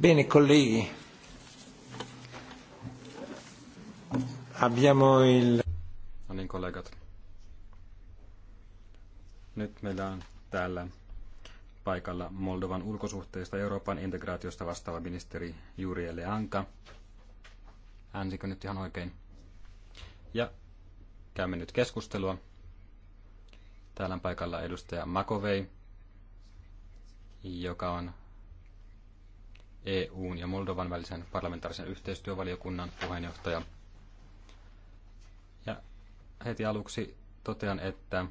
Bene, colleghi. Abbiamo il... No niin, kollegat. Nyt meillä on täällä paikalla Moldovan ulkosuhteista Euroopan integraatiosta vastaava ministeri Juri Leanka. Äänsikö nyt ihan oikein? Ja käymme nyt keskustelua. Täällä on paikalla edustaja Makovei, joka on EUn ja Moldovan välisen parlamentaarisen yhteistyövaliokunnan puheenjohtaja. Ja heti aluksi totean, että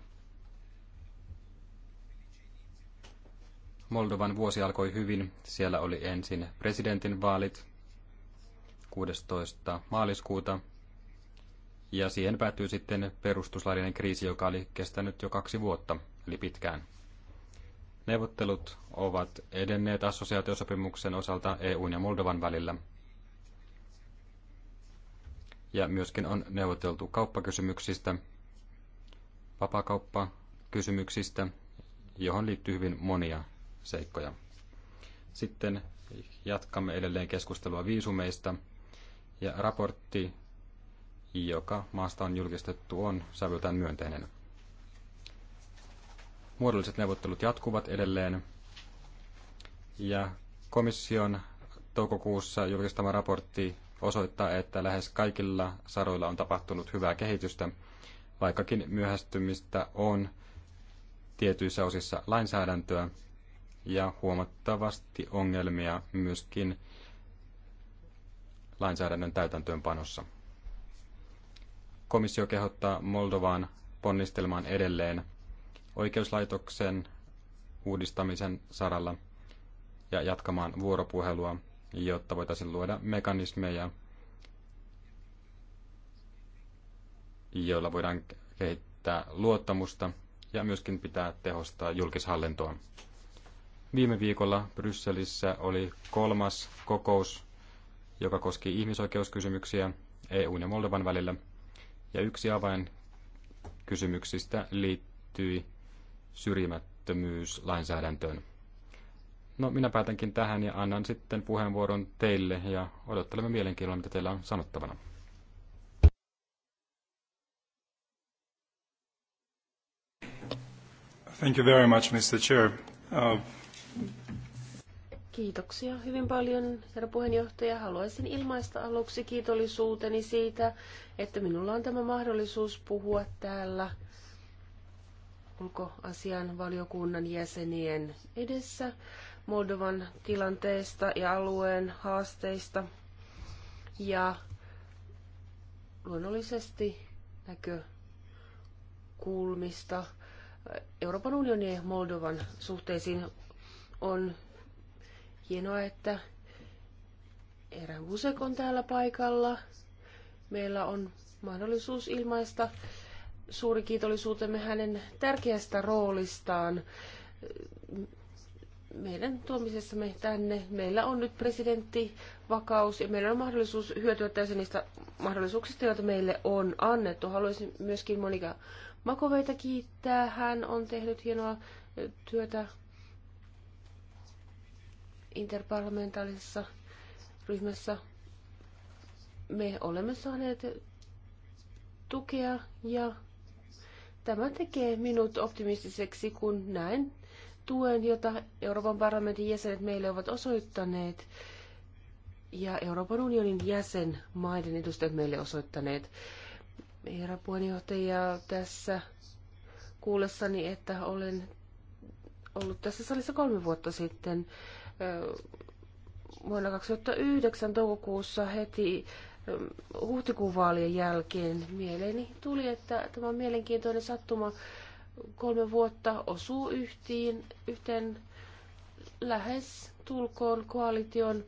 Moldovan vuosi alkoi hyvin. Siellä oli ensin presidentin vaalit 16. maaliskuuta ja siihen päättyi sitten perustuslaillinen kriisi, joka oli kestänyt jo kaksi vuotta, eli pitkään. Neuvottelut ovat edenneet assosiaatiosopimuksen osalta EUn ja Moldovan välillä. Ja myöskin on neuvoteltu kauppakysymyksistä, vapakauppakysymyksistä, johon liittyy hyvin monia seikkoja. Sitten jatkamme edelleen keskustelua viisumeista ja raportti, joka maasta on julkistettu, on sävyltään myönteinen. Muodolliset neuvottelut jatkuvat edelleen. Ja komission toukokuussa julkistama raportti osoittaa, että lähes kaikilla saroilla on tapahtunut hyvää kehitystä, vaikkakin myöhästymistä on tietyissä osissa lainsäädäntöä ja huomattavasti ongelmia myöskin lainsäädännön täytäntöönpanossa. Komissio kehottaa Moldovaan ponnistelmaan edelleen oikeuslaitoksen uudistamisen saralla ja jatkamaan vuoropuhelua, jotta voitaisiin luoda mekanismeja, joilla voidaan kehittää luottamusta ja myöskin pitää tehostaa julkishallintoa. Viime viikolla Brysselissä oli kolmas kokous, joka koski ihmisoikeuskysymyksiä EUn ja Moldovan välillä, ja yksi avainkysymyksistä liittyi syrjimättömyyslainsäädäntöön. No minä päätänkin tähän ja annan sitten puheenvuoron teille ja odottelemme mielenkiinnolla, mitä teillä on sanottavana. Thank you very much, Mr. Chair. Uh... Kiitoksia hyvin paljon, herra puheenjohtaja. Haluaisin ilmaista aluksi kiitollisuuteni siitä, että minulla on tämä mahdollisuus puhua täällä ulkoasian valiokunnan jäsenien edessä Moldovan tilanteesta ja alueen haasteista ja luonnollisesti näkökulmista Euroopan unionin ja Moldovan suhteisiin on hienoa, että erään Vusek on täällä paikalla. Meillä on mahdollisuus ilmaista suuri kiitollisuutemme hänen tärkeästä roolistaan meidän tuomisessamme tänne. Meillä on nyt presidentti vakaus ja meillä on mahdollisuus hyötyä täysin niistä mahdollisuuksista, joita meille on annettu. Haluaisin myöskin Monika Makoveita kiittää. Hän on tehnyt hienoa työtä interparlamentaalisessa ryhmässä. Me olemme saaneet tukea ja Tämä tekee minut optimistiseksi, kun näen tuen, jota Euroopan parlamentin jäsenet meille ovat osoittaneet ja Euroopan unionin jäsenmaiden edustajat meille osoittaneet. Herra puheenjohtaja, tässä kuullessani, että olen ollut tässä salissa kolme vuotta sitten, vuonna 2009 toukokuussa heti huhtikuun vaalien jälkeen mieleeni tuli, että tämä mielenkiintoinen sattuma kolme vuotta osuu yhtiin, yhteen lähes tulkoon koalition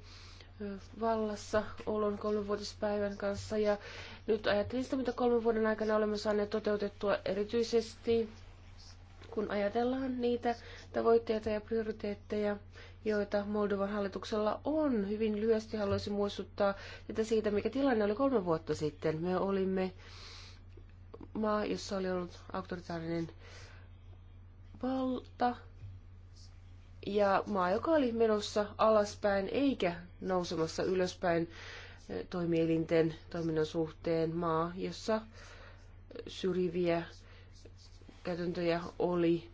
vallassa olon kolmenvuotispäivän kanssa. Ja nyt ajattelin sitä, mitä kolmen vuoden aikana olemme saaneet toteutettua erityisesti, kun ajatellaan niitä tavoitteita ja prioriteetteja, joita Moldovan hallituksella on. Hyvin lyhyesti haluaisin muistuttaa että siitä, mikä tilanne oli kolme vuotta sitten. Me olimme maa, jossa oli ollut autoritaarinen valta ja maa, joka oli menossa alaspäin eikä nousemassa ylöspäin eh, toimielinten toiminnan suhteen. Maa, jossa syrjiviä käytäntöjä oli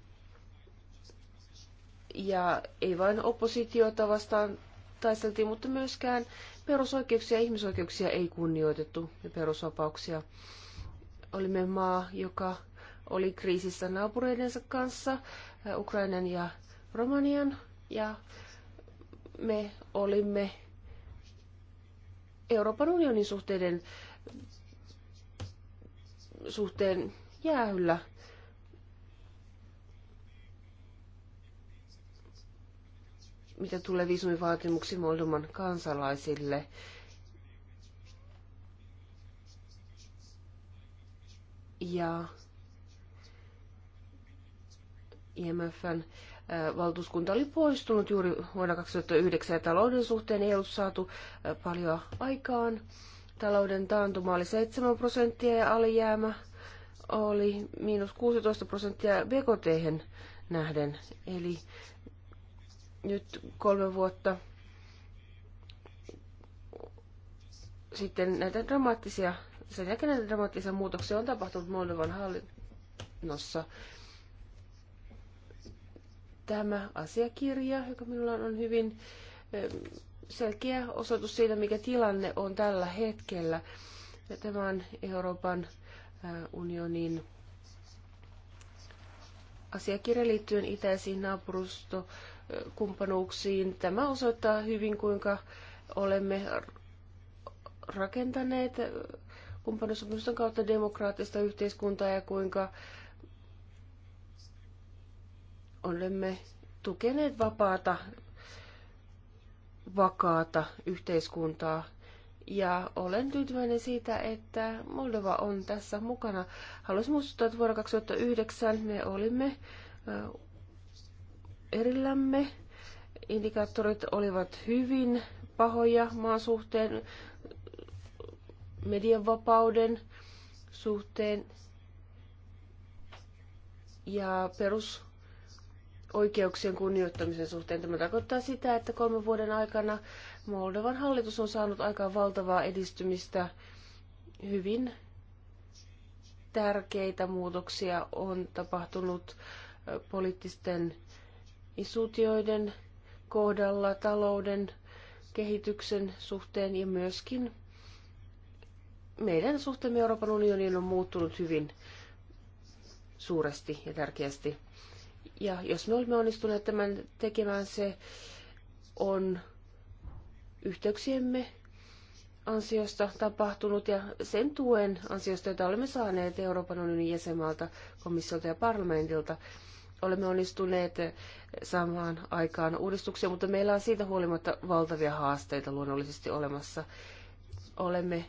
ja ei vain oppositiota vastaan taisteltiin, mutta myöskään perusoikeuksia ja ihmisoikeuksia ei kunnioitettu ja perusvapauksia. Olimme maa, joka oli kriisissä naapureidensa kanssa, äh, Ukrainan ja Romanian, ja me olimme Euroopan unionin suhteiden suhteen jäähyllä mitä tulee viisumivaatimuksiin Moldovan kansalaisille. Ja IMFn valtuuskunta oli poistunut juuri vuonna 2009 ja talouden suhteen ei ollut saatu paljon aikaan. Talouden taantuma oli 7 prosenttia ja alijäämä oli miinus 16 prosenttia BKT nähden. Eli nyt kolme vuotta sitten näitä dramaattisia, sen jälkeen näitä dramaattisia muutoksia on tapahtunut Moldovan hallinnossa. Tämä asiakirja, joka minulla on hyvin selkeä osoitus siitä, mikä tilanne on tällä hetkellä. Ja tämä on Euroopan unionin asiakirja liittyen itäisiin naapurustoon kumppanuuksiin. Tämä osoittaa hyvin, kuinka olemme rakentaneet kumppanuussopimusten kautta demokraattista yhteiskuntaa ja kuinka olemme tukeneet vapaata, vakaata yhteiskuntaa. Ja olen tyytyväinen siitä, että Moldova on tässä mukana. Haluaisin muistuttaa, että vuonna 2009 me olimme erillämme. Indikaattorit olivat hyvin pahoja maan suhteen, median vapauden suhteen ja perusoikeuksien kunnioittamisen suhteen. Tämä tarkoittaa sitä, että kolmen vuoden aikana Moldovan hallitus on saanut aikaan valtavaa edistymistä. Hyvin tärkeitä muutoksia on tapahtunut poliittisten isuutioiden, kohdalla, talouden kehityksen suhteen ja myöskin meidän suhteemme Euroopan unioniin on muuttunut hyvin suuresti ja tärkeästi. Ja jos me olemme onnistuneet tämän tekemään, se on yhteyksiemme ansiosta tapahtunut ja sen tuen ansiosta, jota olemme saaneet Euroopan unionin jäsenmaalta, komissiolta ja parlamentilta olemme onnistuneet saamaan aikaan uudistuksia, mutta meillä on siitä huolimatta valtavia haasteita luonnollisesti olemassa. Olemme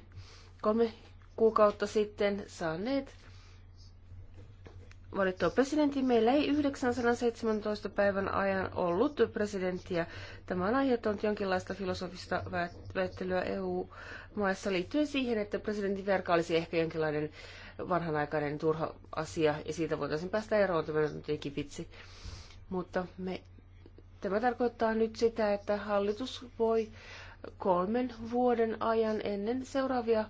kolme kuukautta sitten saaneet valittua presidentti Meillä ei 917 päivän ajan ollut presidenttiä. Tämä on aiheuttanut jonkinlaista filosofista väittelyä EU-maissa liittyen siihen, että presidentin verka olisi ehkä jonkinlainen äh, vanhanaikainen turha asia ja siitä voitaisiin päästä eroon, tämä on vitsi. Mutta me, tämä tarkoittaa nyt sitä, että hallitus voi kolmen vuoden ajan ennen seuraavia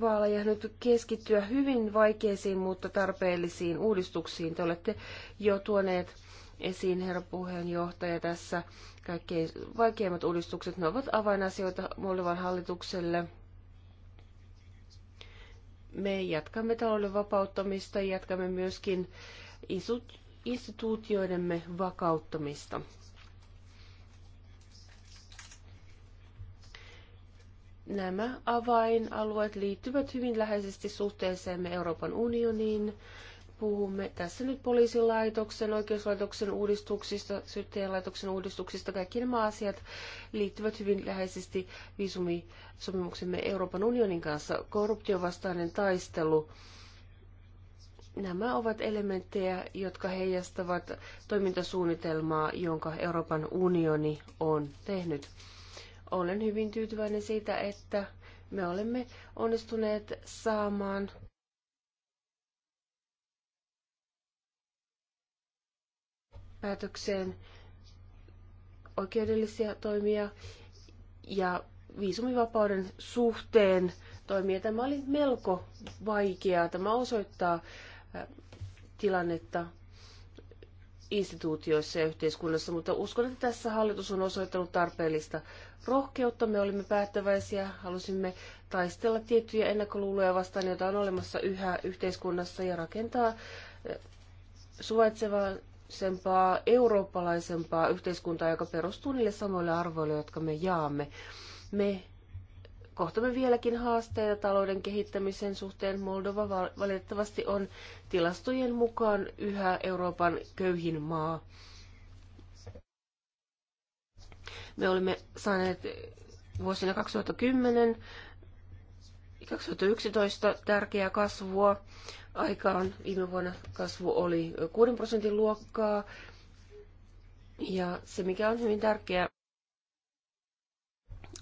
vaaleja nyt keskittyä hyvin vaikeisiin, mutta tarpeellisiin uudistuksiin. Te olette jo tuoneet esiin, herra puheenjohtaja, tässä kaikkein vaikeimmat uudistukset. Ne ovat avainasioita Moldovan hallitukselle – me jatkamme talouden vapauttamista, ja jatkamme myöskin instituutioidemme vakauttamista. Nämä avainalueet liittyvät hyvin läheisesti suhteeseemme Euroopan unioniin, puhumme tässä nyt poliisilaitoksen, oikeuslaitoksen uudistuksista, syyttäjälaitoksen uudistuksista. Kaikki nämä asiat liittyvät hyvin läheisesti viisumisopimuksemme Euroopan unionin kanssa. Korruptiovastainen taistelu. Nämä ovat elementtejä, jotka heijastavat toimintasuunnitelmaa, jonka Euroopan unioni on tehnyt. Olen hyvin tyytyväinen siitä, että me olemme onnistuneet saamaan päätökseen oikeudellisia toimia ja viisumivapauden suhteen toimia. Tämä oli melko vaikeaa. Tämä osoittaa tilannetta instituutioissa ja yhteiskunnassa, mutta uskon, että tässä hallitus on osoittanut tarpeellista rohkeutta. Me olimme päättäväisiä, halusimme taistella tiettyjä ennakkoluuloja vastaan, joita on olemassa yhä yhteiskunnassa ja rakentaa suvaitsevaa demokraattisempaa, eurooppalaisempaa yhteiskuntaa, joka perustuu niille samoille arvoille, jotka me jaamme. Me kohtamme vieläkin haasteita talouden kehittämisen suhteen. Moldova valitettavasti on tilastojen mukaan yhä Euroopan köyhin maa. Me olemme saaneet vuosina 2010 2011 tärkeää kasvua aikaan. Viime vuonna kasvu oli 6 prosentin luokkaa. Ja se, mikä on hyvin tärkeää,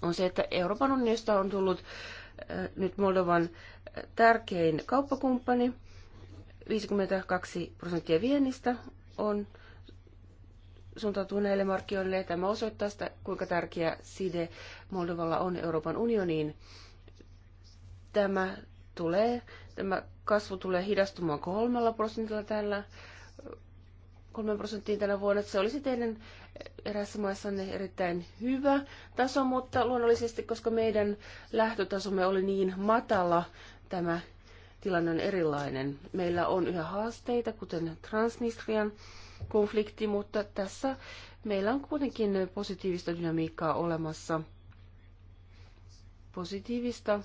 on se, että Euroopan unionista on tullut eh, nyt Moldovan eh, tärkein kauppakumppani. 52 prosenttia viennistä on suuntautuu näille markkinoille. Tämä osoittaa sitä, kuinka tärkeä side Moldovalla on Euroopan unioniin. Tämä tulee, tämä kasvu tulee hidastumaan kolmella prosentilla tällä, kolmen prosenttiin tänä vuonna. Se olisi teidän erässä maissanne erittäin hyvä taso, mutta luonnollisesti, koska meidän lähtötasomme oli niin matala, tämä tilanne on erilainen. Meillä on yhä haasteita, kuten Transnistrian konflikti, mutta tässä meillä on kuitenkin positiivista dynamiikkaa olemassa. Positiivista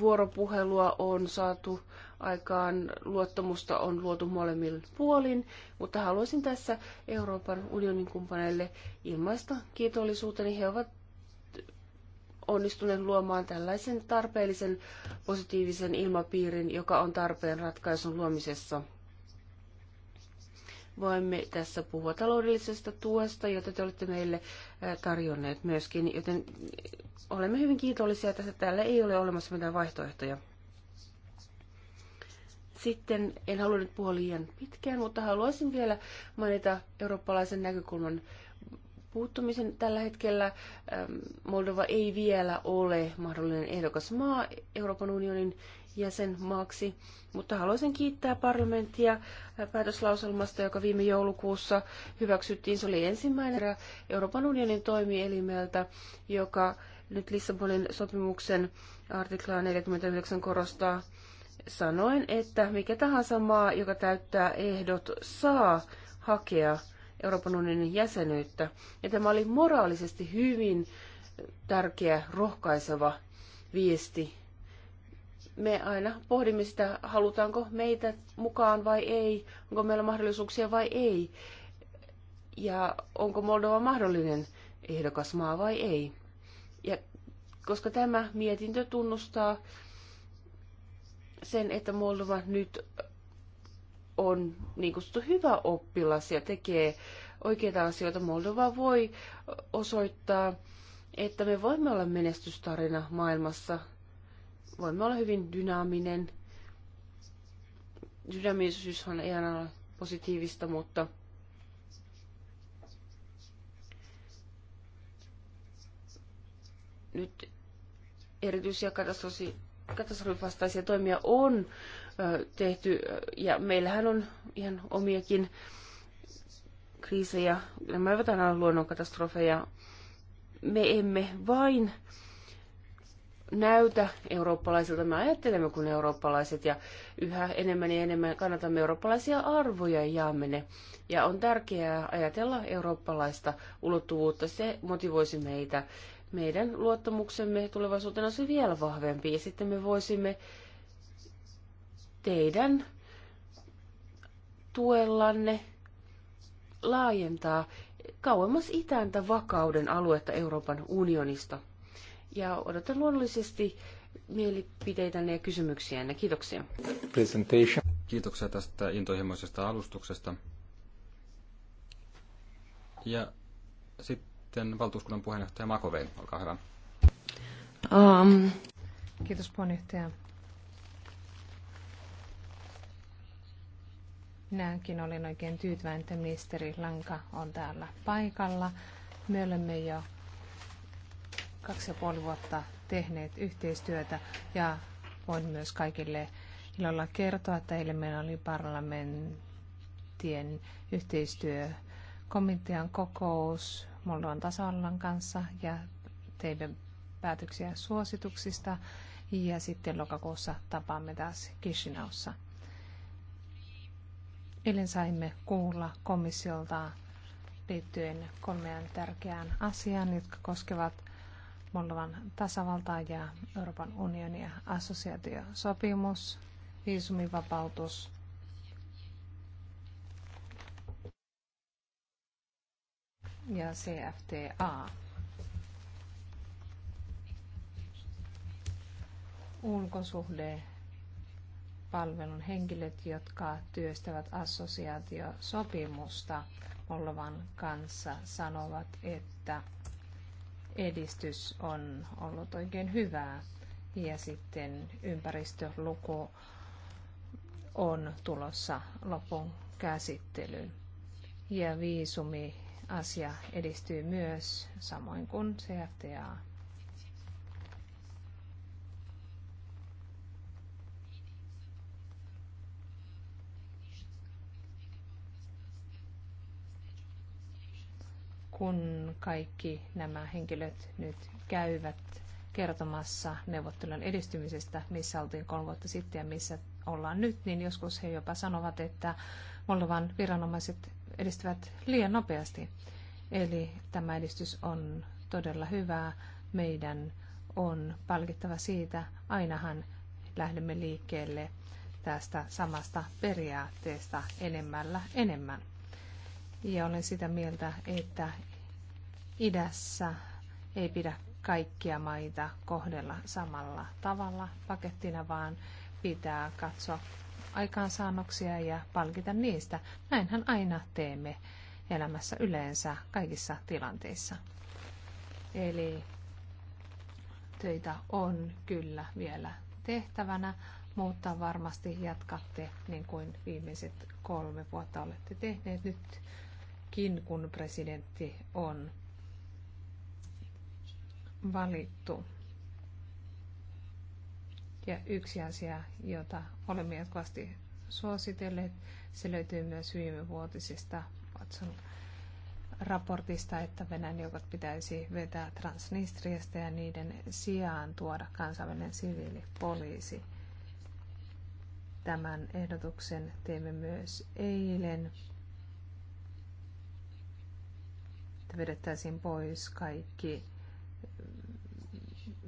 vuoropuhelua on saatu aikaan, luottamusta on luotu molemmin puolin, mutta haluaisin tässä Euroopan unionin kumppaneille ilmaista kiitollisuuteni. He ovat onnistuneet luomaan tällaisen tarpeellisen positiivisen ilmapiirin, joka on tarpeen ratkaisun luomisessa – voimme tässä puhua taloudellisesta tuesta, jota te olette meille tarjonneet myöskin, joten olemme hyvin kiitollisia, että täällä ei ole olemassa mitään vaihtoehtoja. Sitten en halua nyt puhua liian pitkään, mutta haluaisin vielä mainita eurooppalaisen näkökulman puuttumisen. Tällä hetkellä Moldova ei vielä ole mahdollinen ehdokas maa Euroopan unionin jäsenmaaksi, mutta haluaisin kiittää parlamenttia päätöslauselmasta, joka viime joulukuussa hyväksyttiin. Se oli ensimmäinen Euroopan unionin toimielimeltä, joka nyt Lissabonin sopimuksen artiklaa 49 korostaa sanoen, että mikä tahansa maa, joka täyttää ehdot, saa hakea Euroopan unionin jäsenyyttä. Ja tämä oli moraalisesti hyvin tärkeä, rohkaiseva viesti. Me aina pohdimme sitä, halutaanko meitä mukaan vai ei, onko meillä mahdollisuuksia vai ei, ja onko Moldova mahdollinen ehdokasmaa vai ei. Ja koska tämä mietintö tunnustaa sen, että Moldova nyt on niin kutsuttu hyvä oppilas ja tekee oikeita asioita, Moldova voi osoittaa, että me voimme olla menestystarina maailmassa. Voimme olla hyvin dynaaminen. Dynaamisuushan ei aina ole positiivista, mutta nyt erityisiä katastrofivastaisia toimia on tehty. Ja meillähän on ihan omiakin kriisejä. Nämä eivät aina luonnonkatastrofeja. Me emme vain näytä eurooppalaisilta. Me ajattelemme kuin eurooppalaiset ja yhä enemmän ja enemmän kannatamme eurooppalaisia arvoja ja jaamme ne. Ja on tärkeää ajatella eurooppalaista ulottuvuutta. Se motivoisi meitä. Meidän luottamuksemme tulevaisuutena on se vielä vahvempi ja sitten me voisimme teidän tuellanne laajentaa kauemmas itäntä vakauden aluetta Euroopan unionista. Ja odotan luonnollisesti mielipiteitänne ja kysymyksiänne. Kiitoksia. Presentation. Kiitoksia tästä intohimoisesta alustuksesta. Ja sitten valtuuskunnan puheenjohtaja Makovei, olkaa hyvä. Um. Kiitos puheenjohtaja. Minäkin olen oikein tyytyväinen, että ministeri Lanka on täällä paikalla. Me olemme jo kaksi ja puoli vuotta tehneet yhteistyötä ja voin myös kaikille ilolla kertoa, että eilen meillä oli parlamenttien yhteistyökomitean kokous Moldovan tasavallan kanssa ja teimme päätöksiä suosituksista ja sitten lokakuussa tapaamme taas Kishinaussa. Eilen saimme kuulla komissiolta liittyen kolmeen tärkeään asiaan, jotka koskevat Moldovan tasavaltaa ja Euroopan unionia assosiaatiosopimus, viisumivapautus ja CFTA. Ulkosuhde palvelun henkilöt, jotka työstävät assosiaatiosopimusta Moldovan kanssa, sanovat, että edistys on ollut oikein hyvää. Ja sitten ympäristöluku on tulossa lopun käsittelyyn. Ja viisumi asia edistyy myös, samoin kuin CFTA kun kaikki nämä henkilöt nyt käyvät kertomassa neuvottelun edistymisestä, missä oltiin kolme vuotta sitten ja missä ollaan nyt, niin joskus he jopa sanovat, että Moldovan viranomaiset edistyvät liian nopeasti. Eli tämä edistys on todella hyvää. Meidän on palkittava siitä. Ainahan lähdemme liikkeelle tästä samasta periaatteesta enemmällä enemmän. Ja olen sitä mieltä, että idässä ei pidä kaikkia maita kohdella samalla tavalla pakettina, vaan pitää katsoa aikaansaannoksia ja palkita niistä. Näinhän aina teemme elämässä yleensä kaikissa tilanteissa. Eli töitä on kyllä vielä tehtävänä, mutta varmasti jatkatte niin kuin viimeiset kolme vuotta olette tehneet. Nyt silloinkin, kun presidentti on valittu. Ja yksi asia, jota olemme jatkuvasti suositelleet, se löytyy myös viimevuotisesta Watson raportista, että Venäjän joukot pitäisi vetää Transnistriasta ja niiden sijaan tuoda kansainvälinen siviilipoliisi. Tämän ehdotuksen teimme myös eilen että vedettäisiin pois kaikki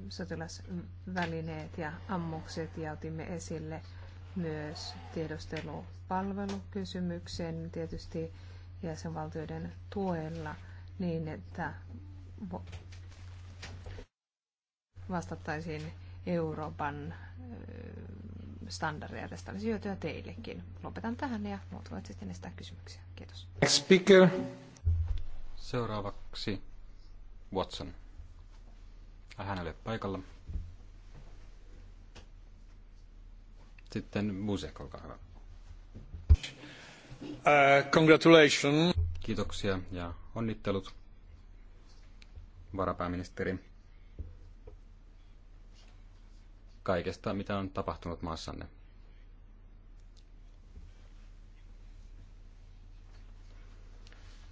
sotilasvälineet ja ammukset ja otimme esille myös tiedustelupalvelukysymyksen tietysti jäsenvaltioiden tuella niin, että vastattaisiin Euroopan standardeja. Tästä olisi hyötyä teillekin. Lopetan tähän ja muut voit sitten estää kysymyksiä. Kiitos. Speaker. Seuraavaksi Watson. Hän ei paikalla. Sitten Musek, olkaa hyvä. Uh, congratulations. Kiitoksia ja onnittelut, varapääministeri, kaikesta, mitä on tapahtunut maassanne.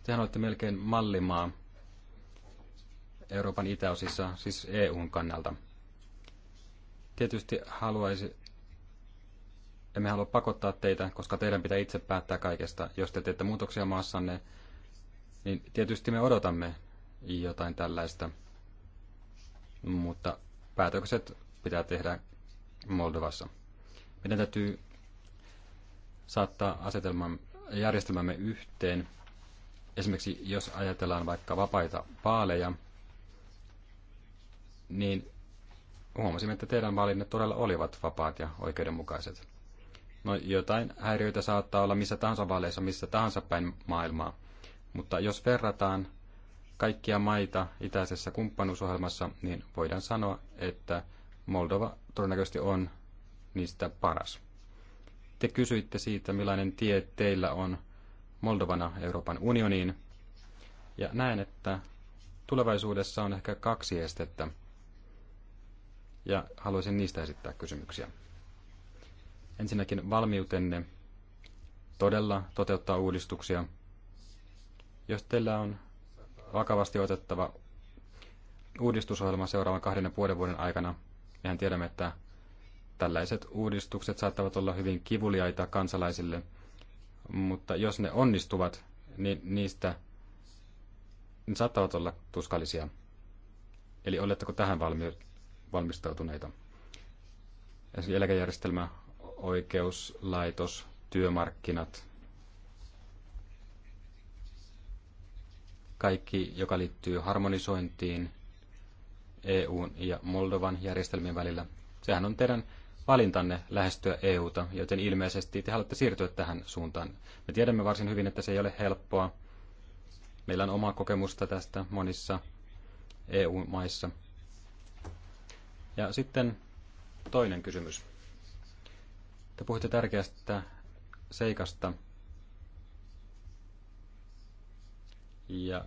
Tehän olette melkein mallimaa Euroopan itäosissa, siis EUn kannalta. Tietysti haluaisi, emme halua pakottaa teitä, koska teidän pitää itse päättää kaikesta. Jos te teette muutoksia maassanne, niin tietysti me odotamme jotain tällaista. Mutta päätökset pitää tehdä Moldovassa. Meidän täytyy saattaa asetelman, järjestelmämme yhteen esimerkiksi jos ajatellaan vaikka vapaita vaaleja, niin huomasimme, että teidän valinnat todella olivat vapaat ja oikeudenmukaiset. No jotain häiriöitä saattaa olla missä tahansa vaaleissa, missä tahansa päin maailmaa. Mutta jos verrataan kaikkia maita itäisessä kumppanuusohjelmassa, niin voidaan sanoa, että Moldova todennäköisesti on niistä paras. Te kysyitte siitä, millainen tie teillä on Moldovana Euroopan unioniin. Ja näen, että tulevaisuudessa on ehkä kaksi estettä. Ja haluaisin niistä esittää kysymyksiä. Ensinnäkin valmiutenne todella toteuttaa uudistuksia. Jos teillä on vakavasti otettava uudistusohjelma seuraavan kahden ja puolen vuoden aikana, mehän tiedämme, että tällaiset uudistukset saattavat olla hyvin kivuliaita kansalaisille – mutta jos ne onnistuvat, niin niistä ne saattavat olla tuskallisia. Eli oletteko tähän valmi- valmistautuneita? Esimerkiksi eläkejärjestelmä, oikeuslaitos, työmarkkinat, kaikki, joka liittyy harmonisointiin EUn ja Moldovan järjestelmien välillä. Sehän on teidän valintanne lähestyä EUta, joten ilmeisesti te haluatte siirtyä tähän suuntaan. Me tiedämme varsin hyvin, että se ei ole helppoa. Meillä on omaa kokemusta tästä monissa EU-maissa. Ja sitten toinen kysymys. Te puhutte tärkeästä seikasta. Ja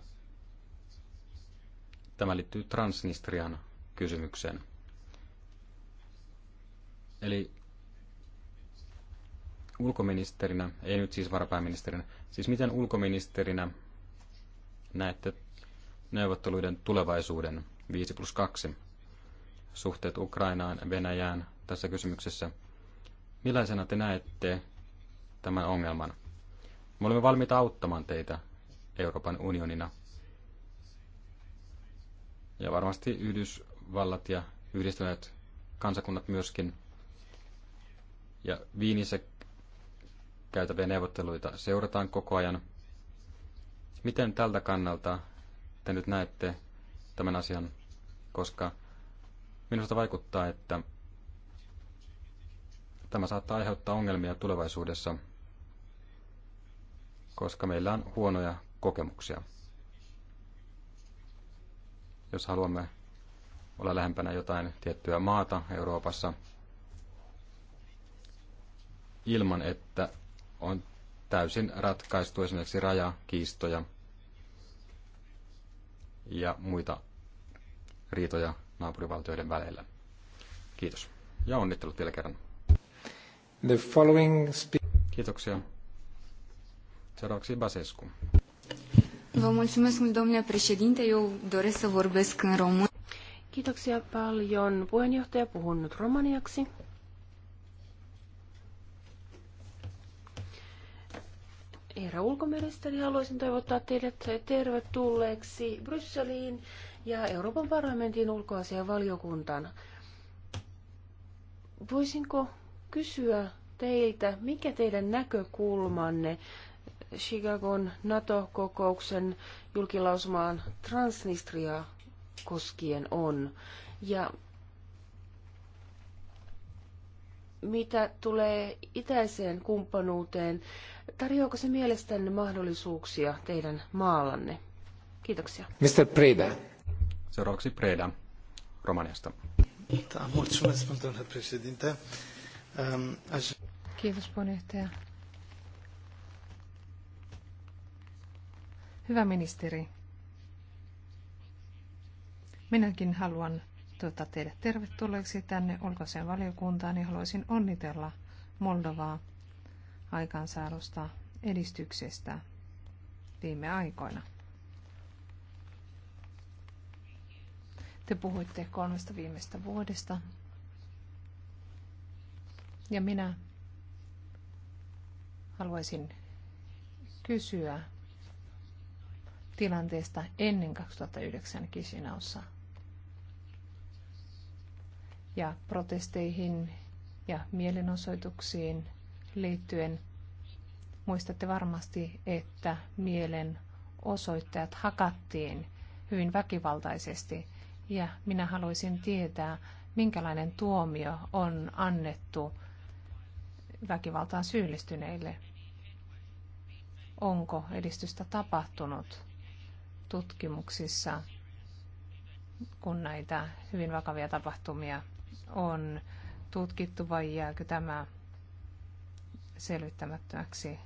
tämä liittyy Transnistrian kysymykseen. Eli ulkoministerinä, ei nyt siis varapääministerinä, siis miten ulkoministerinä näette neuvotteluiden tulevaisuuden 5 plus 2 suhteet Ukrainaan, Venäjään tässä kysymyksessä? Millaisena te näette tämän ongelman? Me olemme valmiita auttamaan teitä Euroopan unionina. Ja varmasti Yhdysvallat ja yhdistyneet kansakunnat myöskin – ja Viinissä käytäviä neuvotteluita seurataan koko ajan. Miten tältä kannalta te nyt näette tämän asian, koska minusta vaikuttaa, että tämä saattaa aiheuttaa ongelmia tulevaisuudessa, koska meillä on huonoja kokemuksia. Jos haluamme olla lähempänä jotain tiettyä maata Euroopassa, ilman, että on täysin ratkaistu esimerkiksi rajakiistoja ja muita riitoja naapurivaltioiden välillä. Kiitos. Ja onnittelut vielä kerran. The following Kiitoksia. Seuraavaksi Basescu. Vă mulțumesc mult, domnule președinte. Eu doresc să vorbesc în român. Kiitoksia paljon. Puheenjohtaja puhun nyt romaniaksi. Herra ulkoministeri, haluaisin toivottaa teidät tervetulleeksi Brysseliin ja Euroopan parlamentin ulkoasian valiokuntaan. Voisinko kysyä teiltä, mikä teidän näkökulmanne Chicagon NATO-kokouksen julkilausumaan Transnistria koskien on? Ja mitä tulee itäiseen kumppanuuteen, Tarjoako se mielestänne mahdollisuuksia teidän maallanne? Kiitoksia. Mr. Preda. Seuraavaksi Preda Romaniasta. Ehm, Kiitos puheenjohtaja. Hyvä ministeri, minäkin haluan tuota teidät tervetulleeksi tänne ulkoiseen valiokuntaan ja haluaisin onnitella Moldovaa aikaansaadusta edistyksestä viime aikoina. Te puhuitte kolmesta viimeistä vuodesta. Ja minä haluaisin kysyä tilanteesta ennen 2009 Kisinaussa ja protesteihin ja mielenosoituksiin liittyen muistatte varmasti, että mielen osoittajat hakattiin hyvin väkivaltaisesti. Ja minä haluaisin tietää, minkälainen tuomio on annettu väkivaltaan syyllistyneille. Onko edistystä tapahtunut tutkimuksissa, kun näitä hyvin vakavia tapahtumia on tutkittu vai jääkö tämä selvittämättömäksi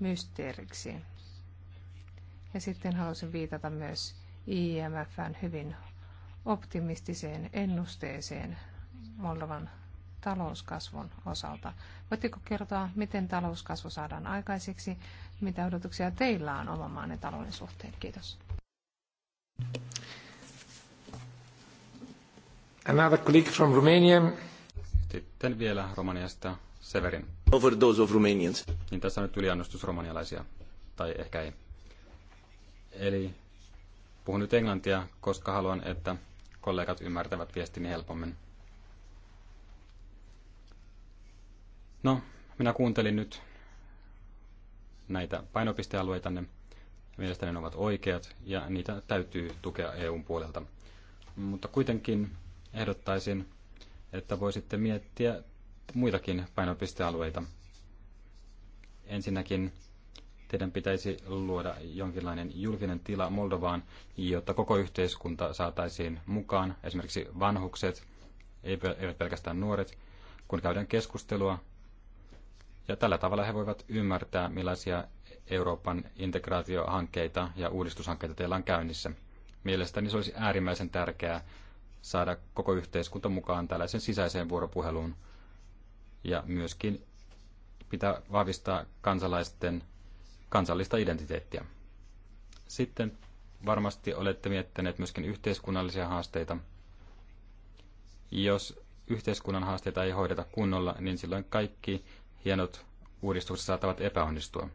mysteeriksi. Ja sitten halusin viitata myös IMFn hyvin optimistiseen ennusteeseen Moldovan talouskasvun osalta. Voitteko kertoa, miten talouskasvu saadaan aikaiseksi? Mitä odotuksia teillä on oman ja talouden suhteen? Kiitos. Another colleague from Romania. Sitten vielä Romaniasta Severin those of Romanians. Niin tässä nyt yliannostus romanialaisia, tai ehkä ei. Eli puhun nyt englantia, koska haluan, että kollegat ymmärtävät viestini helpommin. No, minä kuuntelin nyt näitä painopistealueitanne. Mielestäni ne ovat oikeat ja niitä täytyy tukea EUn puolelta. Mutta kuitenkin ehdottaisin, että voisitte miettiä muitakin painopistealueita. Ensinnäkin teidän pitäisi luoda jonkinlainen julkinen tila Moldovaan, jotta koko yhteiskunta saataisiin mukaan, esimerkiksi vanhukset, eivät pelkästään nuoret, kun käydään keskustelua. Ja tällä tavalla he voivat ymmärtää, millaisia Euroopan integraatiohankkeita ja uudistushankkeita teillä on käynnissä. Mielestäni se olisi äärimmäisen tärkeää saada koko yhteiskunta mukaan tällaisen sisäiseen vuoropuheluun – ja myöskin pitää vahvistaa kansalaisten kansallista identiteettiä. Sitten varmasti olette miettineet myöskin yhteiskunnallisia haasteita. Jos yhteiskunnan haasteita ei hoideta kunnolla, niin silloin kaikki hienot uudistukset saattavat epäonnistua.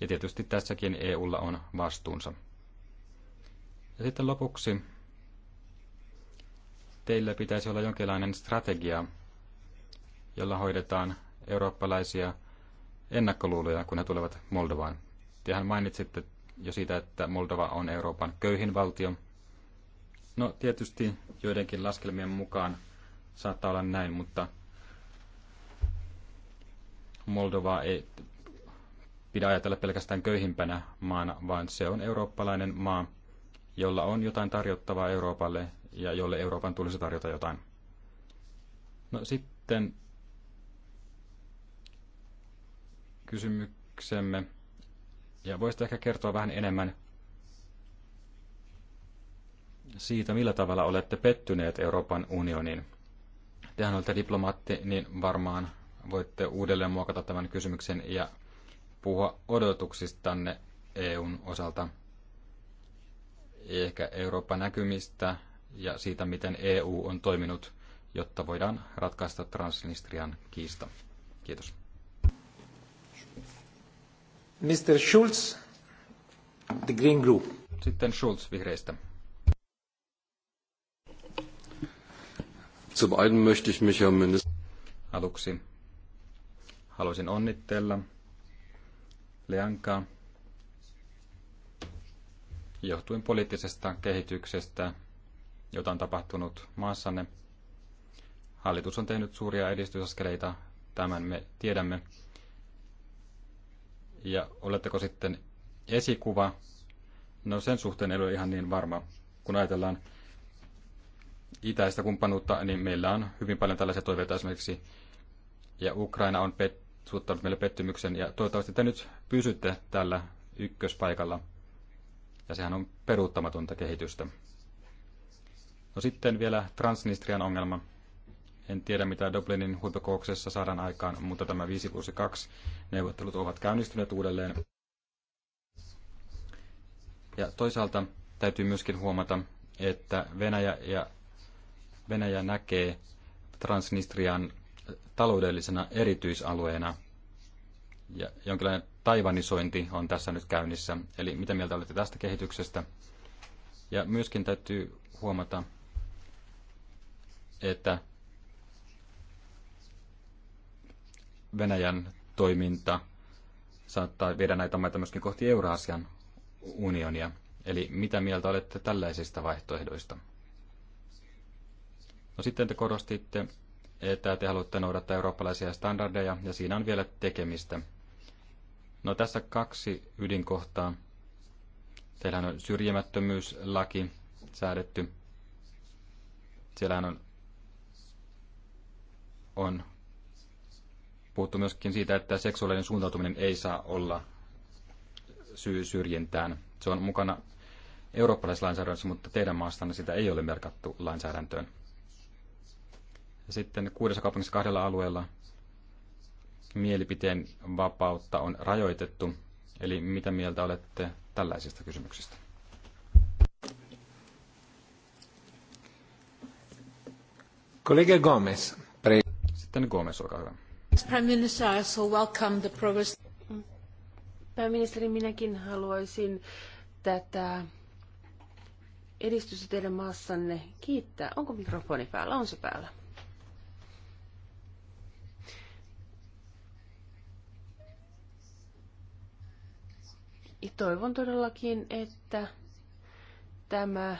Ja tietysti tässäkin EUlla on vastuunsa. Ja sitten lopuksi teillä pitäisi olla jonkinlainen strategia jolla hoidetaan eurooppalaisia ennakkoluuloja, kun he tulevat Moldovaan. Tehän mainitsitte jo siitä, että Moldova on Euroopan köyhin valtio. No tietysti joidenkin laskelmien mukaan saattaa olla näin, mutta Moldova ei pidä ajatella pelkästään köyhimpänä maana, vaan se on eurooppalainen maa, jolla on jotain tarjottavaa Euroopalle ja jolle Euroopan tulisi tarjota jotain. No sitten kysymyksemme. Ja voisitte ehkä kertoa vähän enemmän siitä, millä tavalla olette pettyneet Euroopan unioniin. Tehän olette diplomaatti, niin varmaan voitte uudelleen muokata tämän kysymyksen ja puhua odotuksistanne EUn osalta. Ehkä Euroopan näkymistä ja siitä, miten EU on toiminut, jotta voidaan ratkaista Transnistrian kiista. Kiitos. Mr. Schulz, The Green Group. Sitten Schulz vihreistä. Zum einen möchte ich mich, Herr Minister... Aluksi haluaisin onnitella Leanka johtuen poliittisesta kehityksestä, jota on tapahtunut maassanne. Hallitus on tehnyt suuria edistysaskeleita, tämän me tiedämme ja oletteko sitten esikuva? No sen suhteen ei ole ihan niin varma. Kun ajatellaan itäistä kumppanuutta, niin meillä on hyvin paljon tällaisia toiveita esimerkiksi. Ja Ukraina on pet- suuttanut meille pettymyksen. Ja toivottavasti te nyt pysytte tällä ykköspaikalla. Ja sehän on peruuttamatonta kehitystä. No sitten vielä Transnistrian ongelma. En tiedä, mitä Dublinin huippukouksessa saadaan aikaan, mutta tämä 5 plus 2 neuvottelut ovat käynnistyneet uudelleen. Ja toisaalta täytyy myöskin huomata, että Venäjä, ja Venäjä näkee Transnistrian taloudellisena erityisalueena. Ja jonkinlainen taivanisointi on tässä nyt käynnissä. Eli mitä mieltä olette tästä kehityksestä? Ja myöskin täytyy huomata, että Venäjän toiminta saattaa viedä näitä maita myöskin kohti Euraasian unionia. Eli mitä mieltä olette tällaisista vaihtoehdoista? No sitten te korostitte, että te haluatte noudattaa eurooppalaisia standardeja ja siinä on vielä tekemistä. No tässä kaksi ydinkohtaa. Teillähän on syrjimättömyyslaki säädetty. Siellähän on, on puhuttu myöskin siitä, että seksuaalinen suuntautuminen ei saa olla syy syrjintään. Se on mukana eurooppalaisessa lainsäädännössä, mutta teidän maastanne sitä ei ole merkattu lainsäädäntöön. Sitten kuudessa kaupungissa kahdella alueella mielipiteen vapautta on rajoitettu. Eli mitä mieltä olette tällaisista kysymyksistä? Kollega Gomez. Pre- Sitten Gomez, olkaa hyvä. Prime Minister, I also welcome the progress. Pääministeri, minäkin haluaisin tätä edistystä teidän maassanne kiittää. Onko mikrofoni päällä? On se päällä. Ja toivon todellakin, että tämä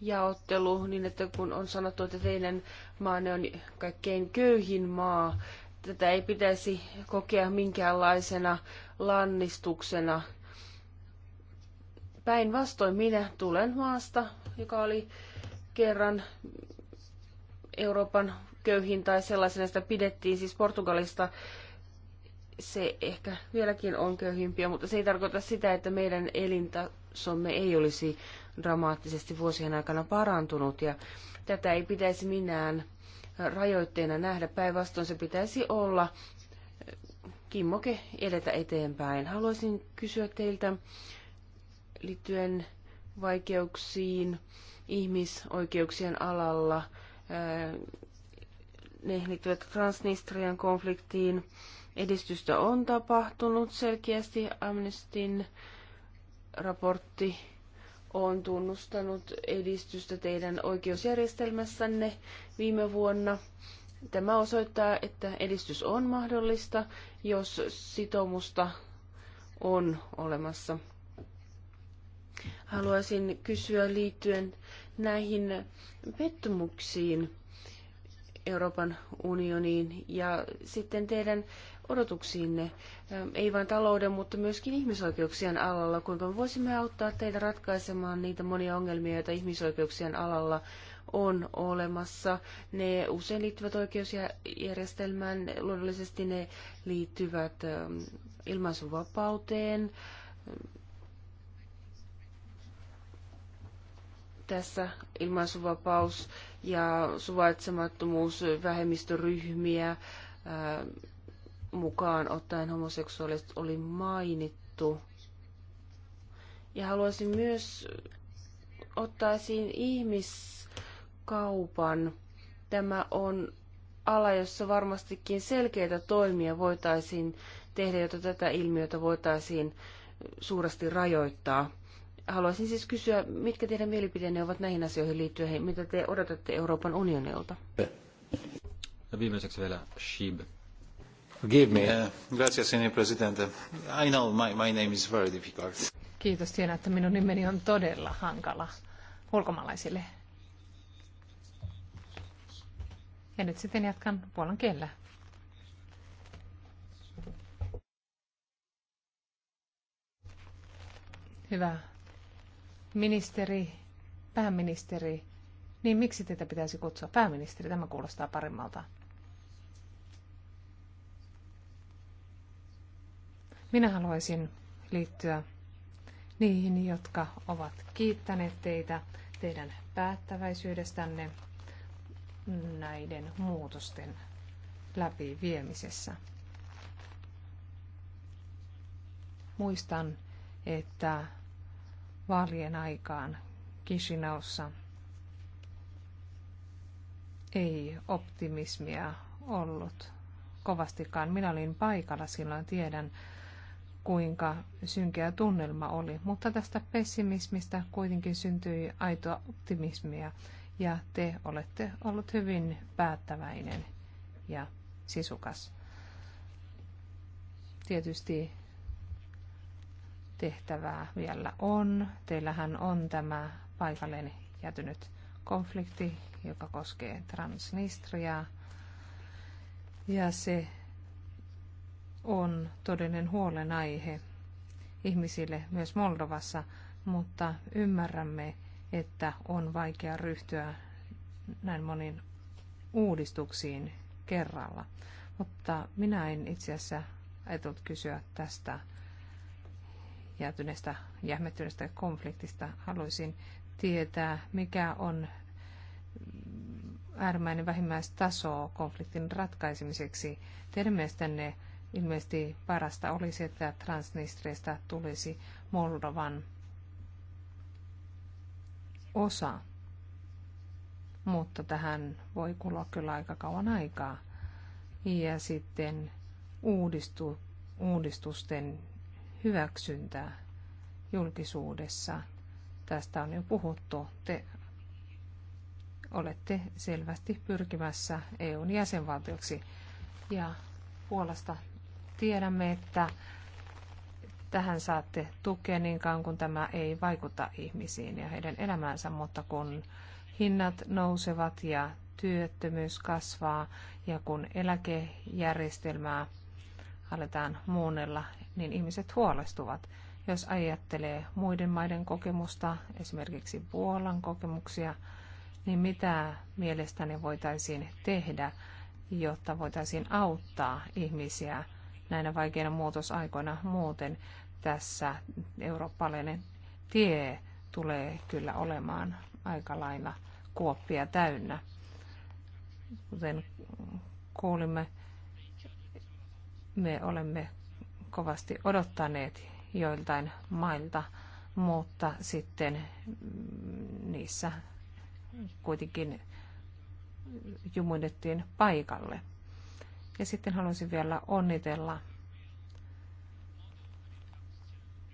jaottelu, niin että kun on sanottu, että teidän maanne on kaikkein köyhin maa tätä ei pitäisi kokea minkäänlaisena lannistuksena. Päinvastoin minä tulen maasta, joka oli kerran Euroopan köyhin tai sellaisena sitä pidettiin, siis Portugalista se ehkä vieläkin on köyhimpiä, mutta se ei tarkoita sitä, että meidän elintasomme ei olisi dramaattisesti vuosien aikana parantunut ja tätä ei pitäisi minään rajoitteena nähdä. Päinvastoin se pitäisi olla kimmoke edetä eteenpäin. Haluaisin kysyä teiltä liittyen vaikeuksiin ihmisoikeuksien alalla. Ne liittyvät Transnistrian konfliktiin. Edistystä on tapahtunut selkeästi. Amnestin raportti on tunnustanut edistystä teidän oikeusjärjestelmässänne viime vuonna. Tämä osoittaa, että edistys on mahdollista, jos sitoumusta on olemassa. Haluaisin kysyä liittyen näihin pettumuksiin Euroopan unioniin ja sitten teidän odotuksiinne, ei vain talouden, mutta myöskin ihmisoikeuksien alalla, kuinka me voisimme auttaa teitä ratkaisemaan niitä monia ongelmia, joita ihmisoikeuksien alalla on olemassa. Ne usein liittyvät oikeusjärjestelmään, luonnollisesti ne liittyvät ilmaisuvapauteen. Tässä ilmaisuvapaus ja suvaitsemattomuus vähemmistöryhmiä, mukaan ottaen homoseksuaalit oli mainittu. Ja haluaisin myös ottaa esiin ihmiskaupan. Tämä on ala, jossa varmastikin selkeitä toimia voitaisiin tehdä, jotta tätä ilmiötä voitaisiin suuresti rajoittaa. Haluaisin siis kysyä, mitkä teidän mielipiteenne ovat näihin asioihin liittyen, mitä te odotatte Euroopan unionilta? Ja viimeiseksi vielä Shib. Forgive me. Eh, gracias, señor presidente. I know my, my name is very difficult. Kiitos, tiedän, että minun nimeni on todella hankala ulkomaalaisille. Ja nyt sitten jatkan puolan kielellä. Hyvä ministeri, pääministeri, niin miksi teitä pitäisi kutsua pääministeri? Tämä kuulostaa paremmalta. Minä haluaisin liittyä niihin, jotka ovat kiittäneet teitä teidän päättäväisyydestänne näiden muutosten läpiviemisessä. Muistan, että vaalien aikaan Kishinaussa ei optimismia ollut kovastikaan. Minä olin paikalla silloin, tiedän, kuinka synkeä tunnelma oli. Mutta tästä pessimismistä kuitenkin syntyi aitoa optimismia ja te olette ollut hyvin päättäväinen ja sisukas. Tietysti tehtävää vielä on. Teillähän on tämä paikalleen jätynyt konflikti, joka koskee Transnistriaa. Ja se on todellinen huolenaihe ihmisille myös Moldovassa, mutta ymmärrämme, että on vaikea ryhtyä näin moniin uudistuksiin kerralla. Mutta minä en itse asiassa ajatellut kysyä tästä jäätyneestä, jähmettyneestä konfliktista. Haluaisin tietää, mikä on äärimmäinen vähimmäistaso konfliktin ratkaisemiseksi. Teidän mielestänne Ilmeisesti parasta olisi, että Transnistriasta tulisi Moldovan osa, mutta tähän voi kulua kyllä aika kauan aikaa. Ja sitten uudistu, uudistusten hyväksyntää julkisuudessa. Tästä on jo puhuttu. Te olette selvästi pyrkimässä EUn jäsenvaltioksi. Ja Puolasta Tiedämme, että tähän saatte tukea niin kauan, kun tämä ei vaikuta ihmisiin ja heidän elämäänsä, mutta kun hinnat nousevat ja työttömyys kasvaa ja kun eläkejärjestelmää aletaan muunnella, niin ihmiset huolestuvat. Jos ajattelee muiden maiden kokemusta, esimerkiksi Puolan kokemuksia, niin mitä mielestäni voitaisiin tehdä, jotta voitaisiin auttaa ihmisiä näinä vaikeina muutosaikoina muuten tässä eurooppalainen tie tulee kyllä olemaan aika lailla kuoppia täynnä. Kuten kuulimme, me olemme kovasti odottaneet joiltain mailta, mutta sitten niissä kuitenkin jumuidettiin paikalle. Ja sitten haluaisin vielä onnitella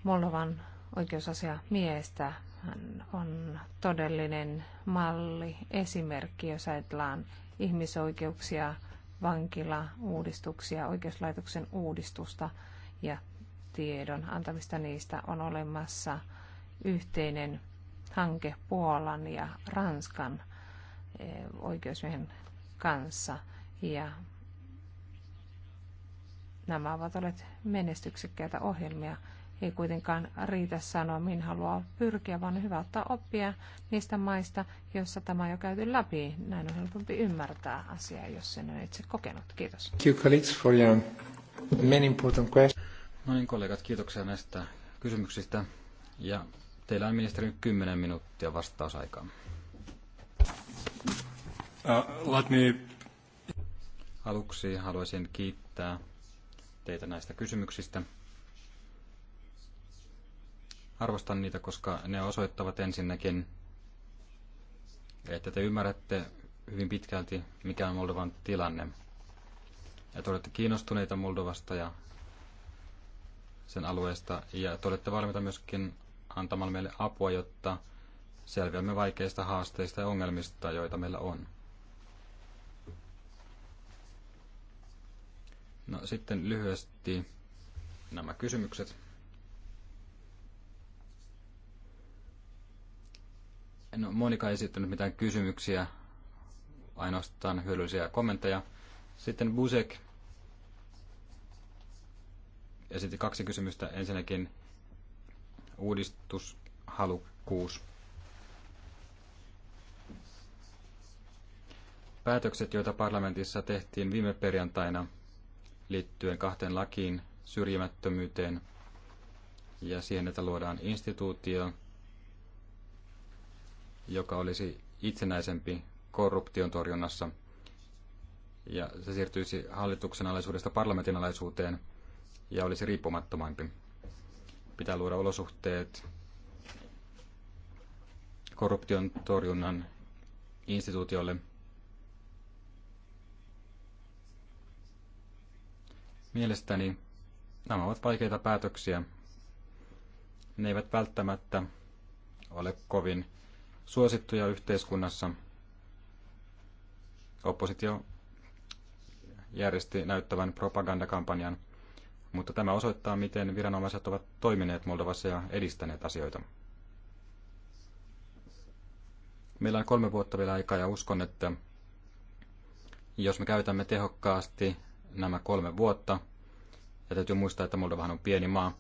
Moldovan oikeusasia miestä. Hän on todellinen malli, esimerkki, jos ajatellaan ihmisoikeuksia, vankila-uudistuksia, oikeuslaitoksen uudistusta ja tiedon antamista niistä on olemassa yhteinen hanke Puolan ja Ranskan eh, oikeusmiehen kanssa. Ja Nämä ovat olleet menestyksekkäitä ohjelmia. Ei kuitenkaan riitä sanoa, minä haluaa pyrkiä, vaan on hyvä ottaa oppia niistä maista, joissa tämä on jo käyty läpi. Näin on helpompi ymmärtää asiaa, jos sen on itse kokenut. Kiitos. Noin niin, kollegat, kiitoksia näistä kysymyksistä. Ja teillä on ministeri 10 minuuttia vastausaikaa. Uh, let me... Aluksi haluaisin kiittää teitä näistä kysymyksistä. Arvostan niitä, koska ne osoittavat ensinnäkin, että te ymmärrätte hyvin pitkälti, mikä on Moldovan tilanne. Ja te olette kiinnostuneita Moldovasta ja sen alueesta, ja te olette valmiita myöskin antamaan meille apua, jotta selviämme vaikeista haasteista ja ongelmista, joita meillä on. No sitten lyhyesti nämä kysymykset. No, Monika ei esittänyt mitään kysymyksiä, ainoastaan hyödyllisiä kommentteja. Sitten Busek esitti kaksi kysymystä. Ensinnäkin uudistushalukkuus. Päätökset, joita parlamentissa tehtiin viime perjantaina – liittyen kahteen lakiin, syrjimättömyyteen ja siihen, että luodaan instituutio, joka olisi itsenäisempi korruption torjunnassa. Ja se siirtyisi hallituksen alaisuudesta parlamentin alaisuuteen ja olisi riippumattomampi. Pitää luoda olosuhteet korruption torjunnan instituutiolle – Mielestäni nämä ovat vaikeita päätöksiä. Ne eivät välttämättä ole kovin suosittuja yhteiskunnassa. Oppositio järjesti näyttävän propagandakampanjan, mutta tämä osoittaa, miten viranomaiset ovat toimineet Moldovassa ja edistäneet asioita. Meillä on kolme vuotta vielä aikaa ja uskon, että jos me käytämme tehokkaasti nämä kolme vuotta. Ja täytyy muistaa, että Moldovahan on pieni maa.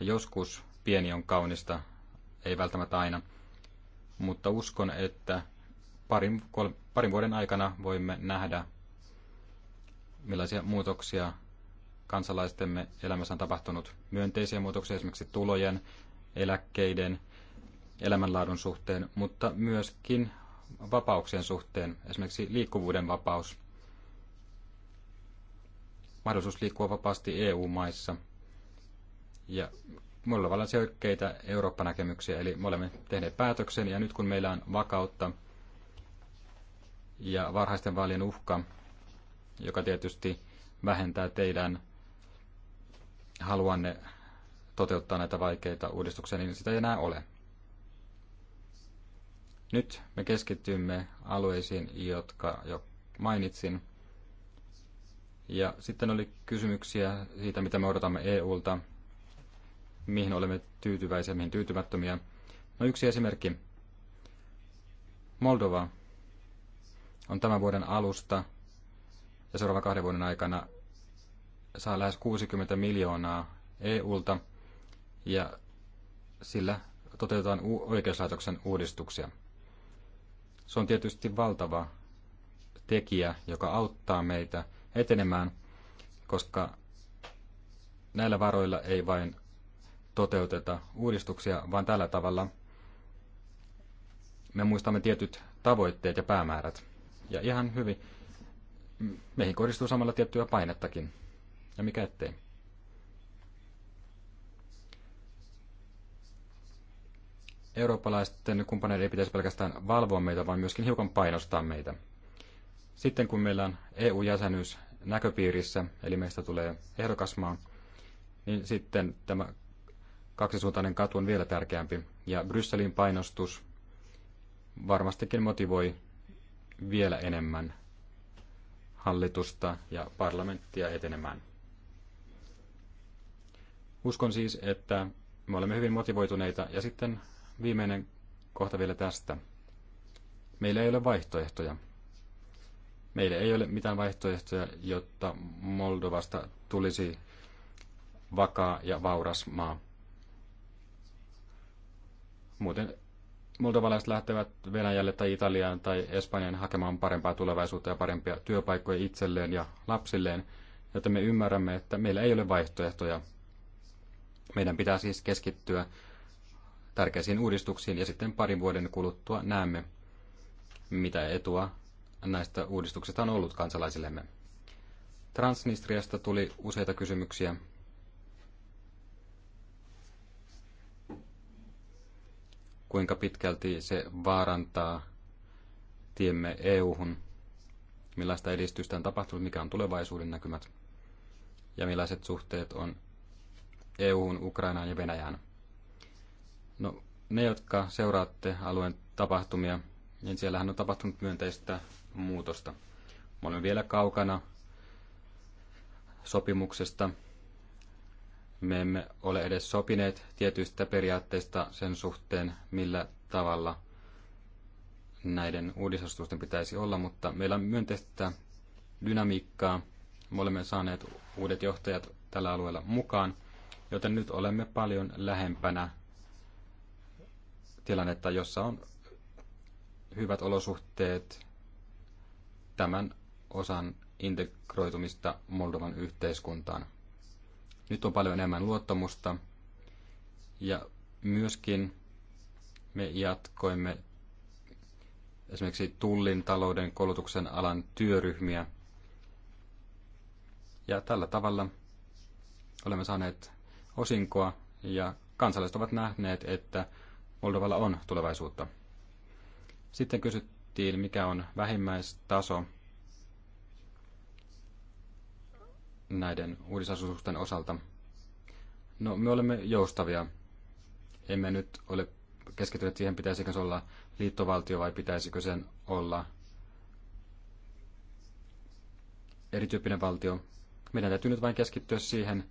Ja joskus pieni on kaunista, ei välttämättä aina. Mutta uskon, että parin, kol, parin vuoden aikana voimme nähdä, millaisia muutoksia kansalaistemme elämässä on tapahtunut. Myönteisiä muutoksia esimerkiksi tulojen, eläkkeiden, elämänlaadun suhteen, mutta myöskin vapauksien suhteen, esimerkiksi liikkuvuuden vapaus mahdollisuus liikkua vapaasti EU-maissa. Ja Mollovalla on selkeitä Eurooppa-näkemyksiä, eli me olemme tehneet päätöksen, ja nyt kun meillä on vakautta ja varhaisten vaalien uhka, joka tietysti vähentää teidän haluanne toteuttaa näitä vaikeita uudistuksia, niin sitä ei enää ole. Nyt me keskittymme alueisiin, jotka jo mainitsin, ja sitten oli kysymyksiä siitä, mitä me odotamme EUlta, mihin olemme tyytyväisiä, mihin tyytymättömiä. No yksi esimerkki. Moldova on tämän vuoden alusta ja seuraavan kahden vuoden aikana saa lähes 60 miljoonaa EUlta ja sillä toteutetaan oikeuslaitoksen uudistuksia. Se on tietysti valtava tekijä, joka auttaa meitä – etenemään, koska näillä varoilla ei vain toteuteta uudistuksia, vaan tällä tavalla me muistamme tietyt tavoitteet ja päämäärät. Ja ihan hyvin, meihin kohdistuu samalla tiettyä painettakin. Ja mikä ettei. Eurooppalaisten kumppaneiden ei pitäisi pelkästään valvoa meitä, vaan myöskin hiukan painostaa meitä – sitten kun meillä on EU-jäsenyys näköpiirissä, eli meistä tulee ehdokasmaa, niin sitten tämä kaksisuuntainen katu on vielä tärkeämpi. Ja Brysselin painostus varmastikin motivoi vielä enemmän hallitusta ja parlamenttia etenemään. Uskon siis, että me olemme hyvin motivoituneita. Ja sitten viimeinen kohta vielä tästä. Meillä ei ole vaihtoehtoja. Meillä ei ole mitään vaihtoehtoja, jotta Moldovasta tulisi vakaa ja vauras maa. Muuten moldovalaiset lähtevät Venäjälle tai Italiaan tai Espanjaan hakemaan parempaa tulevaisuutta ja parempia työpaikkoja itselleen ja lapsilleen, jotta me ymmärrämme, että meillä ei ole vaihtoehtoja. Meidän pitää siis keskittyä tärkeisiin uudistuksiin ja sitten parin vuoden kuluttua näemme, mitä etua näistä uudistuksista on ollut kansalaisillemme. Transnistriasta tuli useita kysymyksiä. Kuinka pitkälti se vaarantaa tiemme EU-hun? Millaista edistystä on tapahtunut? Mikä on tulevaisuuden näkymät? Ja millaiset suhteet on EU-hun, Ukrainaan ja Venäjään? No, ne, jotka seuraatte alueen tapahtumia, niin siellähän on tapahtunut myönteistä muutosta. Me olemme vielä kaukana sopimuksesta. Me emme ole edes sopineet tietyistä periaatteista sen suhteen, millä tavalla näiden uudisastusten pitäisi olla, mutta meillä on myönteistä dynamiikkaa. Me olemme saaneet uudet johtajat tällä alueella mukaan, joten nyt olemme paljon lähempänä tilannetta, jossa on hyvät olosuhteet tämän osan integroitumista Moldovan yhteiskuntaan. Nyt on paljon enemmän luottamusta ja myöskin me jatkoimme esimerkiksi tullin, talouden, koulutuksen alan työryhmiä. Ja tällä tavalla olemme saaneet osinkoa ja kansalaiset ovat nähneet, että Moldovalla on tulevaisuutta. Sitten kysyttiin, mietittiin, mikä on vähimmäistaso näiden uudisasutusten osalta. No, me olemme joustavia. Emme nyt ole keskittyneet siihen, pitäisikö se olla liittovaltio vai pitäisikö sen olla erityyppinen valtio. Meidän täytyy nyt vain keskittyä siihen,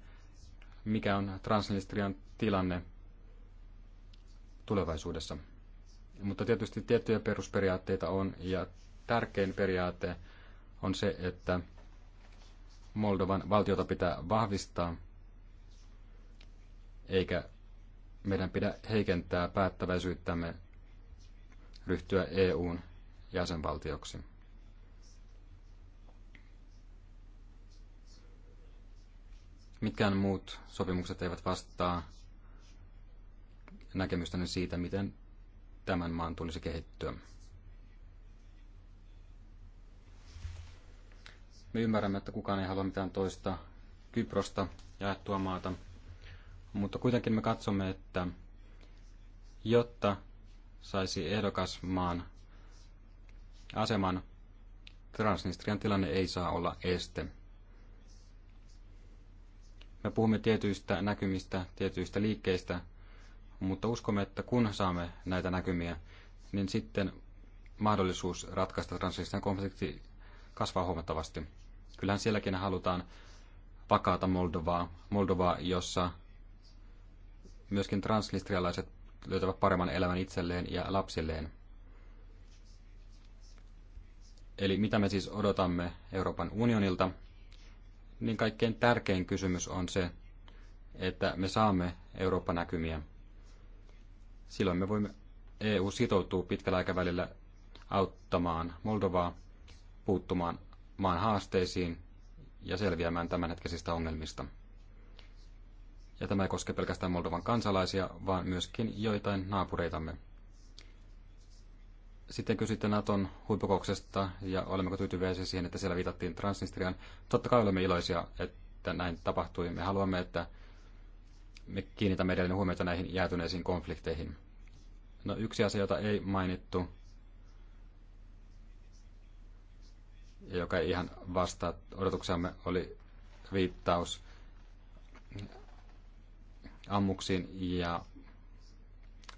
mikä on Transnistrian tilanne tulevaisuudessa. Mutta tietysti tiettyjä perusperiaatteita on, ja tärkein periaate on se, että Moldovan valtiota pitää vahvistaa, eikä meidän pidä heikentää päättäväisyyttämme ryhtyä EUn jäsenvaltioksi. Mitkään muut sopimukset eivät vastaa näkemystäni siitä, miten tämän maan tulisi kehittyä. Me ymmärrämme, että kukaan ei halua mitään toista Kyprosta jaettua maata, mutta kuitenkin me katsomme, että jotta saisi maan aseman, Transnistrian tilanne ei saa olla este. Me puhumme tietyistä näkymistä, tietyistä liikkeistä, mutta uskomme, että kun saamme näitä näkymiä, niin sitten mahdollisuus ratkaista transnistrian konflikti kasvaa huomattavasti. Kyllähän sielläkin halutaan vakaata Moldovaa, Moldovaa, jossa myöskin transnistrialaiset löytävät paremman elämän itselleen ja lapsilleen. Eli mitä me siis odotamme Euroopan unionilta, niin kaikkein tärkein kysymys on se, että me saamme Eurooppa-näkymiä. Silloin me voimme, EU sitoutuu pitkällä aikavälillä auttamaan Moldovaa puuttumaan maan haasteisiin ja selviämään tämänhetkisistä ongelmista. Ja tämä ei koske pelkästään Moldovan kansalaisia, vaan myöskin joitain naapureitamme. Sitten kysytte Naton huippukouksesta ja olemmeko tyytyväisiä siihen, että siellä viitattiin Transnistrian. Totta kai olemme iloisia, että näin tapahtui. Me haluamme, että me kiinnitämme edelleen huomiota näihin jäätyneisiin konflikteihin. No yksi asia, jota ei mainittu, ja joka ei ihan vastaa odotuksiamme, oli viittaus ammuksiin ja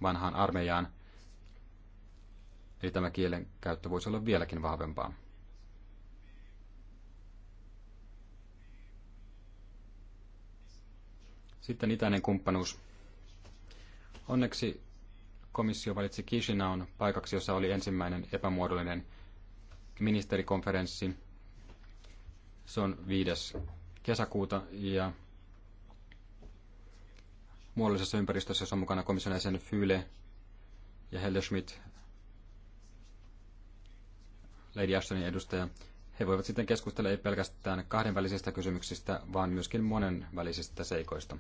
vanhaan armeijaan. Eli tämä kielen käyttö voisi olla vieläkin vahvempaa. Sitten itäinen kumppanuus. Onneksi komissio valitsi Kishinaun paikaksi, jossa oli ensimmäinen epämuodollinen ministerikonferenssi. Se on 5. kesäkuuta ja muodollisessa ympäristössä, jossa on mukana komission jäsen Fyle ja Helder Schmidt, Lady Ashtonin edustaja. He voivat sitten keskustella ei pelkästään kahdenvälisistä kysymyksistä, vaan myöskin monenvälisistä seikoista.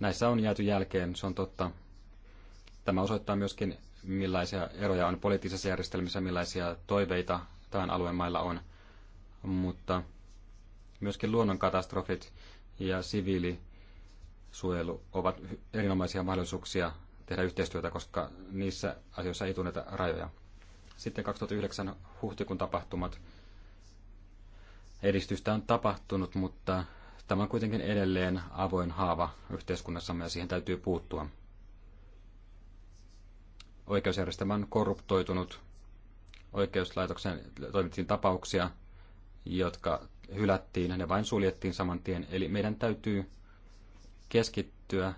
Näissä on jääty jälkeen, se on totta. Tämä osoittaa myöskin, millaisia eroja on poliittisessa järjestelmissä, millaisia toiveita tämän alueen mailla on. Mutta myöskin luonnonkatastrofit ja siviilisuojelu ovat erinomaisia mahdollisuuksia tehdä yhteistyötä, koska niissä asioissa ei tunneta rajoja. Sitten 2009 huhtikuun tapahtumat. Edistystä on tapahtunut, mutta tämä on kuitenkin edelleen avoin haava yhteiskunnassamme ja siihen täytyy puuttua. Oikeusjärjestelmä on korruptoitunut. Oikeuslaitoksen toimittiin tapauksia, jotka hylättiin, ne vain suljettiin saman tien. Eli meidän täytyy keskittyä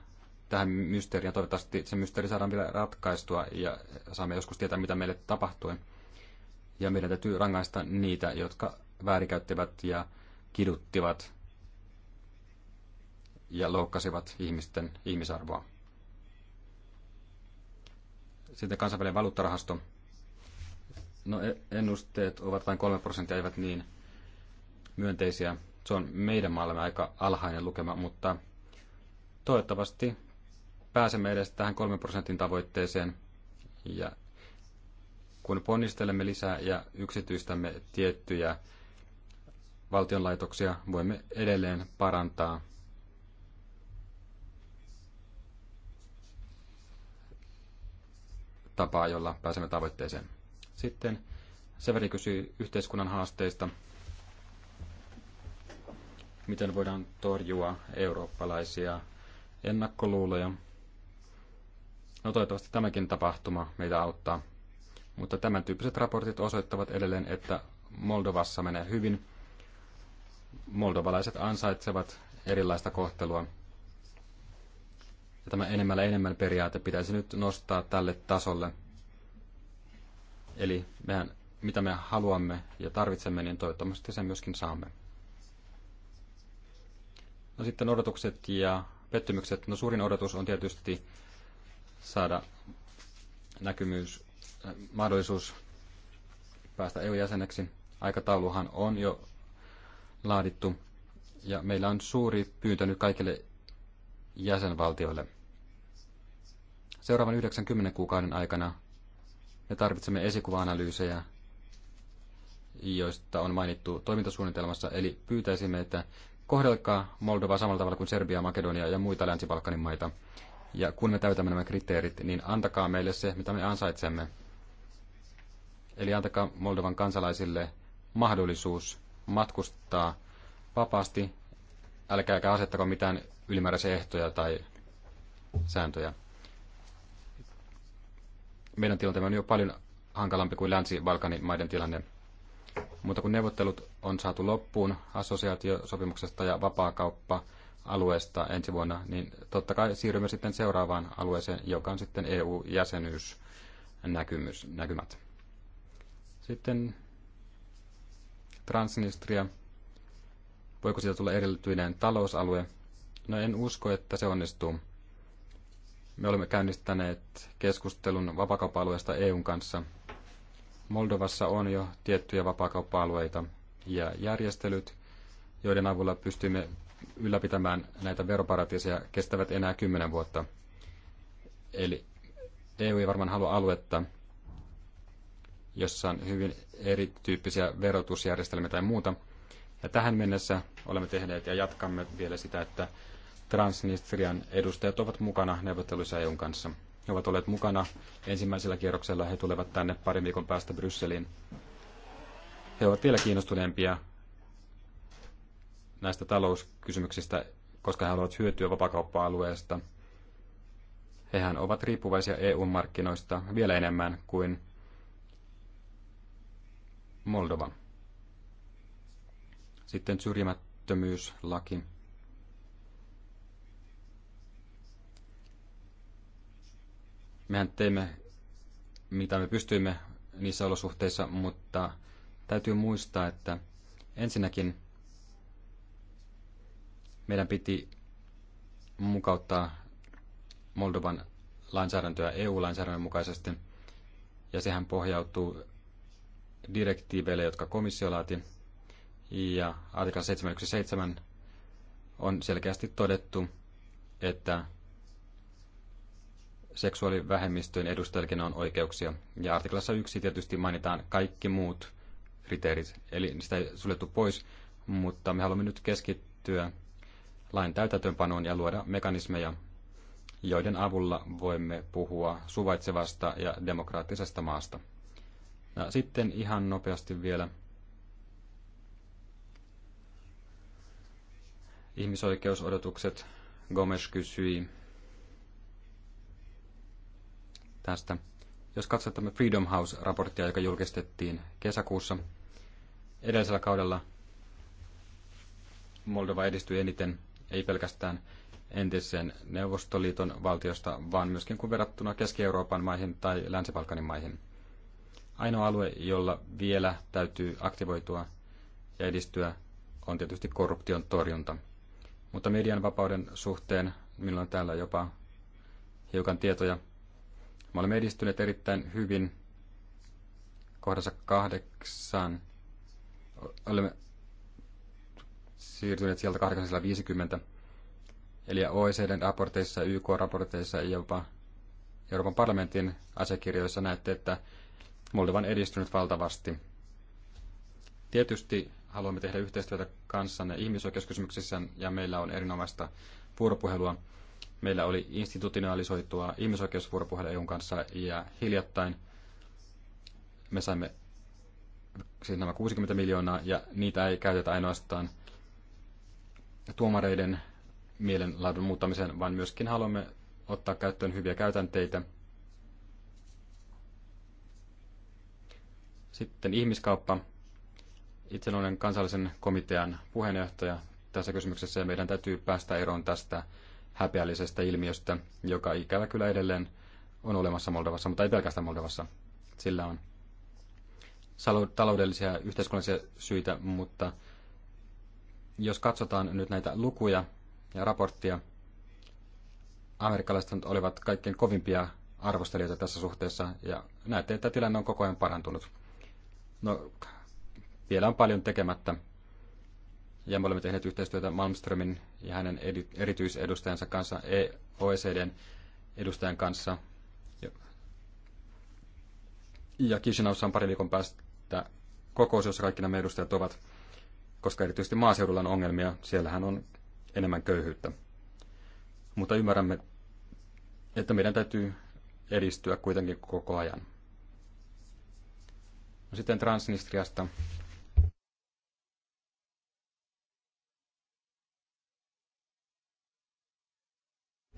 tähän mysteeriin. Toivottavasti se mysteeri saadaan vielä ratkaistua ja saamme joskus tietää, mitä meille tapahtui. Ja meidän täytyy rangaista niitä, jotka väärinkäyttivät ja kiduttivat ja loukkasivat ihmisten ihmisarvoa. Sitten kansainvälinen valuuttarahasto. No e- ennusteet ovat vain 3 prosenttia, eivät niin myönteisiä. Se on meidän maallamme aika alhainen lukema, mutta toivottavasti pääsemme edes tähän 3 prosentin tavoitteeseen. Ja kun ponnistelemme lisää ja yksityistämme tiettyjä valtionlaitoksia, voimme edelleen parantaa tapaa, jolla pääsemme tavoitteeseen. Sitten Severi kysyi yhteiskunnan haasteista. Miten voidaan torjua eurooppalaisia ennakkoluuloja? No toivottavasti tämäkin tapahtuma meitä auttaa. Mutta tämän tyyppiset raportit osoittavat edelleen, että Moldovassa menee hyvin. Moldovalaiset ansaitsevat erilaista kohtelua. Ja tämä enemmällä enemmän periaate pitäisi nyt nostaa tälle tasolle. Eli mehän, mitä me haluamme ja tarvitsemme, niin toivottavasti sen myöskin saamme. No sitten odotukset ja pettymykset. No suurin odotus on tietysti saada näkymyys, äh, mahdollisuus päästä EU-jäseneksi. Aikatauluhan on jo laadittu ja meillä on suuri pyyntö nyt kaikille jäsenvaltioille. Seuraavan 90 kuukauden aikana me tarvitsemme esikuva-analyysejä, joista on mainittu toimintasuunnitelmassa, eli pyytäisimme, että kohdelkaa Moldovaa samalla tavalla kuin Serbia, Makedonia ja muita Länsi-Balkanin maita. Ja kun me täytämme nämä kriteerit, niin antakaa meille se, mitä me ansaitsemme. Eli antakaa Moldovan kansalaisille mahdollisuus matkustaa vapaasti. Älkääkä asettako mitään ylimääräisiä ehtoja tai sääntöjä. Meidän tilanteemme on jo paljon hankalampi kuin Länsi-Balkanin maiden tilanne. Mutta kun neuvottelut on saatu loppuun assosiaatiosopimuksesta ja vapaakauppa alueesta ensi vuonna, niin totta kai siirrymme sitten seuraavaan alueeseen, joka on sitten EU-jäsenyysnäkymät. Sitten Transnistria. Voiko siitä tulla erityinen talousalue? No en usko, että se onnistuu. Me olemme käynnistäneet keskustelun vapakauppa-alueesta EUn kanssa. Moldovassa on jo tiettyjä vapakauppa-alueita ja järjestelyt, joiden avulla pystymme ylläpitämään näitä veroparatiiseja kestävät enää kymmenen vuotta. Eli EU ei varmaan halua aluetta, jossa on hyvin erityyppisiä verotusjärjestelmiä tai muuta. Ja tähän mennessä olemme tehneet ja jatkamme vielä sitä, että Transnistrian edustajat ovat mukana neuvotteluissa EUn kanssa. He ovat olleet mukana ensimmäisellä kierroksella. He tulevat tänne parin viikon päästä Brysseliin. He ovat vielä kiinnostuneempia näistä talouskysymyksistä, koska he haluavat hyötyä vapakauppa-alueesta. Hehän ovat riippuvaisia EU-markkinoista vielä enemmän kuin Moldova. Sitten syrjimättömyyslaki. Mehän teimme, mitä me pystyimme niissä olosuhteissa, mutta täytyy muistaa, että ensinnäkin – meidän piti mukauttaa Moldovan lainsäädäntöä EU-lainsäädännön mukaisesti, ja sehän pohjautuu direktiiveille, jotka komissio laati, ja artikla 77 on selkeästi todettu, että seksuaalivähemmistöjen edustajillakin on oikeuksia. Ja artiklassa 1 tietysti mainitaan kaikki muut kriteerit, eli sitä ei suljettu pois, mutta me haluamme nyt keskittyä lain täytäntöönpanoon ja luoda mekanismeja, joiden avulla voimme puhua suvaitsevasta ja demokraattisesta maasta. Ja sitten ihan nopeasti vielä ihmisoikeusodotukset. Gomes kysyi tästä. Jos katsotaan Freedom House-raporttia, joka julkistettiin kesäkuussa, edellisellä kaudella Moldova edistyi eniten ei pelkästään entisen Neuvostoliiton valtiosta, vaan myöskin kun verrattuna Keski-Euroopan maihin tai Länsi-Balkanin maihin. Ainoa alue, jolla vielä täytyy aktivoitua ja edistyä, on tietysti korruption torjunta. Mutta median vapauden suhteen minulla on täällä jopa hiukan tietoja. Me olemme edistyneet erittäin hyvin. Kohdassa kahdeksan olemme siirtyneet sieltä 850. Eli OECDn raporteissa, YK-raporteissa ja jopa Euroopan parlamentin asiakirjoissa näette, että Moldova on edistynyt valtavasti. Tietysti haluamme tehdä yhteistyötä kanssanne ihmisoikeuskysymyksissä ja meillä on erinomaista vuoropuhelua. Meillä oli institutionaalisoitua ihmisoikeusvuoropuhelua EUn kanssa ja hiljattain me saimme siis nämä 60 miljoonaa ja niitä ei käytetä ainoastaan tuomareiden mielenlaadun muuttamiseen, vaan myöskin haluamme ottaa käyttöön hyviä käytänteitä. Sitten ihmiskauppa. Itse olen kansallisen komitean puheenjohtaja tässä kysymyksessä ja meidän täytyy päästä eroon tästä häpeällisestä ilmiöstä, joka ikävä kyllä edelleen on olemassa Moldovassa, mutta ei pelkästään Moldovassa. Sillä on taloudellisia ja yhteiskunnallisia syitä, mutta jos katsotaan nyt näitä lukuja ja raporttia, amerikkalaiset olivat kaikkein kovimpia arvostelijoita tässä suhteessa, ja näette, että tilanne on koko ajan parantunut. No, vielä on paljon tekemättä, ja me olemme tehneet yhteistyötä Malmströmin ja hänen erityisedustajansa kanssa, e- OECDn edustajan kanssa. Ja Kishinaussa on pari viikon päästä kokous, jossa kaikki nämä edustajat ovat koska erityisesti maaseudulla on ongelmia, siellähän on enemmän köyhyyttä. Mutta ymmärrämme, että meidän täytyy edistyä kuitenkin koko ajan. No sitten Transnistriasta.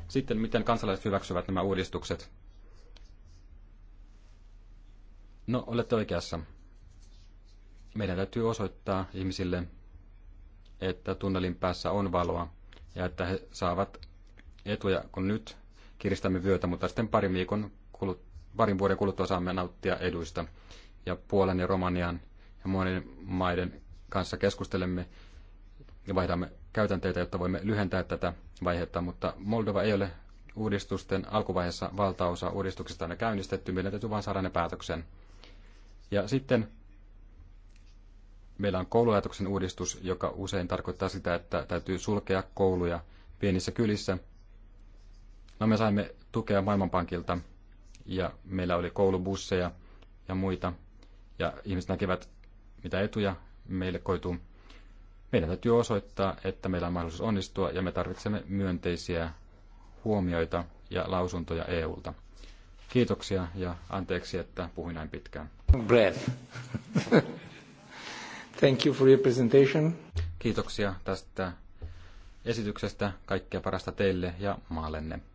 Sitten miten kansalaiset hyväksyvät nämä uudistukset? No, olette oikeassa meidän täytyy osoittaa ihmisille, että tunnelin päässä on valoa ja että he saavat etuja, kun nyt kiristämme vyötä, mutta sitten parin, viikon kulut, parin vuoden kuluttua saamme nauttia eduista. Ja Puolan ja Romanian ja monen maiden kanssa keskustelemme ja vaihdamme käytänteitä, jotta voimme lyhentää tätä vaihetta, mutta Moldova ei ole uudistusten alkuvaiheessa valtaosa uudistuksista on käynnistetty, meidän täytyy vain saada ne päätöksen. Ja sitten meillä on kouluajatuksen uudistus, joka usein tarkoittaa sitä, että täytyy sulkea kouluja pienissä kylissä. No me saimme tukea Maailmanpankilta ja meillä oli koulubusseja ja muita. Ja ihmiset näkevät, mitä etuja meille koituu. Meidän täytyy osoittaa, että meillä on mahdollisuus onnistua ja me tarvitsemme myönteisiä huomioita ja lausuntoja EUlta. Kiitoksia ja anteeksi, että puhuin näin pitkään. Breath. Thank you for your presentation. Kiitoksia tästä esityksestä. Kaikkea parasta teille ja maallenne.